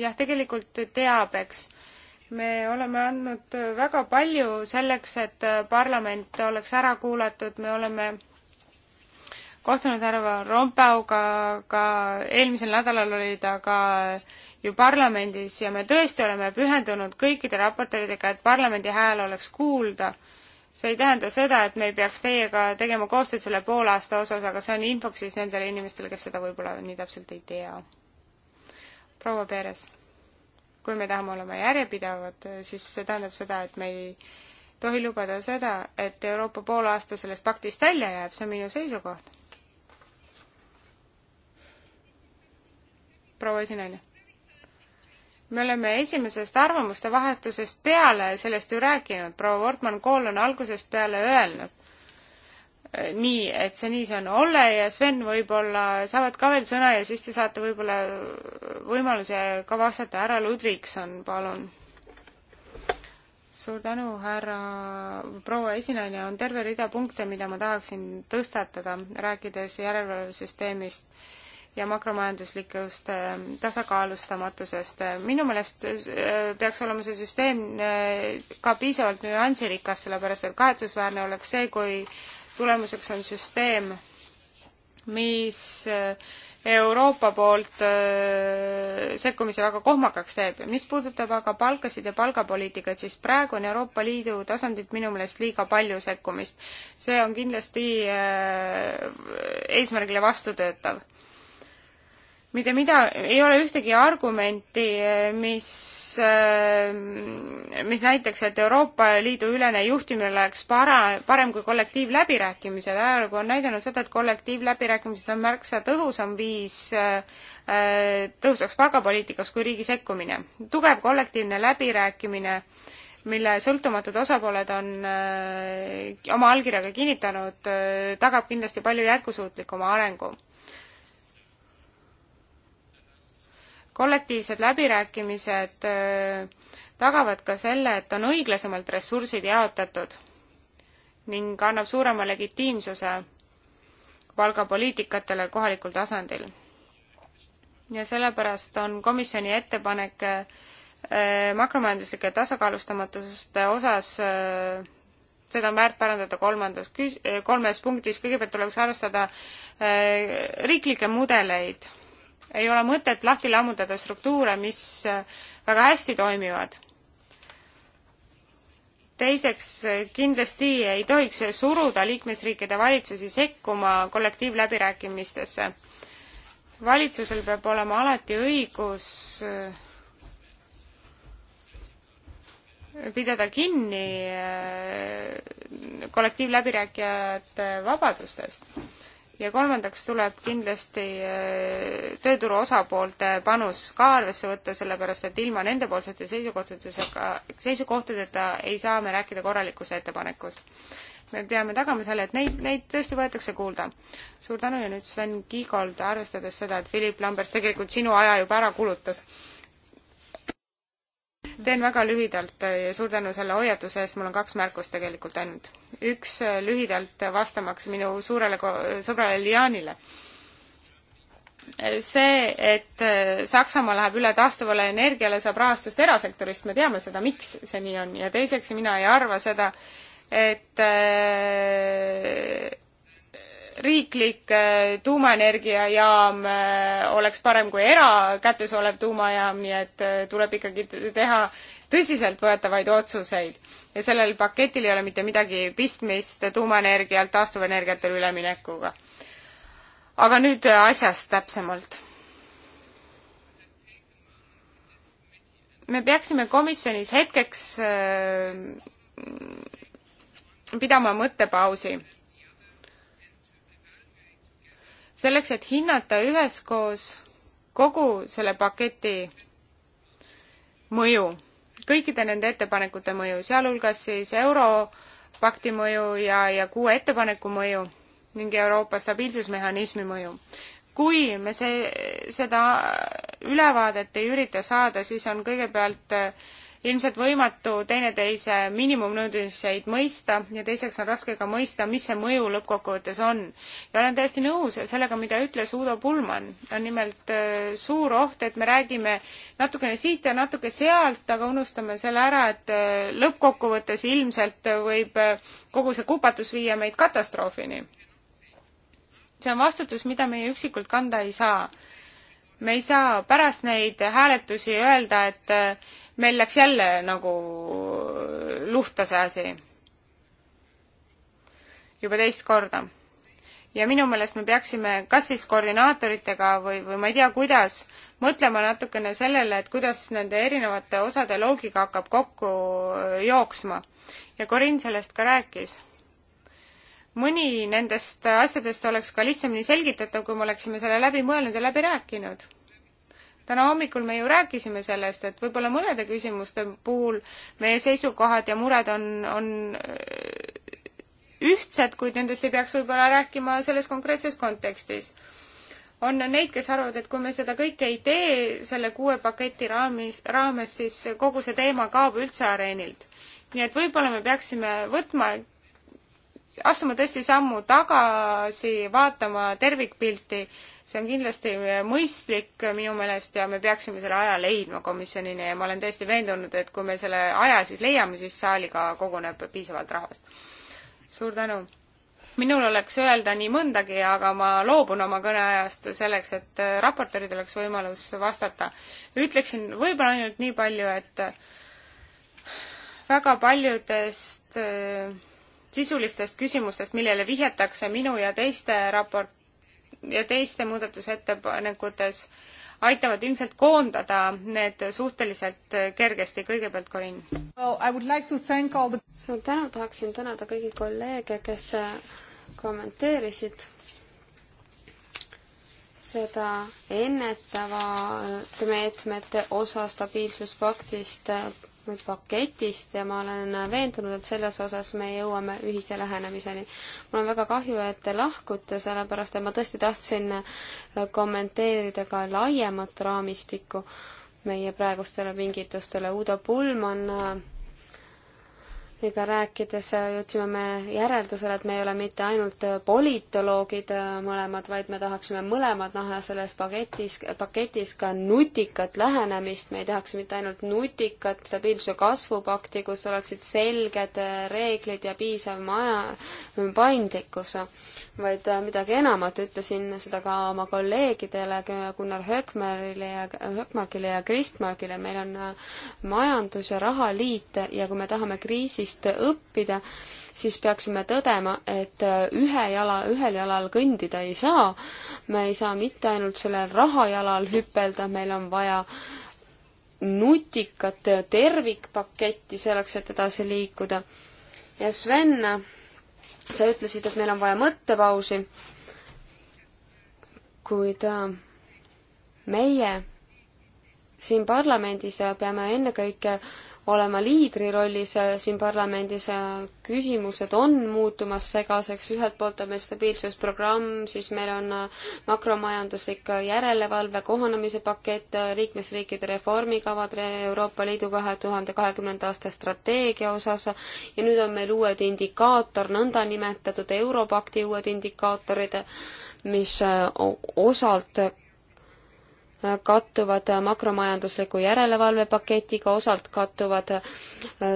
jah, tegelikult teabeks. me oleme andnud väga palju selleks, et parlament oleks ära kuulatud, me oleme kohtunud härra Rompauga, ka eelmisel nädalal oli ta ka ju parlamendis ja me tõesti oleme pühendunud kõikide raportööridega, et parlamendi hääl oleks kuulda. see ei tähenda seda, et me ei peaks teiega tegema koostööd selle poolaasta osas, aga see on infoks siis nendele inimestele, kes seda võib-olla nii täpselt ei tea. proua Peeres, kui me tahame olema järjepidevad, siis see tähendab seda, et me ei tohi lubada seda, et Euroopa poolaasta sellest paktist välja jääb, see on minu seisukoht proua esinaine? me oleme esimesest arvamuste vahetusest peale sellest ju rääkinud, proua Wortmann Kool on algusest peale öelnud äh, nii, et see nii see on. Olle ja Sven võib-olla saavad ka veel sõna ja siis te saate võib-olla äh, võimaluse ka vastata. härra Ludvigson, palun. suur tänu, härra, proua esinaine. on terve rida punkte, mida ma tahaksin tõstatada, rääkides järelevalvesüsteemist ja makromajanduslikust äh, tasakaalustamatusest. minu meelest äh, peaks olema see süsteem äh, ka piisavalt nüansirikas, sellepärast et kahetsusväärne oleks see, kui tulemuseks on süsteem, mis Euroopa poolt sekkumise väga kohmakaks teeb. mis puudutab aga palkasid ja palgapoliitikat, siis praegu on Euroopa Liidu tasandilt minu meelest liiga palju sekkumist. see on kindlasti eesmärgile vastutöötav mida, mida, ei ole ühtegi argumenti, mis, mis näitaks, et Euroopa Liidu ülene juhtimine oleks para-, parem kui kollektiivläbirääkimised. ajalugu on näidanud seda, et kollektiivläbirääkimised on märksa tõhusam viis tõhusaks palgapoliitikaks kui riigi sekkumine. tugev kollektiivne läbirääkimine mille sõltumatud osapooled on öö, oma allkirjaga kinnitanud, tagab kindlasti palju jätkusuutlikuma arengu kollektiivsed läbirääkimised äh, tagavad ka selle, et on õiglasemalt ressursid jaotatud ning annab suurema legitiimsuse palgapoliitikatele kohalikul tasandil. ja sellepärast on komisjoni ettepanek äh, makromajanduslike tasakaalustamatuste osas äh, seda on väärt parandada kolmandas küs-, kolmes punktis, kõigepealt tuleks arvestada riiklikke mudeleid ei ole mõtet lahti lammutada struktuure, mis äh, väga hästi toimivad. teiseks, äh, kindlasti ei tohiks suruda liikmesriikide valitsusi sekkuma kollektiivläbirääkimistesse. valitsusel peab olema alati õigus äh, pidada kinni kollektiivläbirääkijate vabadustest ja kolmandaks tuleb kindlasti äh, tööturu osapoolte panus ka arvesse võtta, sellepärast et ilma nendepoolsete seisukohtadega, seisukohtadeta ei saa me rääkida korralikust ettepanekust. me peame tagama selle, et neid, neid tõesti võetakse kuulda. suur tänu ja nüüd Sven Kiigold, arvestades seda, et Philip Lambert tegelikult sinu aja juba ära kulutas teen väga lühidalt ja suur tänu selle hoiatuse eest, mul on kaks märkust tegelikult ainult. üks äh, lühidalt vastamaks minu suurele sõbrale Lianile. see, et äh, Saksamaa läheb üle taastuvale energiale, saab rahastust erasektorist, me teame seda, miks see nii on ja teiseks mina ei arva seda, et äh, riiklik äh, tuumaenergiajaam äh, oleks parem kui erakätes olev tuumajaam, nii et äh, tuleb ikkagi teha tõsiseltvõetavaid otsuseid. ja sellel paketil ei ole mitte midagi pistmist tuumaenergialt taastuvenergiatele üleminekuga. aga nüüd asjast täpsemalt. me peaksime komisjonis hetkeks pidama mõttepausi selleks, et hinnata üheskoos kogu selle paketi mõju, kõikide nende ettepanekute mõju, sealhulgas siis Europakti mõju ja, ja kuue ettepaneku mõju ning Euroopa stabiilsusmehhanismi mõju. kui me see, seda ülevaadet ei ürita saada, siis on kõigepealt äh, ilmselt võimatu teineteise miinimumnõudmiseid mõista ja teiseks on raske ka mõista, mis see mõju lõppkokkuvõttes on. ja olen täiesti nõus sellega, mida ütles Udo Pullmann. on nimelt äh, suur oht, et me räägime natukene siit ja natuke sealt, aga unustame selle ära, et äh, lõppkokkuvõttes ilmselt võib äh, kogu see kupatus viia meid katastroofini. see on vastutus, mida meie üksikult kanda ei saa me ei saa pärast neid hääletusi öelda, et meil läks jälle nagu luhta see asi. juba teist korda. ja minu meelest me peaksime kas siis koordinaatoritega või, või ma ei tea, kuidas, mõtlema natukene sellele, et kuidas nende erinevate osade loogika hakkab kokku jooksma. ja Corin sellest ka rääkis mõni nendest asjadest oleks ka lihtsamini selgitatav, kui me oleksime selle läbi mõelnud ja läbi rääkinud täna hommikul me ju rääkisime sellest, et võib-olla mõnede küsimuste puhul meie seisukohad ja mured on, on äh, ühtsed, kuid nendest ei peaks võib-olla rääkima selles konkreetses kontekstis. on neid, kes arvavad, et kui me seda kõike ei tee selle kuue paketi raamis, raames, siis kogu see teema kaob üldse areenilt. nii et võib-olla me peaksime võtma astuma tõesti sammu tagasi, vaatama tervikpilti, see on kindlasti mõistlik minu meelest ja me peaksime selle aja leidma komisjonini ja ma olen täiesti veendunud, et kui me selle aja siis leiame, siis saaliga koguneb piisavalt rahvast. suur tänu! minul oleks öelda nii mõndagi, aga ma loobun oma kõneajast selleks, et raportööril oleks võimalus vastata. ütleksin võib-olla ainult nii palju, et väga paljudest äh, sisulistest küsimustest, millele vihjatakse minu ja teiste raport- ja teiste muudatusettepanekutes, aitavad ilmselt koondada need suhteliselt kergesti. kõigepealt Corin well,. Like the... suur tänu, tahaksin tänada kõigi kolleege, kes äh, kommenteerisid seda ennetavate meetmete osa stabiilsuspaktist äh, meetmed paketist ja ma olen veendunud, et selles osas me jõuame ühise lähenemiseni. mul on väga kahju, et te lahkute, sellepärast et ma tõesti tahtsin kommenteerida ka laiemat raamistikku meie praegustele pingitustele. Udo Pullmann ega rääkides äh, jõudsime me järeldusele, et me ei ole mitte ainult äh, politoloogid äh, mõlemad, vaid me tahaksime mõlemad näha selles paketis, paketis ka nutikat lähenemist, me ei tahaks mitte ainult nutikat stabiilsuse kasvupakti, kus oleksid selged reeglid ja piisav maja, paindlikkus, vaid midagi enamat, ütlesin seda ka oma kolleegidele, Gunnar Hökmerile ja, Hökmarkile ja Kristmarkile, meil on majandus- ja rahaliit ja kui me tahame kriisist kriisist õppida, siis peaksime tõdema, et ühe jala, ühel jalal kõndida ei saa. me ei saa mitte ainult sellel rahajalal hüpelda, meil on vaja nutikat tervikpaketti selleks, et edasi liikuda. ja Sven, sa ütlesid, et meil on vaja mõttepausi, kuid äh, meie siin parlamendis peame ennekõike olema liidri rollis äh, siin parlamendis. Äh, küsimused on muutumas segaseks, ühelt poolt on meil stabiilsusprogramm, siis meil on äh, makromajanduslik järelevalve, kohanemise pakett, liikmesriikide reformikavad Euroopa Liidu kahe tuhande kahekümnenda aasta strateegia osas ja nüüd on meil uued indikaator, nõndanimetatud Europakti uued indikaatorid, mis osalt kattuvad makromajandusliku järelevalvepaketiga, osalt kattuvad äh,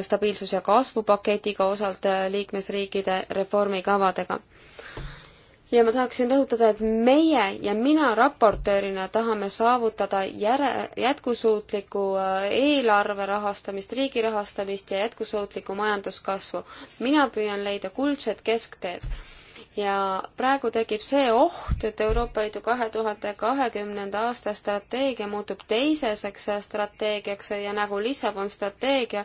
stabiilsus- ja kasvupaketiga, osalt äh, liikmesriikide reformikavadega. ja ma tahaksin rõhutada, et meie ja mina raportöörina tahame saavutada järe, jätkusuutlikku äh, eelarve rahastamist, riigi rahastamist ja jätkusuutlikku majanduskasvu. mina püüan leida kuldset keskteed ja praegu tekib see oht, et Euroopa Liidu kahe tuhande kahekümnenda aasta strateegia muutub teiseseks strateegiaks ja nagu Lissabon strateegia,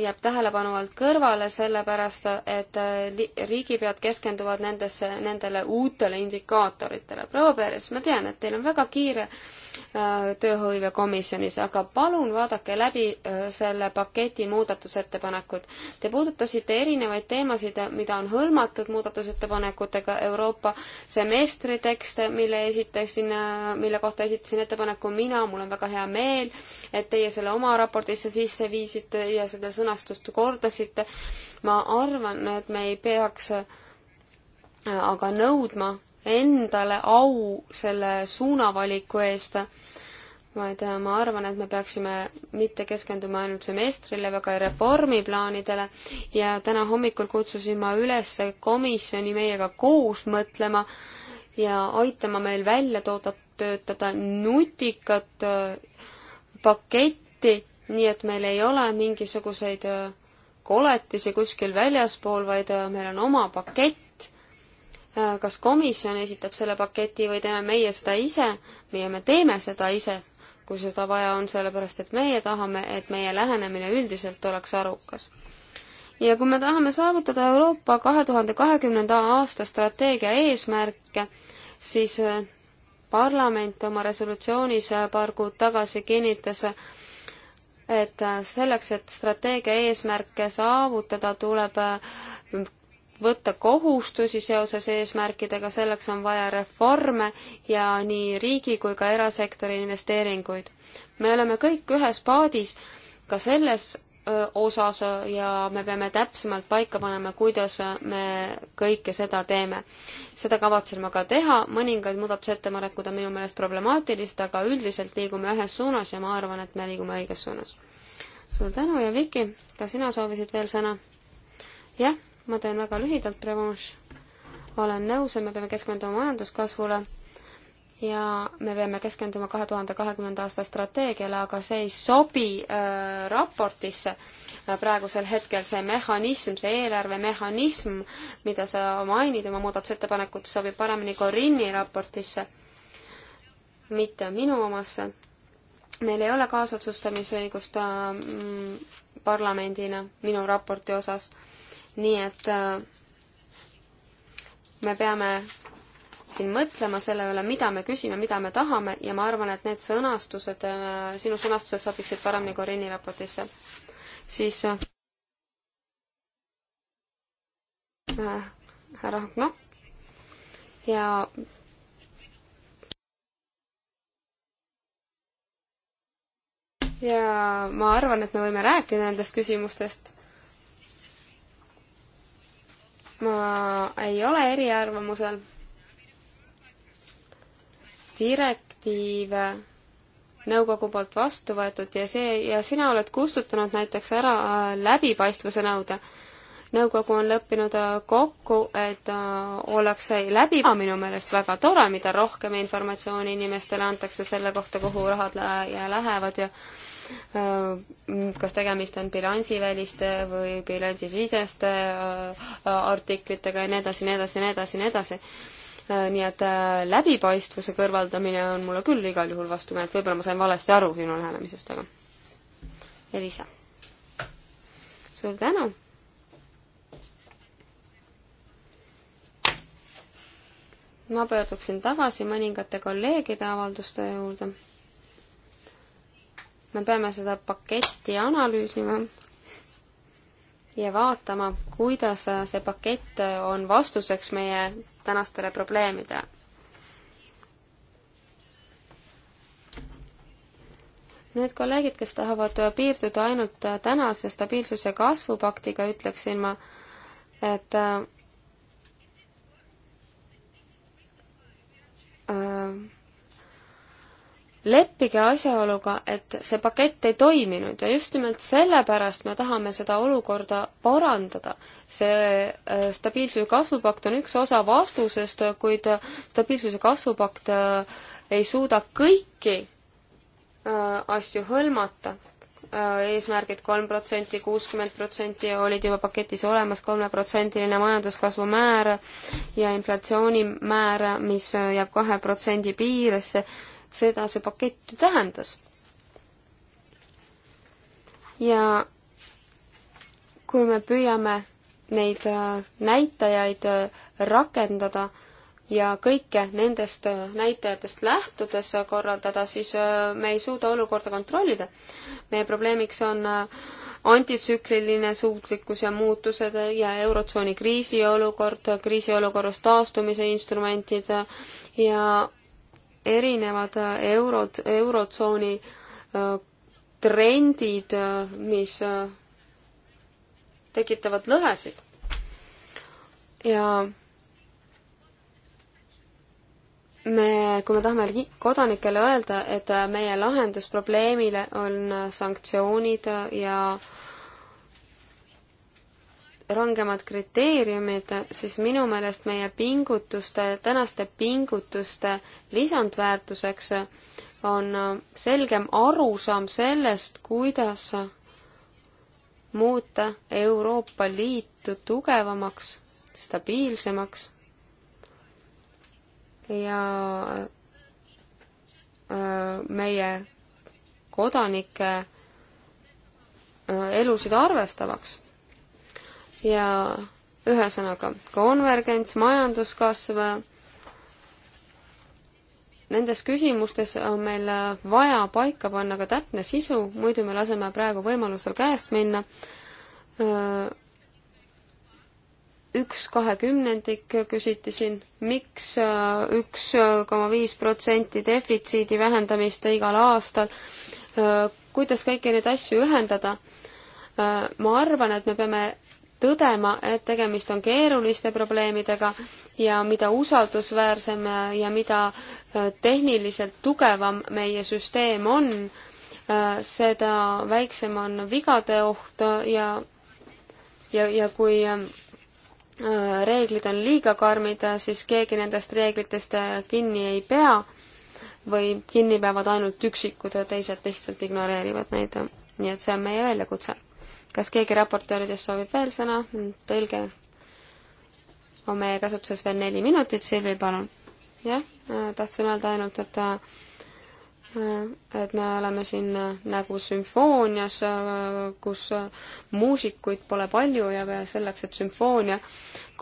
jääb tähelepanu alt kõrvale, sellepärast et äh, riigipead keskenduvad nendesse, nendele uutele indikaatoritele. proua Peres, ma tean, et teil on väga kiire äh, tööhõive komisjonis, aga palun vaadake läbi äh, selle paketi muudatusettepanekud. Te puudutasite erinevaid teemasid, mida on hõlmatud muudatusettepanekutega Euroopa semestri tekste, mille esitasin, mille kohta esitasin ettepaneku mina, mul on väga hea meel, et teie selle oma raportisse sisse viisite ja seda seda sõnastust kordasite. ma arvan, et me ei peaks äh, aga nõudma endale au selle suunavaliku eest, vaid äh, ma arvan, et me peaksime mitte keskenduma ainult semestrile, aga reformiplaanidele ja täna hommikul kutsusin ma üles komisjoni meiega koos mõtlema ja aitama meil välja tooda, töötada nutikat äh, paketti nii et meil ei ole mingisuguseid äh, koletisi kuskil väljaspool, vaid äh, meil on oma pakett. Äh, kas komisjon esitab selle paketi või teeme meie seda ise? meie, me teeme seda ise, kui seda vaja on, sellepärast et meie tahame, et meie lähenemine üldiselt oleks arukas. ja kui me tahame saavutada Euroopa kahe tuhande kahekümnenda aasta strateegia eesmärke, siis parlament oma resolutsioonis paar kuud tagasi kinnitas et selleks, et strateegia eesmärke saavutada, tuleb äh, võtta kohustusi seoses eesmärkidega, selleks on vaja reforme ja nii riigi kui ka erasektori investeeringuid. me oleme kõik ühes paadis ka selles osas ja me peame täpsemalt paika panema, kuidas me kõike seda teeme. seda kavatsen ma ka teha, mõningad muudatusettepanekud on minu meelest problemaatilised, aga üldiselt liigume ühes suunas ja ma arvan, et me liigume õiges suunas. suur tänu ja Viki, ka sina soovisid veel sõna? jah, ma teen väga lühidalt, Prevonš. olen nõus, et me peame keskenduma majanduskasvule ja me peame keskenduma kahe tuhande kahekümnenda aasta strateegiale, aga see ei sobi äh, raportisse praegusel hetkel, see mehhanism, see eelarvemehhanism, mida sa mainid oma muudatusettepanekutes, sobib paremini Corinni raportisse, mitte minu omasse. meil ei ole kaasotsustamisõigust äh, parlamendina minu raporti osas, nii et äh, me peame siin mõtlema selle üle, mida me küsime, mida me tahame ja ma arvan, et need sõnastused, äh, sinu sõnastused sobiksid paremini Corini raportisse. siis äh, äh, härra Hakno ja ja ma arvan, et me võime rääkida nendest küsimustest. ma ei ole eriarvamusel direktiiv nõukogu poolt vastu võetud ja see, ja sina oled kustutanud näiteks ära äh, läbipaistvuse nõude. nõukogu on leppinud äh, kokku, et äh, ollakse läbi, minu meelest väga tore, mida rohkem informatsiooni inimestele antakse selle kohta, kuhu rahad lähevad ja kas tegemist on bilansiväliste või bilansisiseste artiklitega ja nii edasi, nii edasi, nii edasi, nii edasi Äh, nii et äh, läbipaistvuse kõrvaldamine on mulle küll igal juhul vastumeelt, võib-olla ma sain valesti aru sinu lähenemisest, aga Elisa. suur tänu! ma pöörduksin tagasi mõningate kolleegide avalduste juurde. me peame seda paketti analüüsima ja vaatama, kuidas see pakett on vastuseks meie tänastele probleemidele. Need kolleegid, kes tahavad piirduda ainult tänase stabiilsuse kasvupaktiga, ütleksin ma, et äh, leppige asjaoluga, et see pakett ei toiminud ja just nimelt sellepärast me tahame seda olukorda parandada. see äh, stabiilsuse kasvupakt on üks osa vastusest, kuid äh, stabiilsuse kasvupakt äh, ei suuda kõiki asju hõlmata. eesmärgid kolm protsenti, kuuskümmend protsenti olid juba paketis olemas, kolmeprotsendiline majanduskasvu määr ja inflatsioonimäär, mis jääb kahe protsendi piiresse seda see pakett ju tähendas. ja kui me püüame neid äh, näitajaid äh, rakendada ja kõike nendest äh, näitajatest lähtudes korraldada, siis me ei suuda olukorda kontrollida. meie probleemiks on antitsükliline suutlikkus ja muutused ja Eurotsooni kriisiolukord, kriisiolukorrast taastumise instrumentid ja erinevad äh, eurod, eurotsooni äh, trendid, äh, mis tekitavad lõhesid. ja me, kui me tahame kodanikele öelda, et meie lahendus probleemile on sanktsioonid ja äh, rangemad kriteeriumid, siis minu meelest meie pingutuste, tänaste pingutuste lisandväärtuseks on selgem arusaam sellest, kuidas muuta Euroopa Liitu tugevamaks, stabiilsemaks ja äh, meie kodanike äh, elusid arvestavaks ja ühesõnaga konvergents, majanduskasv, nendes küsimustes on meil vaja paika panna ka täpne sisu, muidu me laseme praegu võimalusel käest minna. üks kahekümnendik küsiti siin miks, miks üks koma viis protsenti defitsiidi vähendamist igal aastal, kuidas kõiki neid asju ühendada. ma arvan, et me peame tõdema, et tegemist on keeruliste probleemidega ja mida usaldusväärsem ja mida äh, tehniliselt tugevam meie süsteem on, äh, seda väiksem on vigade oht ja, ja, ja kui äh, reeglid on liiga karmid, siis keegi nendest reeglitest kinni ei pea või kinni peavad ainult üksikud ja teised lihtsalt ignoreerivad neid. nii et see on meie väljakutse kas keegi raportööridest soovib veel sõna? tõlge on meie kasutuses veel neli minutit, Silvi, palun. jah, äh, tahtsin öelda ainult, et äh, et me oleme siin äh, nagu sümfoonias, kus muusikuid pole palju ja selleks, et sümfoonia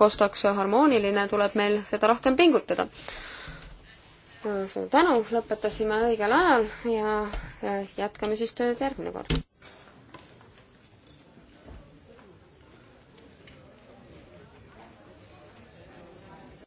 kostaks harmooniline, tuleb meil seda rohkem pingutada. suur tänu, lõpetasime õigel ajal ja jätkame siis tööd järgmine kord.